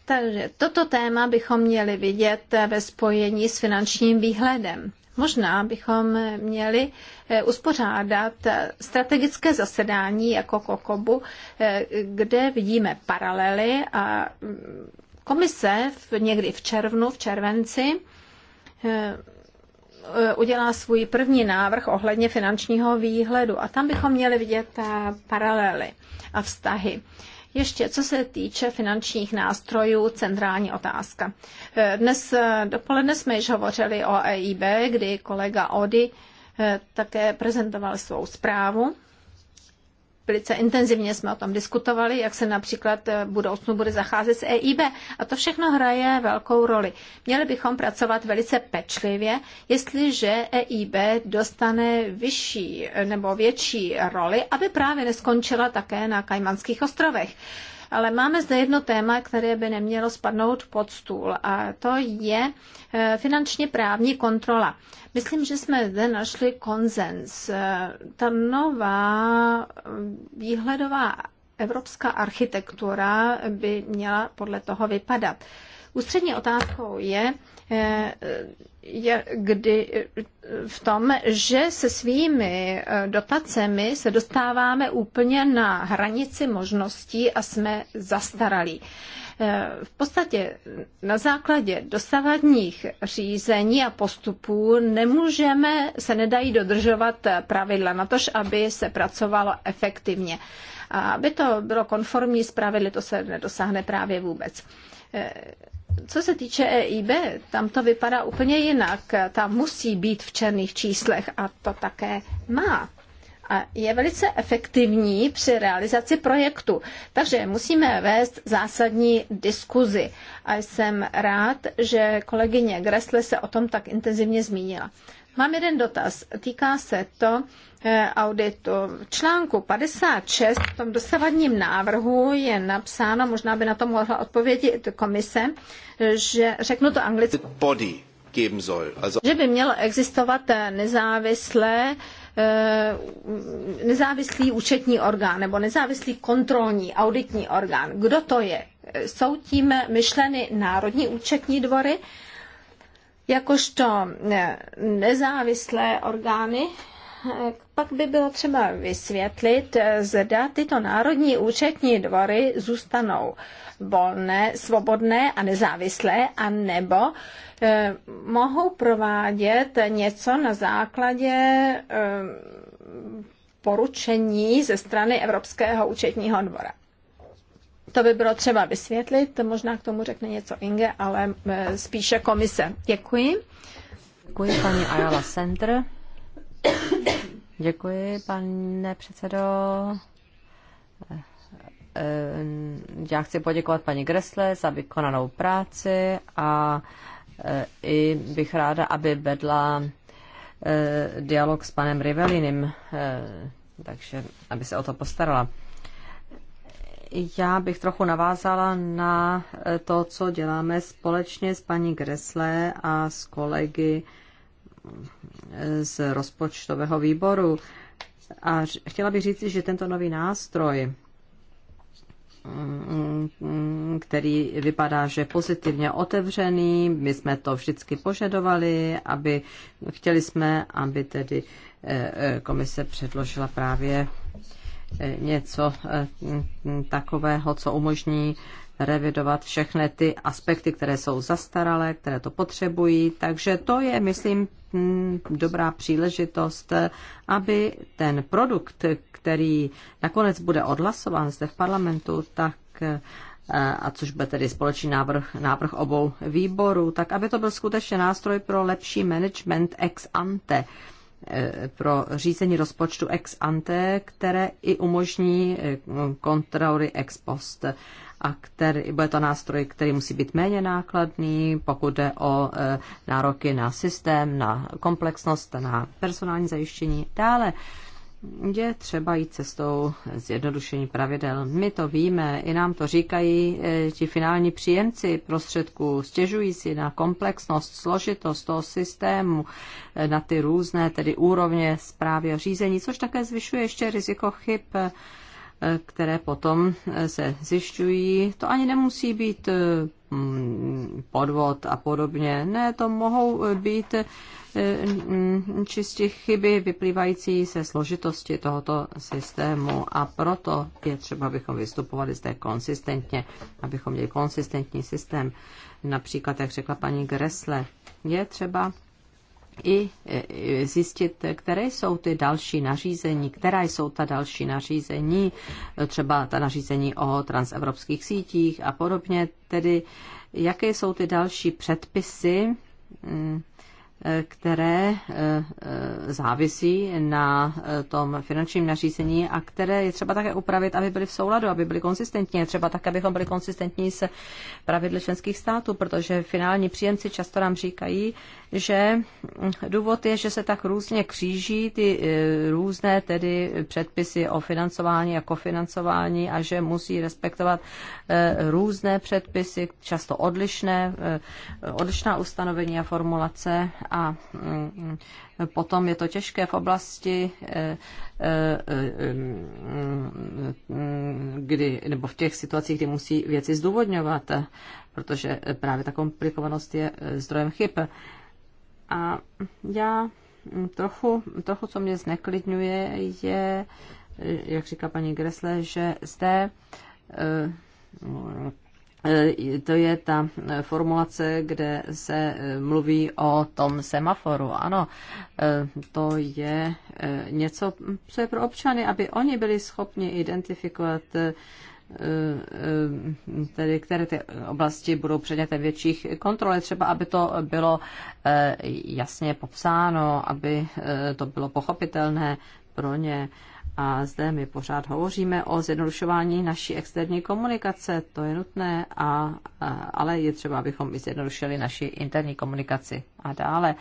Takže toto téma bychom měli vidět ve spojení s finančním výhledem. Možná bychom měli eh, uspořádat strategické zasedání jako Kokobu, eh, kde vidíme paralely a mm, komise v, někdy v červnu, v červenci eh, udělá svůj první návrh ohledně finančního výhledu a tam bychom měli vidět paralely a vztahy. Ještě co se týče finančních nástrojů, centrální otázka. Eh, dnes eh, dopoledne jsme již hovořili o EIB, kdy kolega Ody eh, také prezentoval svou zprávu Velice intenzivně jsme o tom diskutovali, jak se například eh, v budoucnu bude zacházet s EIB. A to všechno hraje velkou roli. Měli bychom pracovat velice pečlivě, jestliže EIB dostane vyšší eh, nebo větší roli, aby právě neskončila také na Kajmanských ostrovech. Ale máme zde jedno téma, které by nemělo spadnout pod stůl a to je e, finančně právní kontrola. Myslím, že jsme zde našli konsens. E, ta nová e, výhledová evropská architektura by měla podle toho vypadat. Ústřední otázkou je, je, kdy v tom, že se svými eh, dotacemi se dostáváme úplně na hranici možností a jsme zastaralí. Eh, v podstatě na základě dosavadních řízení a postupů nemůžeme, se nedají dodržovat pravidla na tož, aby se pracovalo efektivně. A aby to bylo konformní s pravidly, to se nedosáhne právě vůbec eh, co se týče EIB, tam to vypadá úplně jinak. Tam musí být v černých číslech a to také má. A je velice efektivní při realizaci projektu. Takže musíme vést zásadní diskuzi. A jsem rád, že kolegyně Gressle se o tom tak intenzivně zmínila. Mám jeden dotaz. Týká se to eh, auditu. V článku 56 v tom dosavadním návrhu je napsáno, možná by na to mohla odpovědět komise, že řeknu to anglicky. geben soll. Also že by mělo existovat eh, nezávislé eh, nezávislý účetní orgán nebo nezávislý kontrolní auditní orgán. Kdo to je? Jsou tím myšleny národní účetní dvory jakožto eh, nezávislé orgány, eh, pak by bylo třeba vysvětlit, eh, zda tyto národní účetní dvory zůstanou volné, svobodné a nezávislé, a nebo mohou provádět něco na základě poručení ze strany Evropského účetního dvora. To by bylo třeba vysvětlit, možná k tomu řekne něco Inge, ale e, spíše komise. Děkuji. Děkuji paní Ayala Center. Děkuji, pane předsedo. E, e, já chci poděkovat paní Gresle za vykonanou práci a i bych ráda, aby vedla dialog s panem Rivelinem, takže aby se o to postarala. Já bych trochu navázala na eh, to, co děláme společně s paní Greslé a s kolegy eh, z rozpočtového výboru. A chtěla bych říct, že tento nový nástroj, mm, mm, který vypadá, že pozitivně otevřený, my jsme to vždycky požadovali, aby chtěli jsme, aby tedy eh, komise předložila právě něco eh, takového, co umožní revidovat všechny ty aspekty, které jsou zastaralé, které to potřebují. Takže to je, myslím, hm, dobrá příležitost, aby ten produkt, který nakonec bude odhlasován zde v parlamentu, tak eh, a což bude tedy společný návrh, návrh obou výborů, tak aby to byl skutečně nástroj pro lepší management ex ante Eh, pro řízení rozpočtu ex ante, které i umožní eh, kontroly ex post. A který, bude to nástroj, který musí být méně nákladný, pokud jde o eh, nároky na systém, na komplexnost, na personální zajištění. Dále je třeba jít cestou zjednodušení pravidel. My to víme, i nám to říkají eh, ti finální příjemci prostředků, stěžují si na komplexnost, složitost toho systému, eh, na ty různé tedy úrovně zprávy a řízení, což také zvyšuje ještě riziko chyb eh, které potom eh, se zjišťují. To ani nemusí být eh, mm, podvod a podobně. Ne, to mohou být eh, mm, čistě chyby vyplývající se složitosti tohoto systému a proto je třeba, abychom vystupovali zde konsistentně, abychom měli konsistentní systém. Například, jak řekla paní Gresle, je třeba i e, zjistit, které jsou ty další nařízení, která jsou ta další nařízení, e, třeba ta nařízení o transevropských sítích a podobně, tedy jaké jsou ty další předpisy, mm, e, které závisí na tom finančním nařízení a které je třeba také upravit, aby byly v souladu, aby byly konsistentní. Třeba tak, abychom byli konsistentní se pravidly členských států, protože finální příjemci často nám říkají, že důvod je, že se tak různě kříží ty eh, různé tedy předpisy o financování a kofinancování a že musí respektovat eh, různé předpisy, často odlišné, eh, odlišná ustanovení a formulace a mm, potom je to těžké v oblasti, mm, kdy, nebo v těch situacích, kdy musí věci zdůvodňovat, protože právě ta komplikovanost je zdrojem chyb. A já trochu, trochu co mě zneklidňuje, je, jak říká paní Gresle, že zde eh, eh, to je ta formulace, kde se eh, mluví o tom semaforu. Ano, to je něco, co je pro občany, aby oni byli schopni identifikovat Eh, tedy které ty oblasti budou předmětem větších kontrol, třeba aby to bylo eh, jasně popsáno, aby eh, to bylo pochopitelné pro ně. A zde my pořád hovoříme o zjednodušování naší externí komunikace, to je nutné, a, ale je třeba, abychom i zjednodušili naši interní komunikaci. A dále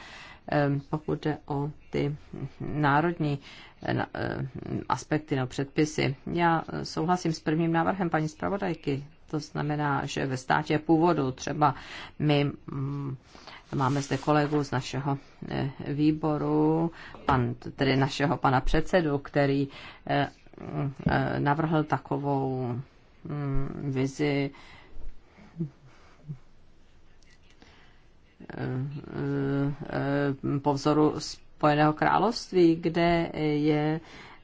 pokud jde o ty národní eh, eh, aspekty nebo předpisy. Já souhlasím s prvním návrhem paní zpravodajky. To znamená, že ve státě původu třeba my mm, máme zde kolegu z našeho eh, výboru, pan, tedy našeho pana předsedu, který mm, navrhl takovou mm, vizi, Eh, eh, po vzoru Spojeného království, kde je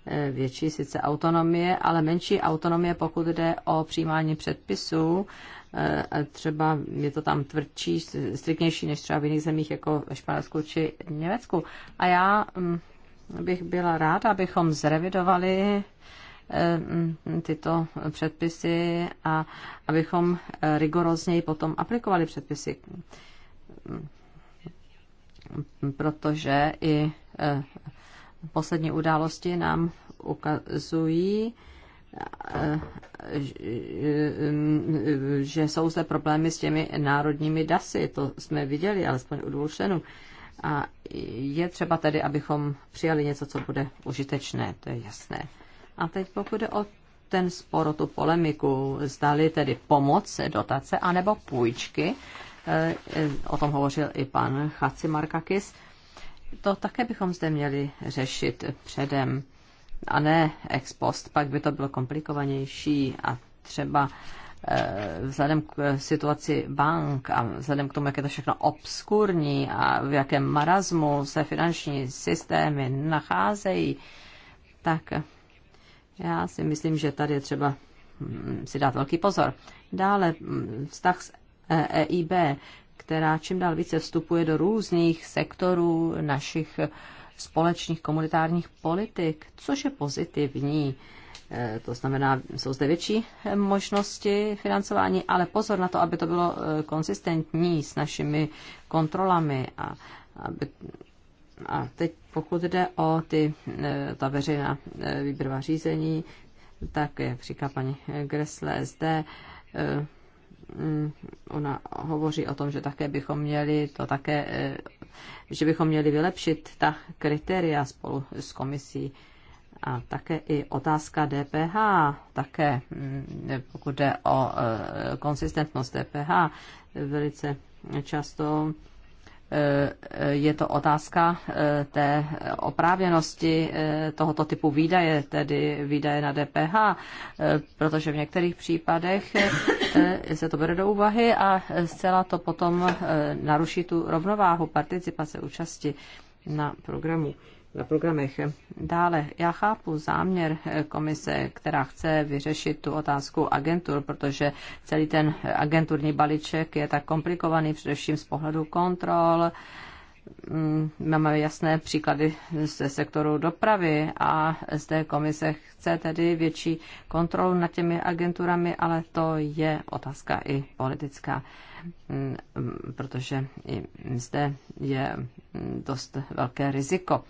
eh, větší sice autonomie, ale menší autonomie, pokud jde o přijímání předpisů. Třeba je to tam tvrdší, striknější než třeba v jiných zemích, jako ve Španělsku či Německu. A já mm, bych byla ráda, abychom zrevidovali tyto předpisy a abychom rigorozněji potom aplikovali předpisy, protože i e, poslední události nám ukazují, e, e, že jsou zde problémy s těmi národními dasy. To jsme viděli, alespoň u dvou členů. A je třeba tedy, abychom přijali něco, co bude užitečné, to je jasné. A teď pokud jde o ten spor, o tu polemiku, zdali tedy pomoc, dotace, anebo půjčky, Eh, o tom hovořil i pan Chaci Markakis, to také bychom zde měli řešit předem a ne ex post, pak by to bylo komplikovanější a třeba eh, vzhledem k eh, situaci bank a vzhledem k tomu, jak je to všechno obskurní a v jakém marazmu se finanční systémy nacházejí, tak já si myslím, že tady je třeba hm, si dát velký pozor. Dále hm, vztah s EIB, která čím dál více vstupuje do různých sektorů našich společných komunitárních politik, což je pozitivní. E, to znamená, jsou zde větší možnosti financování, ale pozor na to, aby to bylo e, konsistentní s našimi kontrolami. A, aby, a teď pokud jde o ty, e, ta veřejná výběrová řízení, tak, jak říká paní Gressle, zde Mm, ona hovoří o tom, že také bychom měli to také, eh, že bychom měli vylepšit ta kritéria spolu s komisí. A také i otázka DPH, také mm, pokud jde o eh, konsistentnost DPH, velice často je to otázka eh, té oprávněnosti eh, tohoto typu výdaje, tedy výdaje na DPH, eh, protože v některých případech se to bere do úvahy a zcela to potom naruší tu rovnováhu participace účasti na programu na programech. Dále, já chápu záměr eh, komise, která chce vyřešit tu otázku agentur, protože celý ten agenturní balíček je tak komplikovaný, především z pohledu kontrol. Mm, máme jasné příklady ze sektoru dopravy a zde komise chce tedy větší kontrolu nad těmi agenturami, ale to je otázka i politická mm, protože i zde je dost velké riziko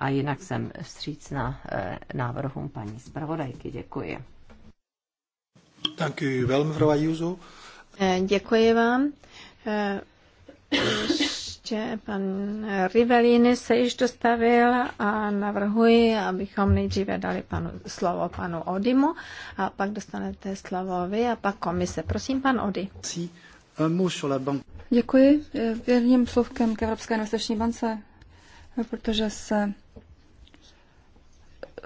a jinak jsem vstřícna eh, návrhům paní zpravodajky. Děkuji. Děkuji velmi, Frau eh, Děkuji vám. Eh, ještě pan Rivelini se již dostavil a navrhuji, abychom nejdříve dali panu, slovo panu Odimu a pak dostanete slovo vy a pak komise. Prosím, pan Ody. Děkuji. Věrným slovkem k Evropské investiční bance protože se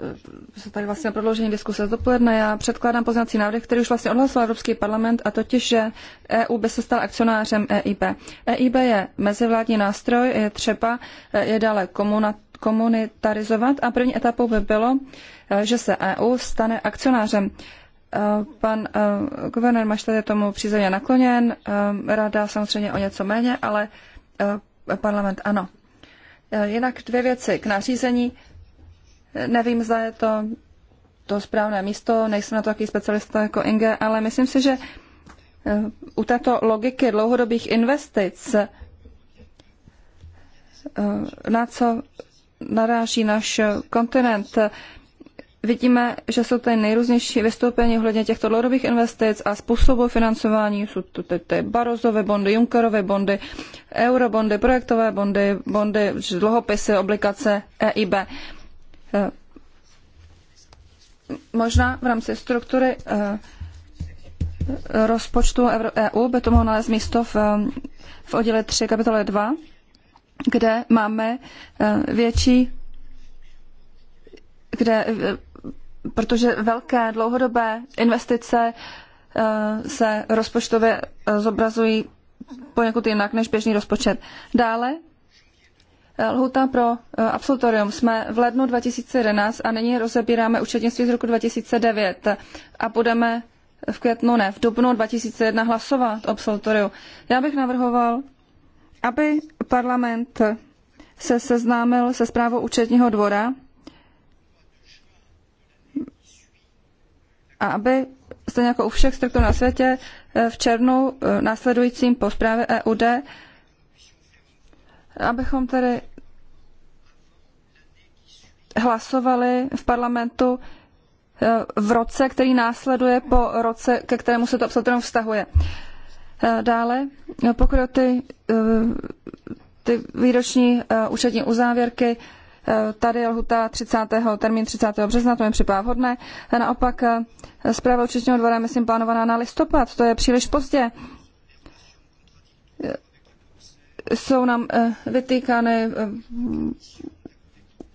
eh, se tady vlastně prodloužení diskuse z dopoledne. Já předkládám poznací návrh, který už vlastně odhlasoval Evropský parlament, a totiž, že EU by se stal akcionářem EIB. EIB je mezivládní nástroj, je třeba eh, je dále komunitarizovat a první etapou by bylo, eh, že se EU stane akcionářem. Pan guvernér Maštad je tomu přízemně nakloněn, rada samozřejmě o něco méně, ale parlament ano. Eh, jinak dvě věci k nařízení. Eh, nevím, zda je to to správné místo, nejsem na to takový specialista jako Inge, ale myslím si, že eh, u této logiky dlouhodobých investic, na co naráží náš kontinent, Vidíme, že jsou tady nejrůznější vystoupení ohledně těchto dlouhodobých investic a způsobu financování. Jsou to ty barozové bondy, Junckerové bondy, eurobondy, projektové bondy, bondy, dlhopisy, obligace EIB. Eh, možná v rámci struktury eh, rozpočtu EU e by to mohlo nalézt místo v, v oddíle 3 kapitole 2, kde máme eh, větší kde protože velké dlouhodobé investice eh, se rozpočtově eh, zobrazují poněkud jinak než běžný rozpočet. Dále eh, Lhuta pro absolutorium jsme v lednu 2011 a nyní rozebíráme účetnictví z roku 2009 a budeme v květnu, ne, v dubnu 2001 hlasovat o absolutoriu. Já bych navrhoval, aby parlament se seznámil se zprávou účetního dvora a aby stejně jako u všech struktur na světě eh, v červnu eh, následujícím po zprávě EUD, abychom tedy hlasovali v parlamentu eh, v roce, který následuje po roce, ke kterému se to absolutně vztahuje. Dále, pokud ty, ty výroční účetní uzávěrky, Tady je lhuta 30. termín 30. března, to mi připadá vhodné. Naopak eh, zpráva účetního dvora je, myslím, plánovaná na listopad, to je příliš pozdě. Eh, jsou nám eh, vytýkány mm,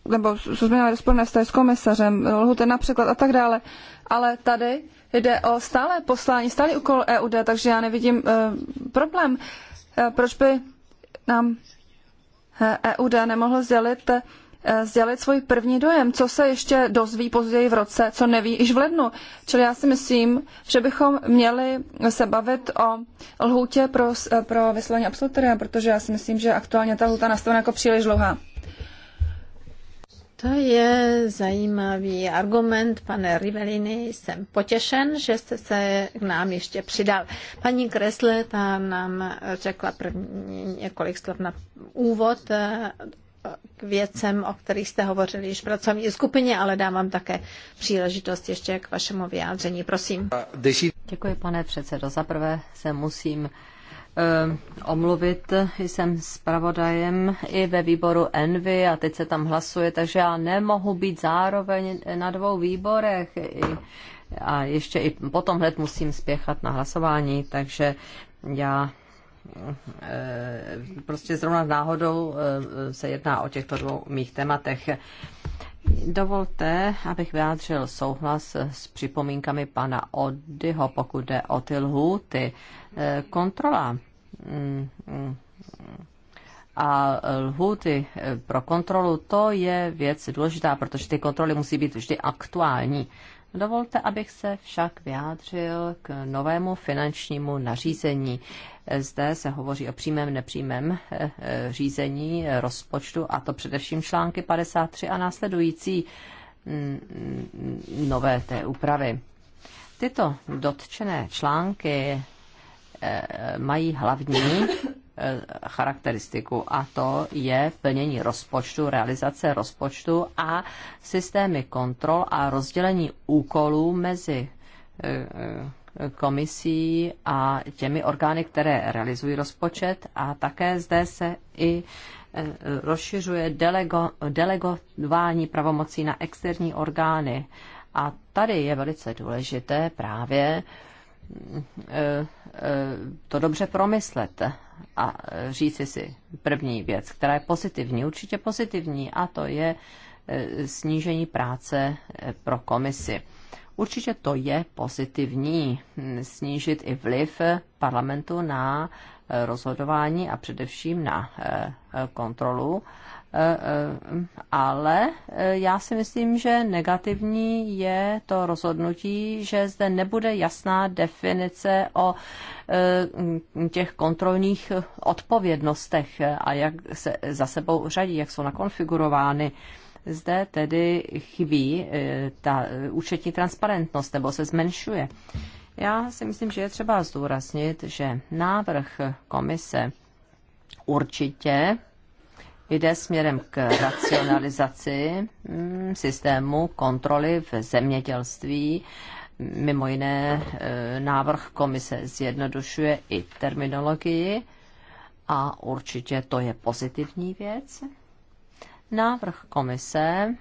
nebo jsou změněny rozporné vztahy s komisařem, lhuty například a tak dále. Ale tady jde o stále poslání, stále úkol EUD, takže já nevidím uh, problém. Uh, proč by nám EUD e nemohl sdělit, Eh, sdělit svůj první dojem, co se ještě dozví později v roce, co neví již v lednu. Čili já si myslím, že bychom měli se bavit o lhůtě pro, eh, pro vyslání absolutoria, protože já si myslím, že aktuálně ta lhůta nastavena jako příliš dlouhá. To je zajímavý argument, pane Rivelini. Jsem potěšen, že jste se k nám ještě přidal. Paní Kresle, ta nám řekla první několik slov na úvod k věcem, o kterých jste hovořili již v pracovní skupině, ale dám vám také příležitost ještě k vašemu vyjádření. Prosím. Děkuji, pane předsedo. prvé se musím eh, omluvit. Jsem zpravodajem i ve výboru Envy a teď se tam hlasuje, takže já nemohu být zároveň na dvou výborech. A ještě i potom hned musím spěchat na hlasování, takže já Eh, prostě zrovna náhodou eh, se jedná o těchto dvou mých tématech. Dovolte, abych vyjádřil souhlas s připomínkami pana Odyho, pokud jde o ty lhůty. Eh, kontrola mm, mm, a lhůty pro kontrolu, to je věc důležitá, protože ty kontroly musí být vždy aktuální. Dovolte, abych se však vyjádřil k novému finančnímu nařízení. Zde se hovoří o přímém nepřímém eh, eh, řízení rozpočtu, a to především články 53 a následující mm, mm, nové té úpravy. Tyto dotčené články eh, mají hlavní Eh, charakteristiku a to je plnění rozpočtu, realizace rozpočtu a systémy kontrol a rozdělení úkolů mezi eh, eh, komisí a těmi orgány, které realizují rozpočet a také zde se i rozšiřuje delego, delegování pravomocí na externí orgány. A tady je velice důležité právě to dobře promyslet a říci si první věc, která je pozitivní, určitě pozitivní, a to je eh, snížení práce eh, pro komisi. Určitě to je pozitivní, hm, snížit i vliv parlamentu na eh, rozhodování a především na kontrolu Eh, eh, ale eh, já si myslím, že negativní je to rozhodnutí, že zde nebude jasná definice o těch kontrolních odpovědnostech a jak se za sebou řadí, jak jsou nakonfigurovány. Zde tedy chybí ta účetní transparentnost nebo se zmenšuje. Já si myslím, že je třeba zdůraznit, že návrh komise určitě jde směrem k racionalizaci mm, systému kontroly v zemědělství. Mimo jiné e, návrh komise zjednodušuje i terminologii a určitě to je pozitivní věc. Návrh komise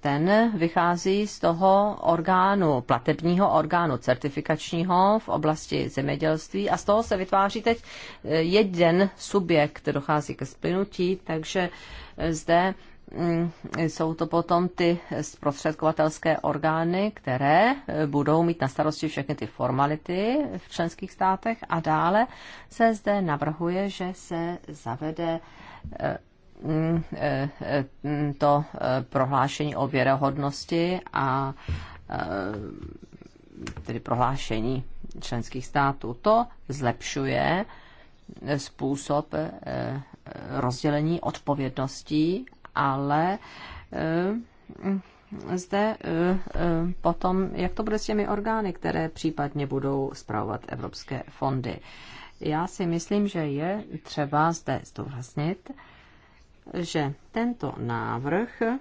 ten vychází z toho orgánu, platebního orgánu certifikačního v oblasti zemědělství a z toho se vytváří teď eh, jeden subjekt, dochází ke splynutí, takže eh, zde mm, jsou to potom ty zprostředkovatelské orgány, které eh, budou mít na starosti všechny ty formality v členských státech a dále se zde navrhuje, že se zavede to eh, prohlášení o věrohodnosti a eh, tedy prohlášení členských států. To zlepšuje způsob eh, rozdělení odpovědností, ale zde potom, jak to bude s těmi orgány, které případně budou zpravovat evropské fondy. Já si myslím, že je třeba zde zdůraznit, že tento návrh eh,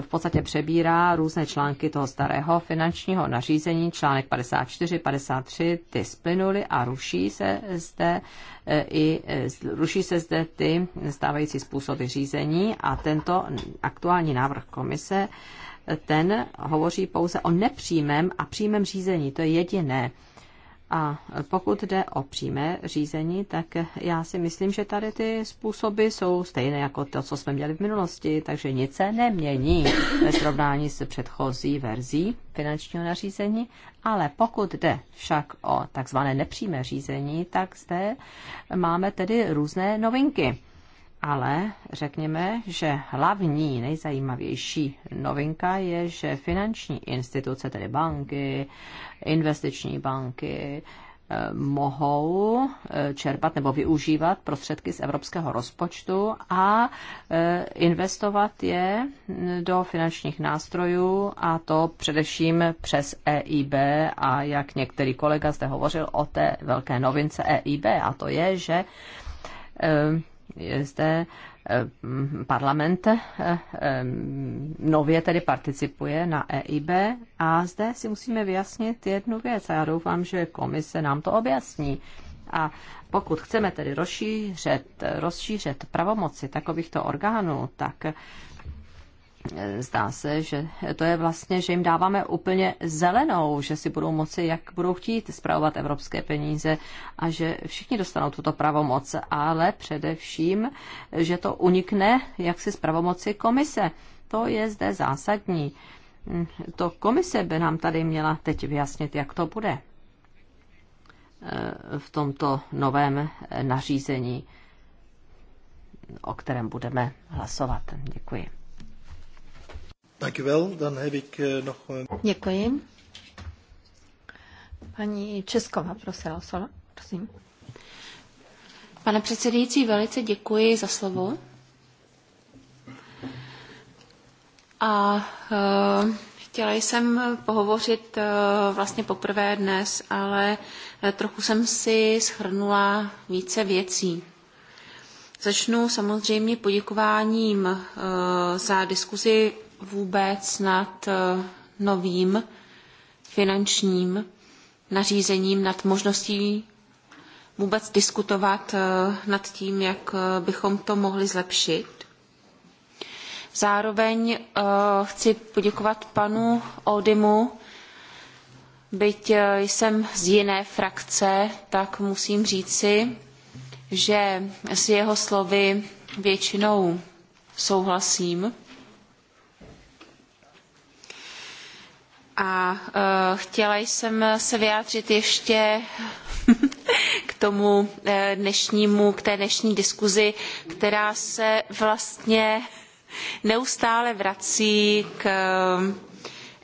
v podstatě přebírá různé články toho starého finančního nařízení, článek 54, 53, ty splynuly a ruší se zde eh, i eh, ruší se zde ty stávající způsoby řízení a tento aktuální návrh komise ten hovoří pouze o nepřímém a přímém řízení. To je jediné, a pokud jde o přímé řízení, tak já si myslím, že tady ty způsoby jsou stejné jako to, co jsme měli v minulosti, takže nic se nemění ve srovnání s předchozí verzí finančního nařízení, ale pokud jde však o takzvané nepřímé řízení, tak zde máme tedy různé novinky ale řekněme, že hlavní, nejzajímavější novinka je, že finanční instituce, tedy banky, investiční banky, eh, mohou eh, čerpat nebo využívat prostředky z evropského rozpočtu a eh, investovat je mm, do finančních nástrojů a to především přes EIB a jak některý kolega zde hovořil o té velké novince EIB a to je, že zde eh, parlament eh, eh, nově tedy participuje na EIB a zde si musíme vyjasnit jednu věc a já doufám, že komise nám to objasní. A pokud chceme tedy rozšířit, rozšířit pravomoci takovýchto orgánů, tak Eh, zdá se, že to je vlastně, že jim dáváme úplně zelenou, že si budou moci, jak budou chtít, zpravovat evropské peníze a že všichni dostanou tuto pravomoc, ale především, že to unikne jaksi z pravomoci komise. To je zde zásadní. Hm, to komise by nám tady měla teď vyjasnit, jak to bude eh, v tomto novém eh, nařízení, o kterém budeme hlasovat. Děkuji. Eh, děkuji. Paní Česková, prosím. Pane předsedající, velice děkuji za slovo. A uh, chtěla jsem pohovořit uh, vlastně poprvé dnes, ale trochu jsem si schrnula více věcí. Začnu samozřejmě poděkováním uh, za diskuzi vůbec nad eh, novým finančním nařízením, nad možností vůbec diskutovat eh, nad tím, jak eh, bychom to mohli zlepšit. Zároveň chci poděkovat panu Odimu. byť jsem z jiné frakce, tak musím říci, že s jeho slovy většinou souhlasím A eh, chtěla jsem se vyjádřit ještě k tomu eh, dnešnímu, k té dnešní diskuzi, která se vlastně neustále vrací k eh,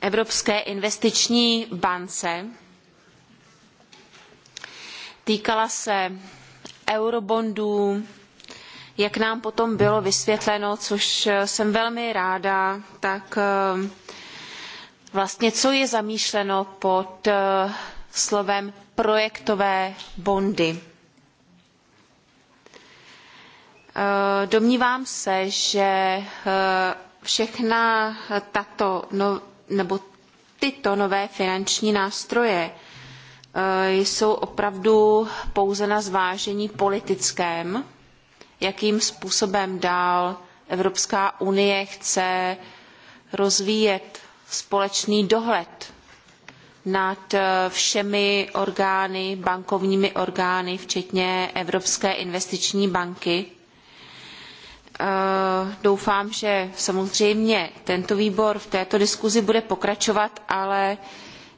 Evropské investiční bance. Týkala se eurobondů, jak nám potom bylo vysvětleno, což jsem velmi ráda, tak vlastně co je zamýšleno pod eh, slovem projektové bondy. Eh, domnívám se, že eh, všechna tato, no, nebo tyto nové finanční nástroje jsou opravdu pouze na zvážení politickém, jakým způsobem dál Evropská unie chce rozvíjet společný dohled nad eh, všemi orgány, bankovními orgány, včetně Evropské investiční banky. Eh, doufám, že samozřejmě tento výbor v této diskuzi bude pokračovat, ale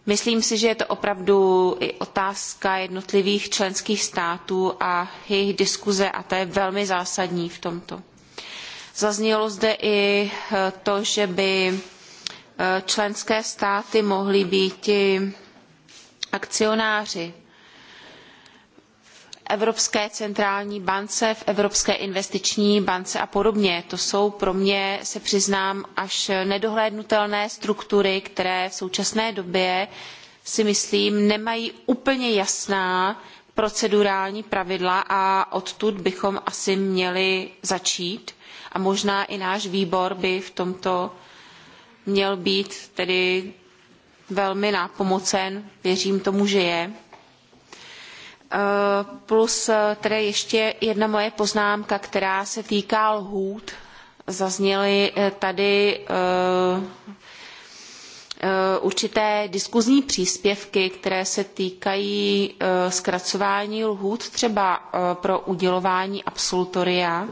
myslím si, že je to opravdu i otázka jednotlivých členských států a jejich diskuze a ta je velmi zásadní v tomto. Zaznělo zde i eh, to, že by Eh, členské státy mohli být akcionáři v Evropské centrální bance, v Evropské investiční bance a podobně. To jsou pro mě, se přiznám, až nedohlédnutelné struktury, které v současné době si myslím nemají úplně jasná procedurální pravidla a odtud bychom asi měli začít a možná i náš výbor by v tomto měl být tedy velmi nápomocen, věřím tomu, že je. E, plus tedy ještě jedna moje poznámka, která se týká lhůt. Zazněly e, tady e, určité diskuzní příspěvky, které se týkají zkracování lhůt třeba pro udělování absolutoria.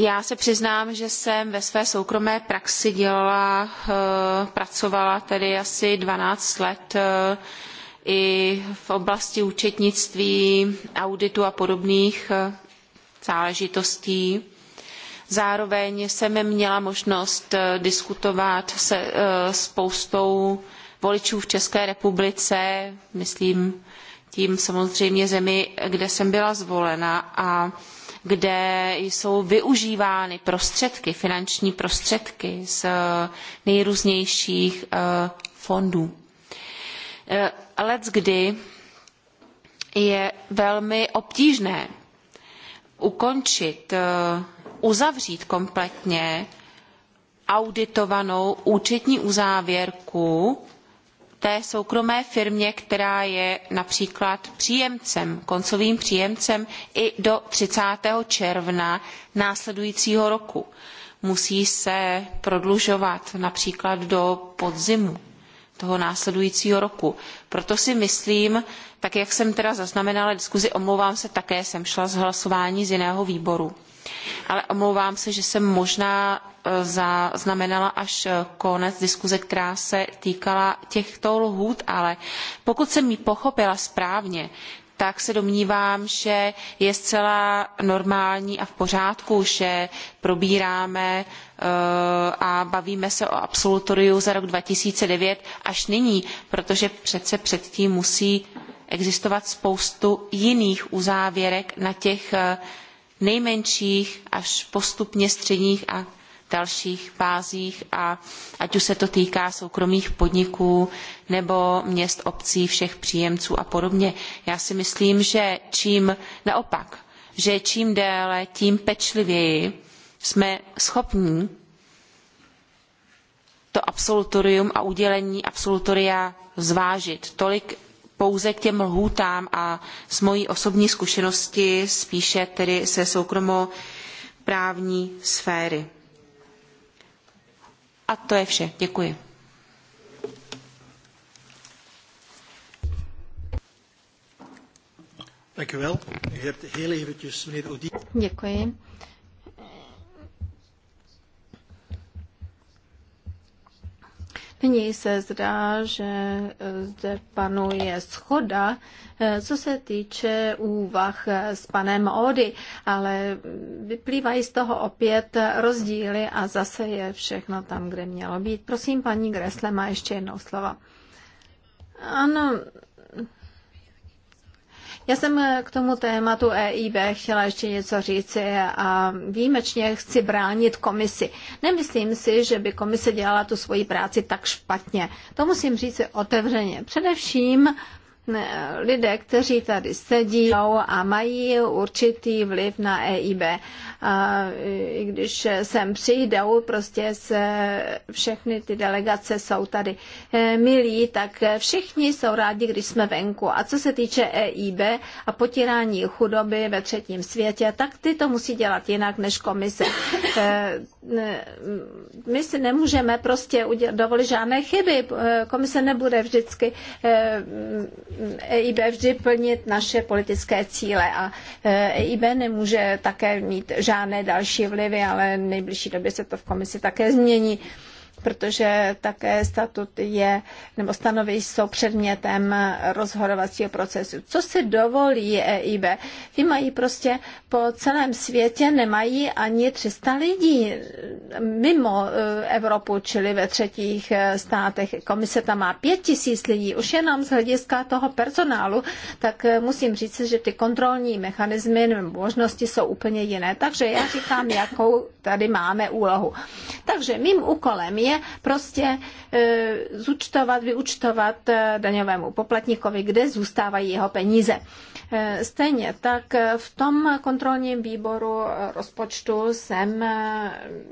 Já se přiznám, že jsem ve své soukromé praxi dělala, eh, pracovala tedy asi 12 let eh, i v oblasti účetnictví, auditu a podobných eh, záležitostí. Zároveň jsem měla možnost diskutovat se spoustou voličů v České republice, myslím tím samozřejmě zemi, kde jsem byla zvolena a kde jsou využívány prostředky, finanční prostředky z nejrůznějších eh, fondů. Eh, Lec kdy je velmi obtížné ukončit, eh, uzavřít kompletně auditovanou účetní uzávěrku té soukromé firmě, která je například příjemcem, koncovým příjemcem i do 30. června následujícího roku. Musí se prodlužovat například do podzimu toho následujícího roku. Proto si myslím, tak jak jsem teda zaznamenala diskuzi, omlouvám se, také jsem šla z hlasování z jiného výboru, ale omlouvám se, že jsem možná e, zaznamenala až e, konec diskuze, která se týkala těchto lhůt, ale pokud jsem ji pochopila správně, tak se domnívám, že je zcela normální a v pořádku, že probíráme e, a bavíme se o absolutoriu za rok 2009 až nyní, protože přece předtím musí existovat spoustu jiných uzávěrek na těch nejmenších až postupně středních a dalších fázích a ať už se to týká soukromých podniků nebo měst, obcí, všech příjemců a podobně. Já si myslím, že čím naopak, že čím déle, tím pečlivěji jsme schopní to absolutorium a udělení absolutoria zvážit. Tolik pouze k těm lhůtám a z mojí osobní zkušenosti spíše tedy se soukromoprávní sféry. A to je vše. Děkuji. Děkuji. Nyní se zdá, že eh, zde panuje schoda, eh, co se týče úvah eh, s panem Ody, ale vyplývají z toho opět rozdíly a zase je všechno tam, kde mělo být. Prosím, paní Gresle má ještě jednou slova. Ano, já jsem eh, k tomu tématu EIB chtěla ještě něco říci a výjimečně chci bránit komisi. Nemyslím si, že by komise dělala tu svoji práci tak špatně. To musím říci otevřeně. Především lidé, kteří tady sedí a mají určitý vliv na EIB. A když sem přijdou, prostě se všechny ty delegace jsou tady eh, milí, tak všichni jsou rádi, když jsme venku. A co se týče EIB a potírání chudoby ve třetím světě, tak ty to musí dělat jinak než komise. Eh, my si nemůžeme prostě dovolit žádné chyby. Eh, komise nebude vždycky EIB vždy plnit naše politické cíle a EIB e nemůže také mít žádné další vlivy, ale v nejbližší době se to v komisi také změní protože také statut je, nebo stanovy jsou předmětem rozhodovacího procesu. Co si dovolí EIB? Vy mají prostě po celém světě nemají ani 300 lidí mimo eh, Evropu, čili ve třetích eh, státech. Komise tam má 5000 lidí. Už jenom z hlediska toho personálu, tak eh, musím říct, že ty kontrolní mechanismy nebo možnosti jsou úplně jiné. Takže já říkám, jakou tady máme úlohu. Takže mým úkolem je je prostě e, zúčtovat, vyúčtovat e, daňovému poplatníkovi, kde zůstávají jeho peníze. Eh, stejně tak eh, v tom kontrolním výboru eh, rozpočtu jsem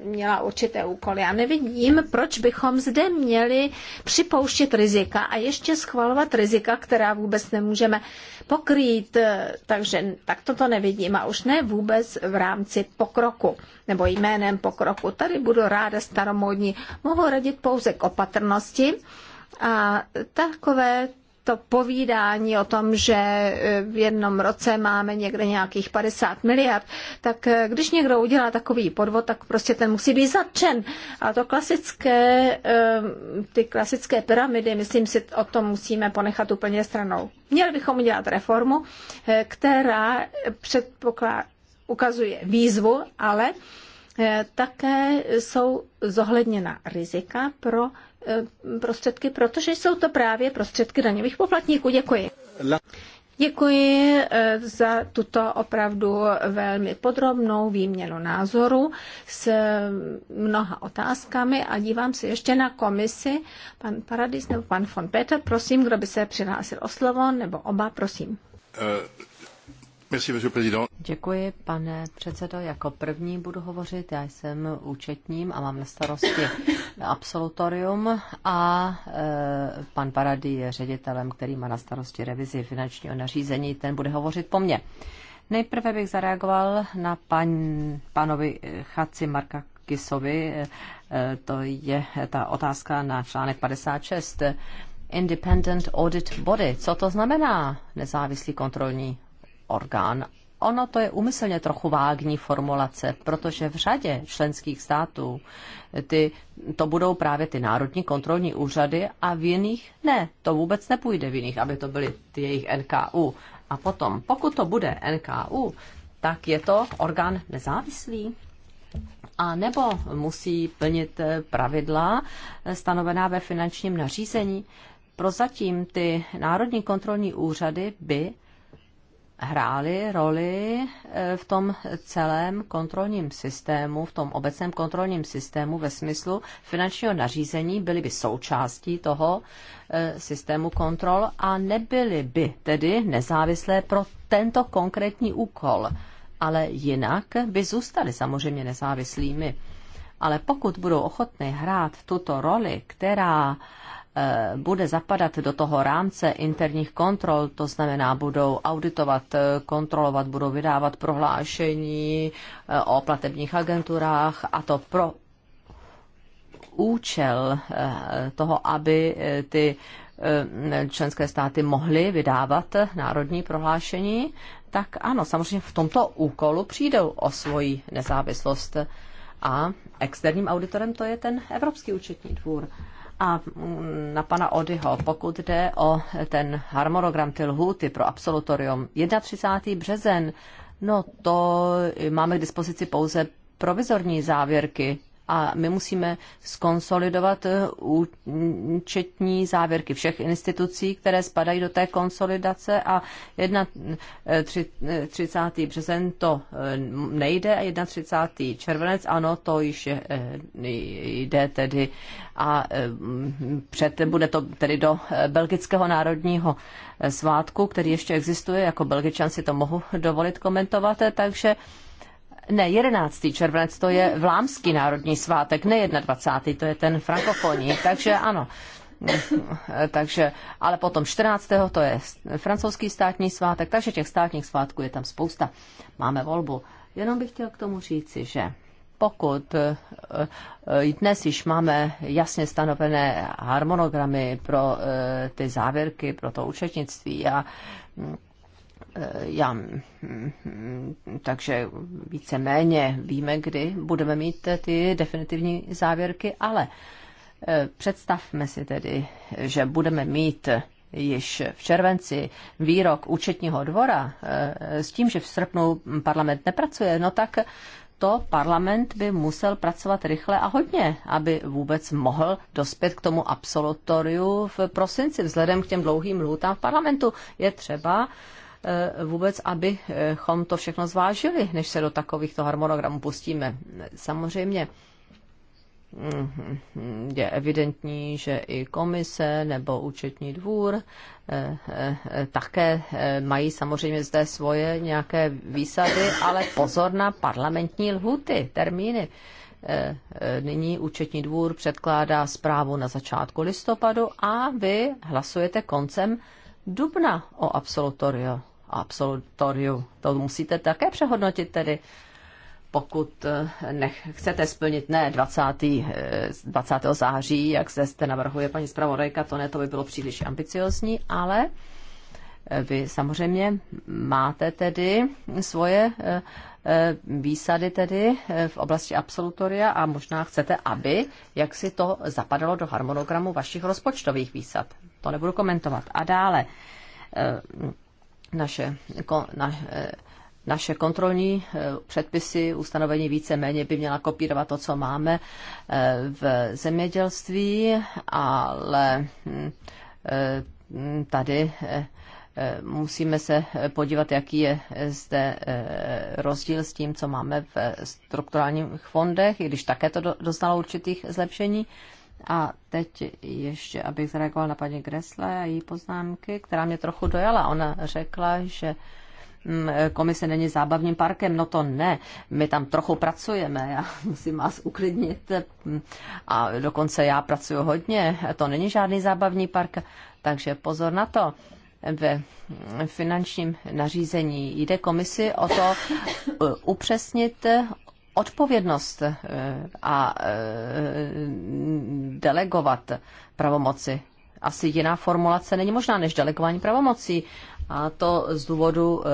měla určité úkoly Já nevidím, proč bychom zde měli připouštět rizika a ještě schvalovat rizika, která vůbec nemůžeme pokrýt. Takže tak toto nevidím a už ne vůbec v rámci pokroku nebo jménem pokroku. Tady budu ráda staromódní. Mohu radit pouze k opatrnosti a takové to povídání o tom, že eh, v jednom roce máme někde nějakých 50 miliard, tak eh, když někdo udělá takový podvod, tak prostě ten musí být zatčen. A to klasické, eh, ty klasické pyramidy, myslím si, o tom musíme ponechat úplně stranou. Měli bychom udělat reformu, která předpokládá, ukazuje výzvu, ale také jsou zohledněna rizika pro Eh, prostředky, protože jsou to právě prostředky daňových poplatníků. Děkuji. Děkuji eh, za tuto opravdu velmi podrobnou výměnu názoru s mnoha otázkami a dívám se ještě na komisi. Pan Paradis nebo pan von Peter, prosím, kdo by se přihlásil o slovo, nebo oba, prosím. Uh. Děkuji, pane předsedo. Jako první budu hovořit. Já jsem účetním a mám na starosti absolutorium a e, pan Parady je ředitelem, který má na starosti revizi finančního nařízení. Ten bude hovořit po mně. Nejprve bych zareagoval na pan, panovi Chaci Marka Kisovi. E, e to je ta otázka na článek 56. Independent Audit Body. Co to znamená nezávislý kontrolní orgán. Ono to je umyslně trochu vágní formulace, protože v řadě členských států ty, to budou právě ty národní kontrolní úřady a v jiných ne. To vůbec nepůjde v jiných, aby to byly ty jejich NKU. A potom, pokud to bude NKU, tak je to orgán nezávislý. A nebo musí plnit eh, pravidla eh, stanovená ve finančním nařízení. Prozatím ty národní kontrolní úřady by hrály roli e, v tom celém kontrolním systému, v tom obecném kontrolním systému ve smyslu finančního nařízení, byly by součástí toho e, systému kontrol a nebyly by tedy nezávislé pro tento konkrétní úkol, ale jinak by zůstaly samozřejmě nezávislými. Ale pokud budou ochotné hrát tuto roli, která Eh, bude zapadat do toho rámce interních kontrol, to znamená, budou auditovat, eh, kontrolovat, budou vydávat prohlášení eh, o platebních agenturách a to pro účel toho, aby ty členské státy mohly vydávat národní prohlášení, tak ano, samozřejmě v tomto úkolu přijdou o svoji nezávislost. A externím auditorem to je ten Evropský účetní dvůr. A na pana Odyho, pokud jde o ten harmonogram, ty lhůty pro absolutorium, 31. březen, no to máme k dispozici pouze provizorní závěrky a my musíme skonsolidovat eh, účetní závěrky všech institucí, které spadají do té konsolidace a 31. Eh, eh, březen to nejde a 31. červenec ano, to již je, jde tedy a před, bude to tedy do belgického národního svátku, který ještě existuje, jako belgičan si to mohu dovolit komentovat, takže ne, 11. červenec to je vlámský národní svátek, ne 21. to je ten frankofonní, takže ano. takže, ale potom 14. to je francouzský státní svátek, takže těch státních svátků je tam spousta. Máme volbu. Jenom bych chtěl k tomu říci, že pokud eh, eh, dnes již máme jasně stanovené harmonogramy pro eh, ty závěrky, pro to účetnictví a mm, Eh, já, mm, mm, takže víceméně víme, kdy budeme mít eh, ty definitivní závěrky, ale eh, představme si tedy, že budeme mít již v červenci výrok účetního dvora s tím, že v srpnu parlament nepracuje, no tak to parlament by musel pracovat rychle a hodně, aby vůbec mohl dospět k tomu absolutoriu v prosinci. Vzhledem k těm dlouhým lhůtám v parlamentu je třeba Eh, vůbec, abychom to všechno zvážili, než se do takovýchto harmonogramů pustíme. Samozřejmě mm, je evidentní, že i komise nebo účetní dvůr eh, eh, také mají samozřejmě zde svoje nějaké výsady, ale pozor na parlamentní lhuty, termíny. Nyní účetní dvůr předkládá zprávu na začátku listopadu a vy hlasujete koncem dubna o absolutoriu. Absolutoriu. To musíte také přehodnotit tedy pokud eh, nech, chcete splnit ne 20. 20. Eh, září, jak se zde navrhuje paní zpravodajka, to ne, to by bylo příliš ambiciozní, ale eh, vy samozřejmě máte tedy svoje výsady tedy v oblasti absolutoria a možná chcete, aby jak si to zapadalo do harmonogramu vašich rozpočtových výsad to nebudu komentovat. A dále eh, naše, na, eh, naše kontrolní eh, předpisy, ustanovení více-méně by měla kopírovat to, co máme v zemědělství, ale hm, hm, tady musíme se podívat, jaký je zde rozdíl s tím, co máme v strukturálních fondech, i když také to dostalo určitých zlepšení. A teď ještě, abych zareagoval na paní Gresle a její poznámky, která mě trochu dojala. Ona řekla, že mm, komise není zábavním parkem, no to ne, my tam trochu pracujeme, já musím vás uklidnit a dokonce já pracuji hodně, to není žádný zábavní park, takže pozor na to. Ve finančním nařízení jde komisi o to e, upřesnit, odpovědnost eh, a eh, delegovat pravomoci. Asi jiná formulace není možná než delegování pravomocí. A to z důvodu eh,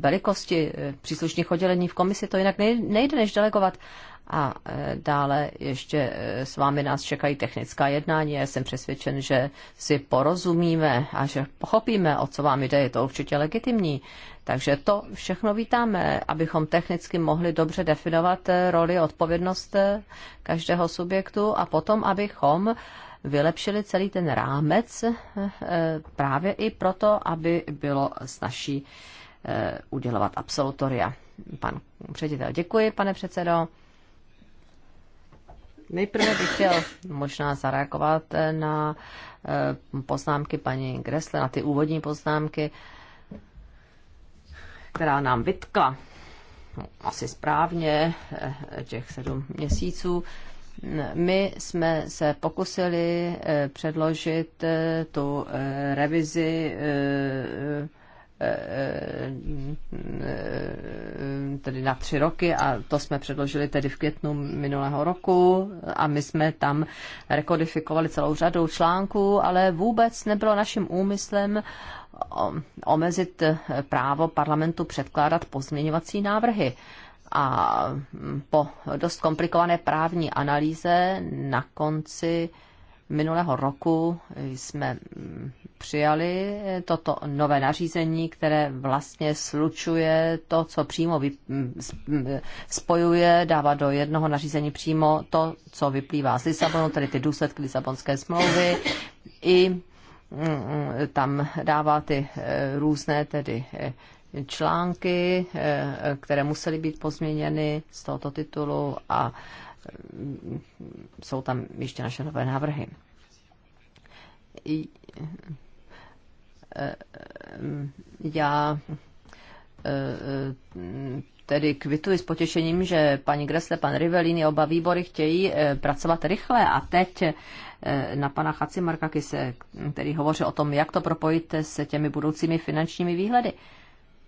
velikosti příslušných oddělení v komisi to jinak nejde než delegovat. A e, dále ještě e, s vámi nás čekají technická jednání. Já jsem přesvědčen, že si porozumíme a že pochopíme, o co vám jde. Je to určitě legitimní. Takže to všechno vítáme, abychom technicky mohli dobře definovat e, roli, odpovědnost každého subjektu a potom, abychom vylepšili celý ten rámec právě i proto, aby bylo snažší udělovat absolutoria. Pan ředitel, děkuji, pane předsedo. Nejprve bych chtěl možná zareagovat eh, na eh, poznámky paní Gressle, na ty úvodní poznámky, která nám vytkla no, asi správně eh, těch sedm měsíců. My jsme se pokusili předložit tu revizi tedy na tři roky a to jsme předložili tedy v květnu minulého roku a my jsme tam rekodifikovali celou řadu článků, ale vůbec nebylo naším úmyslem omezit právo parlamentu předkládat pozměňovací návrhy. A po dost komplikované právní analýze na konci minulého roku jsme přijali toto nové nařízení, které vlastně slučuje to, co přímo spojuje, dává do jednoho nařízení přímo to, co vyplývá z Lisabonu, tedy ty důsledky Lisabonské smlouvy i mm, mm, tam dává ty eh, různé tedy eh, články, eh, které musely být pozměněny z tohoto titulu a jsou tam ještě naše nové návrhy. Eh, eh, já eh, tedy kvituji s potěšením, že paní Gresle, pan Rivelini, oba výbory chtějí pracovat rychle a teď na pana Chacimarka Kise, který hovoří o tom, jak to propojit se těmi budoucími finančními výhledy.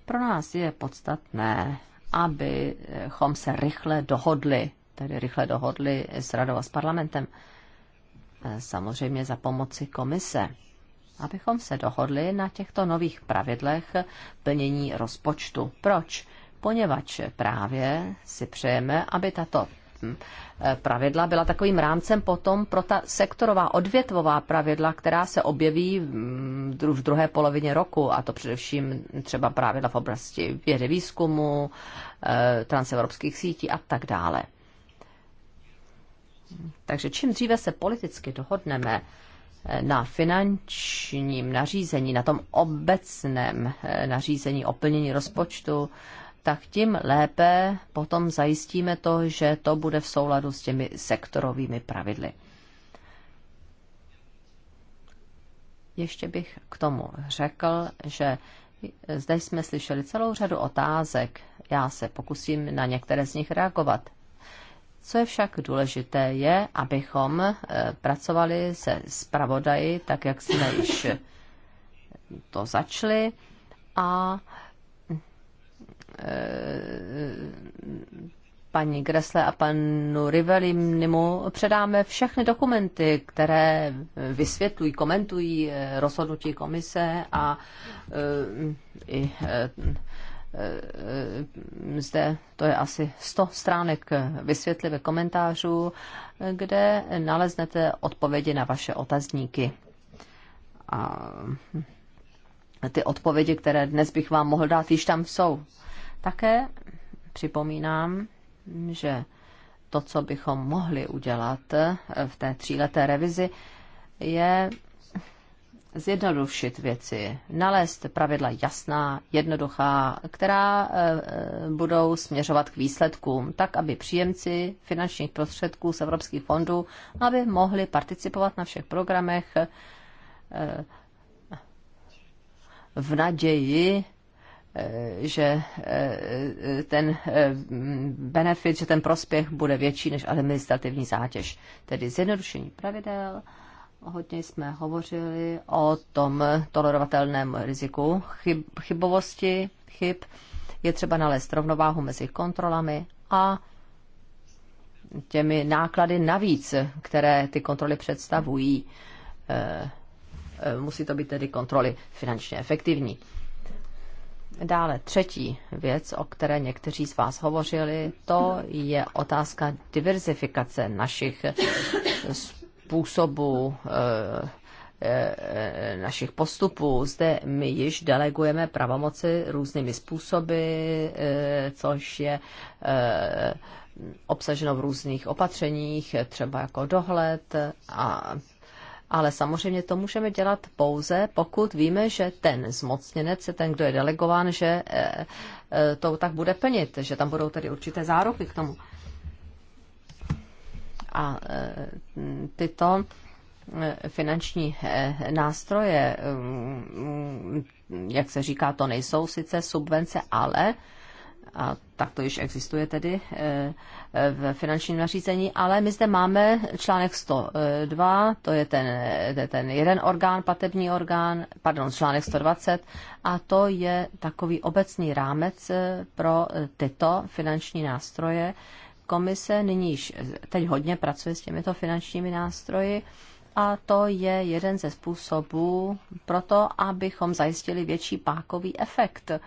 Pro nás je podstatné, abychom se rychle dohodli tedy rychle dohodli s radou a s parlamentem, e, samozřejmě za pomoci komise, abychom se dohodli na těchto nových pravidlech plnění rozpočtu. Proč? Poněvadž právě si přejeme, aby tato hm, e, pravidla byla takovým rámcem potom pro ta sektorová odvětvová pravidla, která se objeví hm, v druhé polovině roku, a to především třeba pravidla v oblasti vědy výzkumu, e, transevropských sítí a tak dále. Takže čím dříve se politicky dohodneme eh, na finančním nařízení, na tom obecném eh, nařízení o plnění rozpočtu, tak tím lépe potom zajistíme to, že to bude v souladu s těmi sektorovými pravidly. Ještě bych k tomu řekl, že zde jsme slyšeli celou řadu otázek. Já se pokusím na některé z nich reagovat. Co je však důležité, je, abychom eh, pracovali se zpravodaji, tak jak jsme již to začali, a eh, paní Gresle a panu Rivelimu předáme všechny dokumenty, které vysvětlují, komentují eh, rozhodnutí komise a i Eh, eh, zde to je asi 100 stránek vysvětlivé komentářů, kde naleznete odpovědi na vaše otazníky. A hm, ty odpovědi, které dnes bych vám mohl dát, již tam jsou. Také připomínám, že to, co bychom mohli udělat eh, v té tříleté revizi, je zjednodušit věci, nalézt pravidla jasná, jednoduchá, která eh, eh, budou směřovat k výsledkům, tak aby příjemci finančních prostředků z evropských fondů, aby mohli participovat na všech programech eh, v naději, že ten benefit, že ten prospěch bude větší než administrativní zátěž. Tedy zjednodušení pravidel, Hodně jsme hovořili o tom tolerovatelném riziku chyb, chybovosti, chyb. Je třeba nalézt rovnováhu mezi kontrolami a těmi náklady navíc, které ty kontroly představují. Eh, eh, musí to být tedy kontroly finančně efektivní. Dále třetí věc, o které někteří z vás hovořili, to je otázka diverzifikace našich způsobu eh, eh, našich postupů. Zde my již delegujeme pravomoci různými způsoby, eh, což je obsaženo v různých opatřeních, třeba jako dohled a ale samozřejmě to můžeme dělat pouze, pokud víme, že ten zmocněnec, ten, kdo je delegován, že to tak bude plnit, že tam budou tedy určité zároky k tomu. A e, tyto e, finanční e, nástroje, jak se říká, to nejsou sice subvence, ale a tak to již existuje tedy v finančním nařízení, ale my zde máme článek 102, to je ten, ten jeden orgán, patební orgán, pardon, článek 120, a to je takový obecný rámec pro tyto finanční nástroje, komise nyní již teď hodně pracuje s těmito finančními nástroji a to je jeden ze způsobů pro to, abychom zajistili větší pákový efekt eh,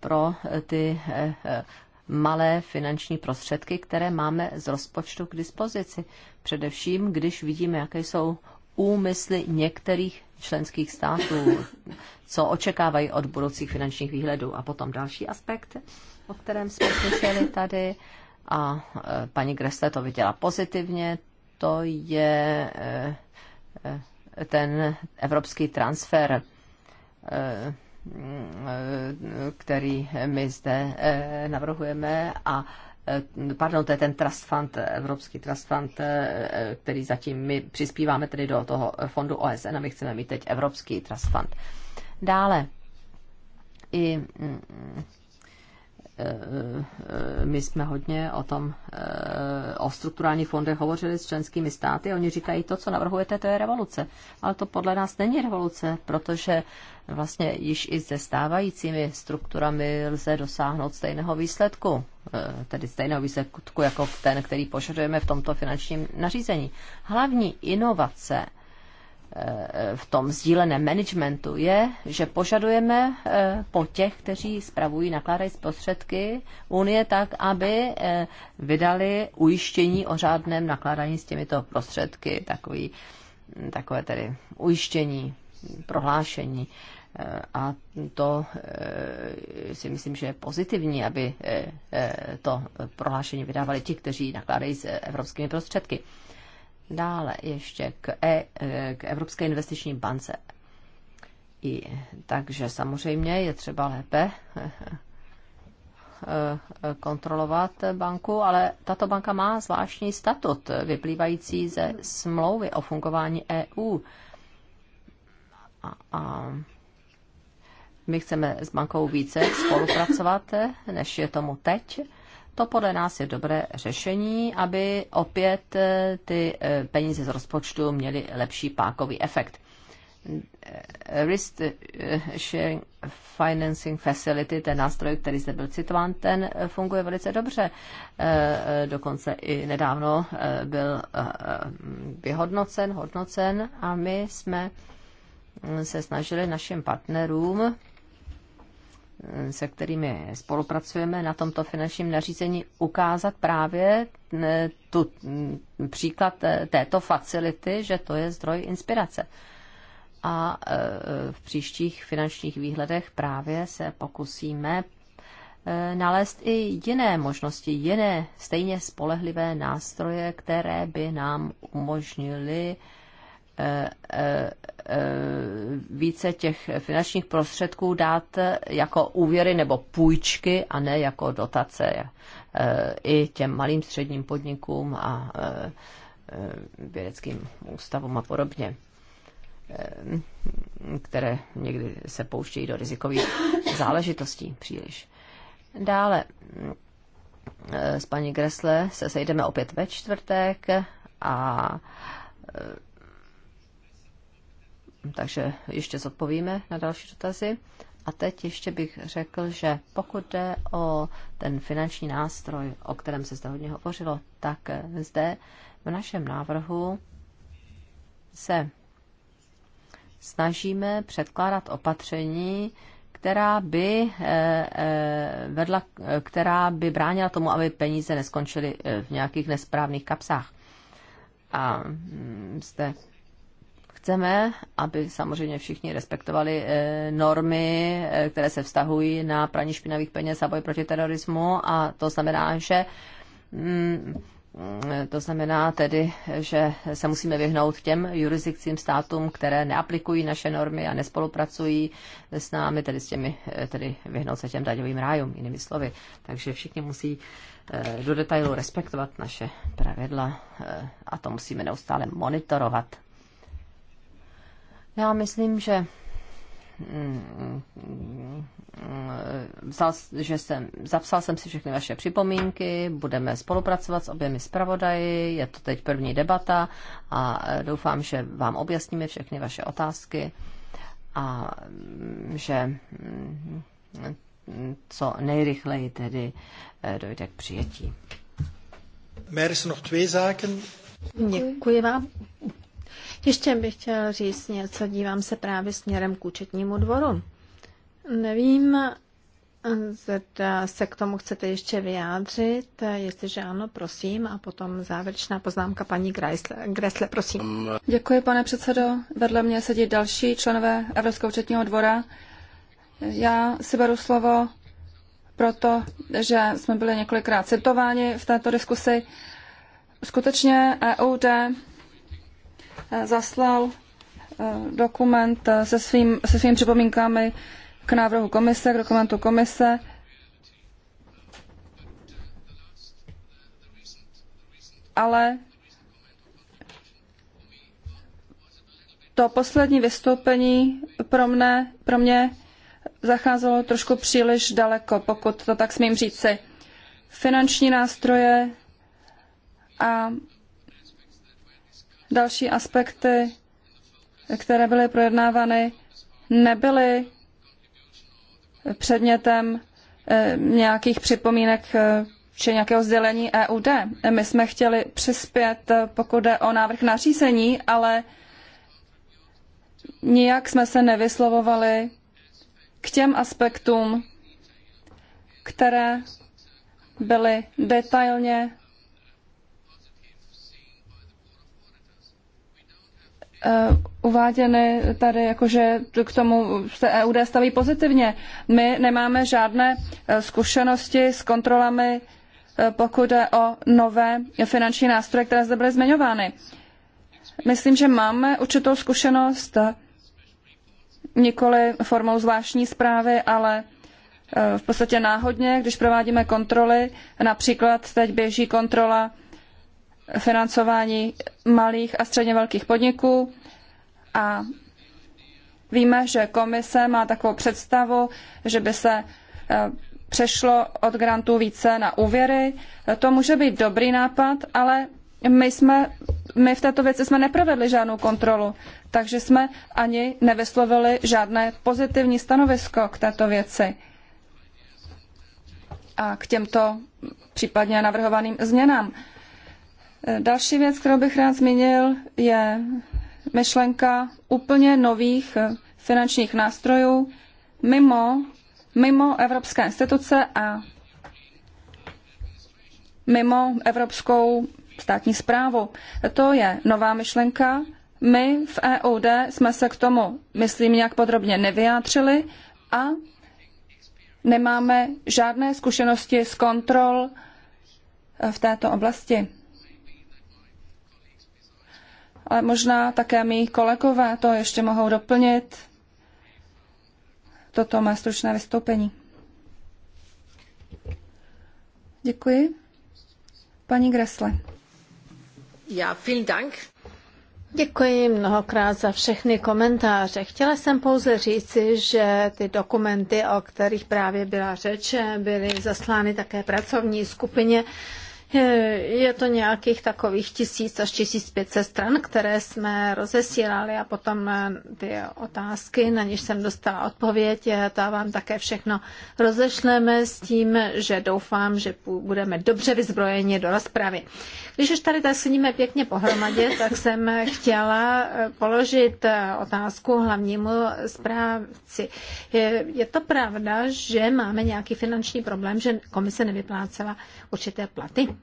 pro ty eh, eh, malé finanční prostředky, které máme z rozpočtu k dispozici. Především, když vidíme, jaké jsou úmysly některých členských států, co očekávají od budoucích finančních výhledů. A potom další aspekt, o kterém jsme slyšeli tady, a e, paní Gressle to viděla pozitivně, to je e, e, ten evropský transfer, který my zde navrhujeme a pardon, to je ten trust fund, evropský trust fund, který zatím my přispíváme tedy do toho fondu OSN a my chceme mít teď evropský trust fund. Dále i Eh, eh, my jsme hodně o tom, eh, o strukturálních fondech hovořili s členskými státy. Oni říkají, to, co navrhujete, to je revoluce. Ale to podle nás není revoluce, protože vlastně již i se stávajícími strukturami lze dosáhnout stejného výsledku. Tedy stejného výsledku jako ten, který požadujeme v tomto finančním nařízení. Hlavní inovace v tom sdíleném managementu je, že požadujeme eh, po těch, kteří spravují, nakládají z prostředky Unie tak, aby eh, vydali ujištění o řádném nakládání s těmito prostředky, takový, hm, takové tedy ujištění, prohlášení. Eh, a to si myslím, že je pozitivní, aby to prohlášení vydávali ti, kteří nakládají s evropskými prostředky. Dále ještě k, e, eh, k Evropské investiční bance. I, takže samozřejmě je třeba lépe eh, eh, kontrolovat banku, ale tato banka má zvláštní statut vyplývající ze smlouvy o fungování EU. A, a my chceme s bankou více spolupracovat, než je tomu teď. To podle nás je dobré řešení, aby opět eh, ty eh, peníze z rozpočtu měly lepší pákový efekt. Eh, risk Sharing Financing Facility, ten nástroj, který zde byl citován, ten funguje velice dobře. Dokonce i nedávno byl vyhodnocen, hodnocen a my jsme mm, se snažili našim partnerům se kterými spolupracujeme na tomto finančním nařízení, ukázat právě eh, tu, mm, příklad eh, této facility, že to je zdroj inspirace. A eh, v příštích finančních výhledech právě se pokusíme nalézt i jiné možnosti, jiné stejně spolehlivé nástroje, které by nám umožnily více těch finančních prostředků dát jako úvěry nebo půjčky a ne jako dotace eh, i těm malým středním podnikům a eh, vědeckým ústavům a podobně eh, které někdy se pouštějí do rizikových záležitostí příliš. Dále s paní Gresle se sejdeme opět ve čtvrtek a takže ještě zodpovíme na další dotazy. A teď ještě bych řekl, že pokud jde o ten finanční nástroj, o kterém se zde hodně hovořilo, tak zde v našem návrhu se snažíme předkládat opatření, která by, eh, eh, vedla, která by bránila tomu, aby peníze neskončily eh, v nějakých nesprávných kapsách. A mm, zde Chceme, aby samozřejmě všichni respektovali eh, normy, eh, které se vztahují na praní špinavých peněz a boj proti terorismu a to znamená, že mm, eh, to znamená tedy, že se musíme vyhnout těm jurisdikcím státům, které neaplikují naše normy a nespolupracují s námi, tedy, s těmi, tedy vyhnout se těm daňovým rájům, jinými slovy. Takže všichni musí do detailu respektovat naše pravidla a to musíme neustále monitorovat. Já myslím, že vzal, že jsem, zapsal jsem si všechny vaše připomínky, budeme spolupracovat s oběmi zpravodaji, je to teď první debata a doufám, že vám objasníme všechny vaše otázky a že co nejrychleji tedy eh, dojde k přijetí. Děkuji vám. Ještě bych chtěl říct něco, dívám se právě směrem k účetnímu dvoru. Nevím, zda se k tomu chcete ještě vyjádřit. Jestliže ano, prosím. A potom závěrečná poznámka paní Gresle, prosím. Děkuji, pane předsedo. Vedle mě sedí další členové Evropského účetního dvora. Já si beru slovo proto, že jsme byli několikrát citováni v této diskusi. Skutečně EUD Eh, zaslal eh, dokument eh, se, svým, se svými připomínkami k návrhu komise, k dokumentu komise. Ale to poslední vystoupení pro mne, pro mě zacházelo trošku příliš daleko, pokud to tak smím říci. Finanční nástroje a další aspekty, které byly projednávány, nebyly předmětem eh, nějakých připomínek eh, či nějakého sdělení EUD. My jsme chtěli přispět, eh, pokud jde o návrh nařízení, ale nijak jsme se nevyslovovali k těm aspektům, které byly detailně Eh, uváděny tady, jakože k tomu se EUD staví pozitivně. My nemáme žádné eh, zkušenosti s kontrolami, eh, pokud jde o nové finanční nástroje, které zde byly zmiňovány. Myslím, že máme určitou zkušenost, nikoli formou zvláštní zprávy, ale v podstatě náhodně, když provádíme kontroly, například teď běží kontrola financování malých a středně velkých podniků a víme, že komise má takovou představu, že by se eh, přešlo od grantů více na úvěry. To může být dobrý nápad, ale my, jsme, my v této věci jsme neprovedli žádnou kontrolu, takže jsme ani nevyslovili žádné pozitivní stanovisko k této věci a k těmto případně navrhovaným změnám. Eh, další věc, kterou bych rád zmínil, je myšlenka úplně nových eh, finančních nástrojů mimo, mimo evropské instituce a mimo evropskou státní zprávu. To je nová myšlenka. My v EUD jsme se k tomu, myslím, nějak podrobně nevyjádřili a nemáme žádné zkušenosti z kontrol eh, v této oblasti ale možná také mý kolegové to ještě mohou doplnit. Toto má stručné vystoupení. Děkuji. Paní Gresle. Já, vielen Dank. Děkuji mnohokrát za všechny komentáře. Chtěla jsem pouze říci, že ty dokumenty, o kterých právě byla řeč, byly zaslány také pracovní skupině Eh, je to nějakých takových tisíc až tisíc pětset stran, které jsme rozesílali a potom eh, ty otázky, na něž jsem dostala odpověď, eh, ta vám také všechno rozešleme s tím, že doufám, že budeme dobře vyzbrojeni do rozpravy. Když už tady tak sedíme pěkně pohromadě, tak jsem chtěla položit otázku hlavnímu zprávci. Je, je to pravda, že máme nějaký finanční problém, že komise nevyplácela určité platy?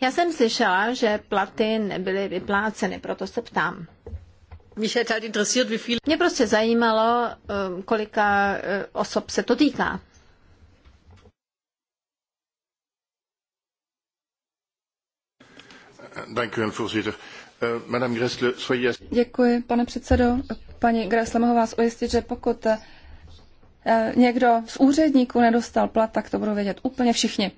Já jsem slyšela, že platy nebyly vypláceny, proto se ptám. Mě prostě zajímalo, um, kolika uh, osob se to týká. Eh, Děkuji, pane předsedo. Paní Gressle, mohu vás ujistit, že pokud eh, někdo z úředníků nedostal plat, tak to budou vědět úplně všichni.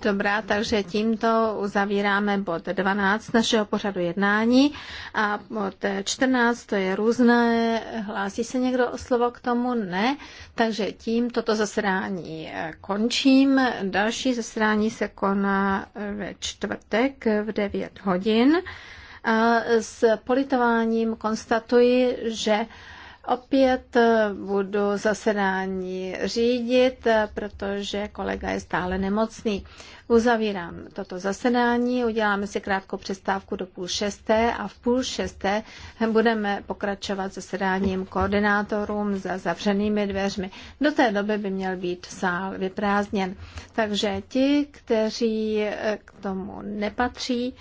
Dobrá, takže tímto uzavíráme bod 12 našeho pořadu jednání a bod 14 to je různé. Hlásí se někdo o slovo k tomu? Ne. Takže tím toto zasedání eh, končím. Další zasedání se koná ve čtvrtek v 9 hodin. A s politováním konstatuji, že Opět eh, budu zasedání řídit, eh, protože kolega je stále nemocný. Uzavírám toto zasedání, uděláme si krátkou přestávku do půl šesté a v půl šesté budeme pokračovat zasedáním koordinátorům za zavřenými dveřmi. Do té doby by měl být sál vyprázdněn. Takže ti, kteří eh, k tomu nepatří,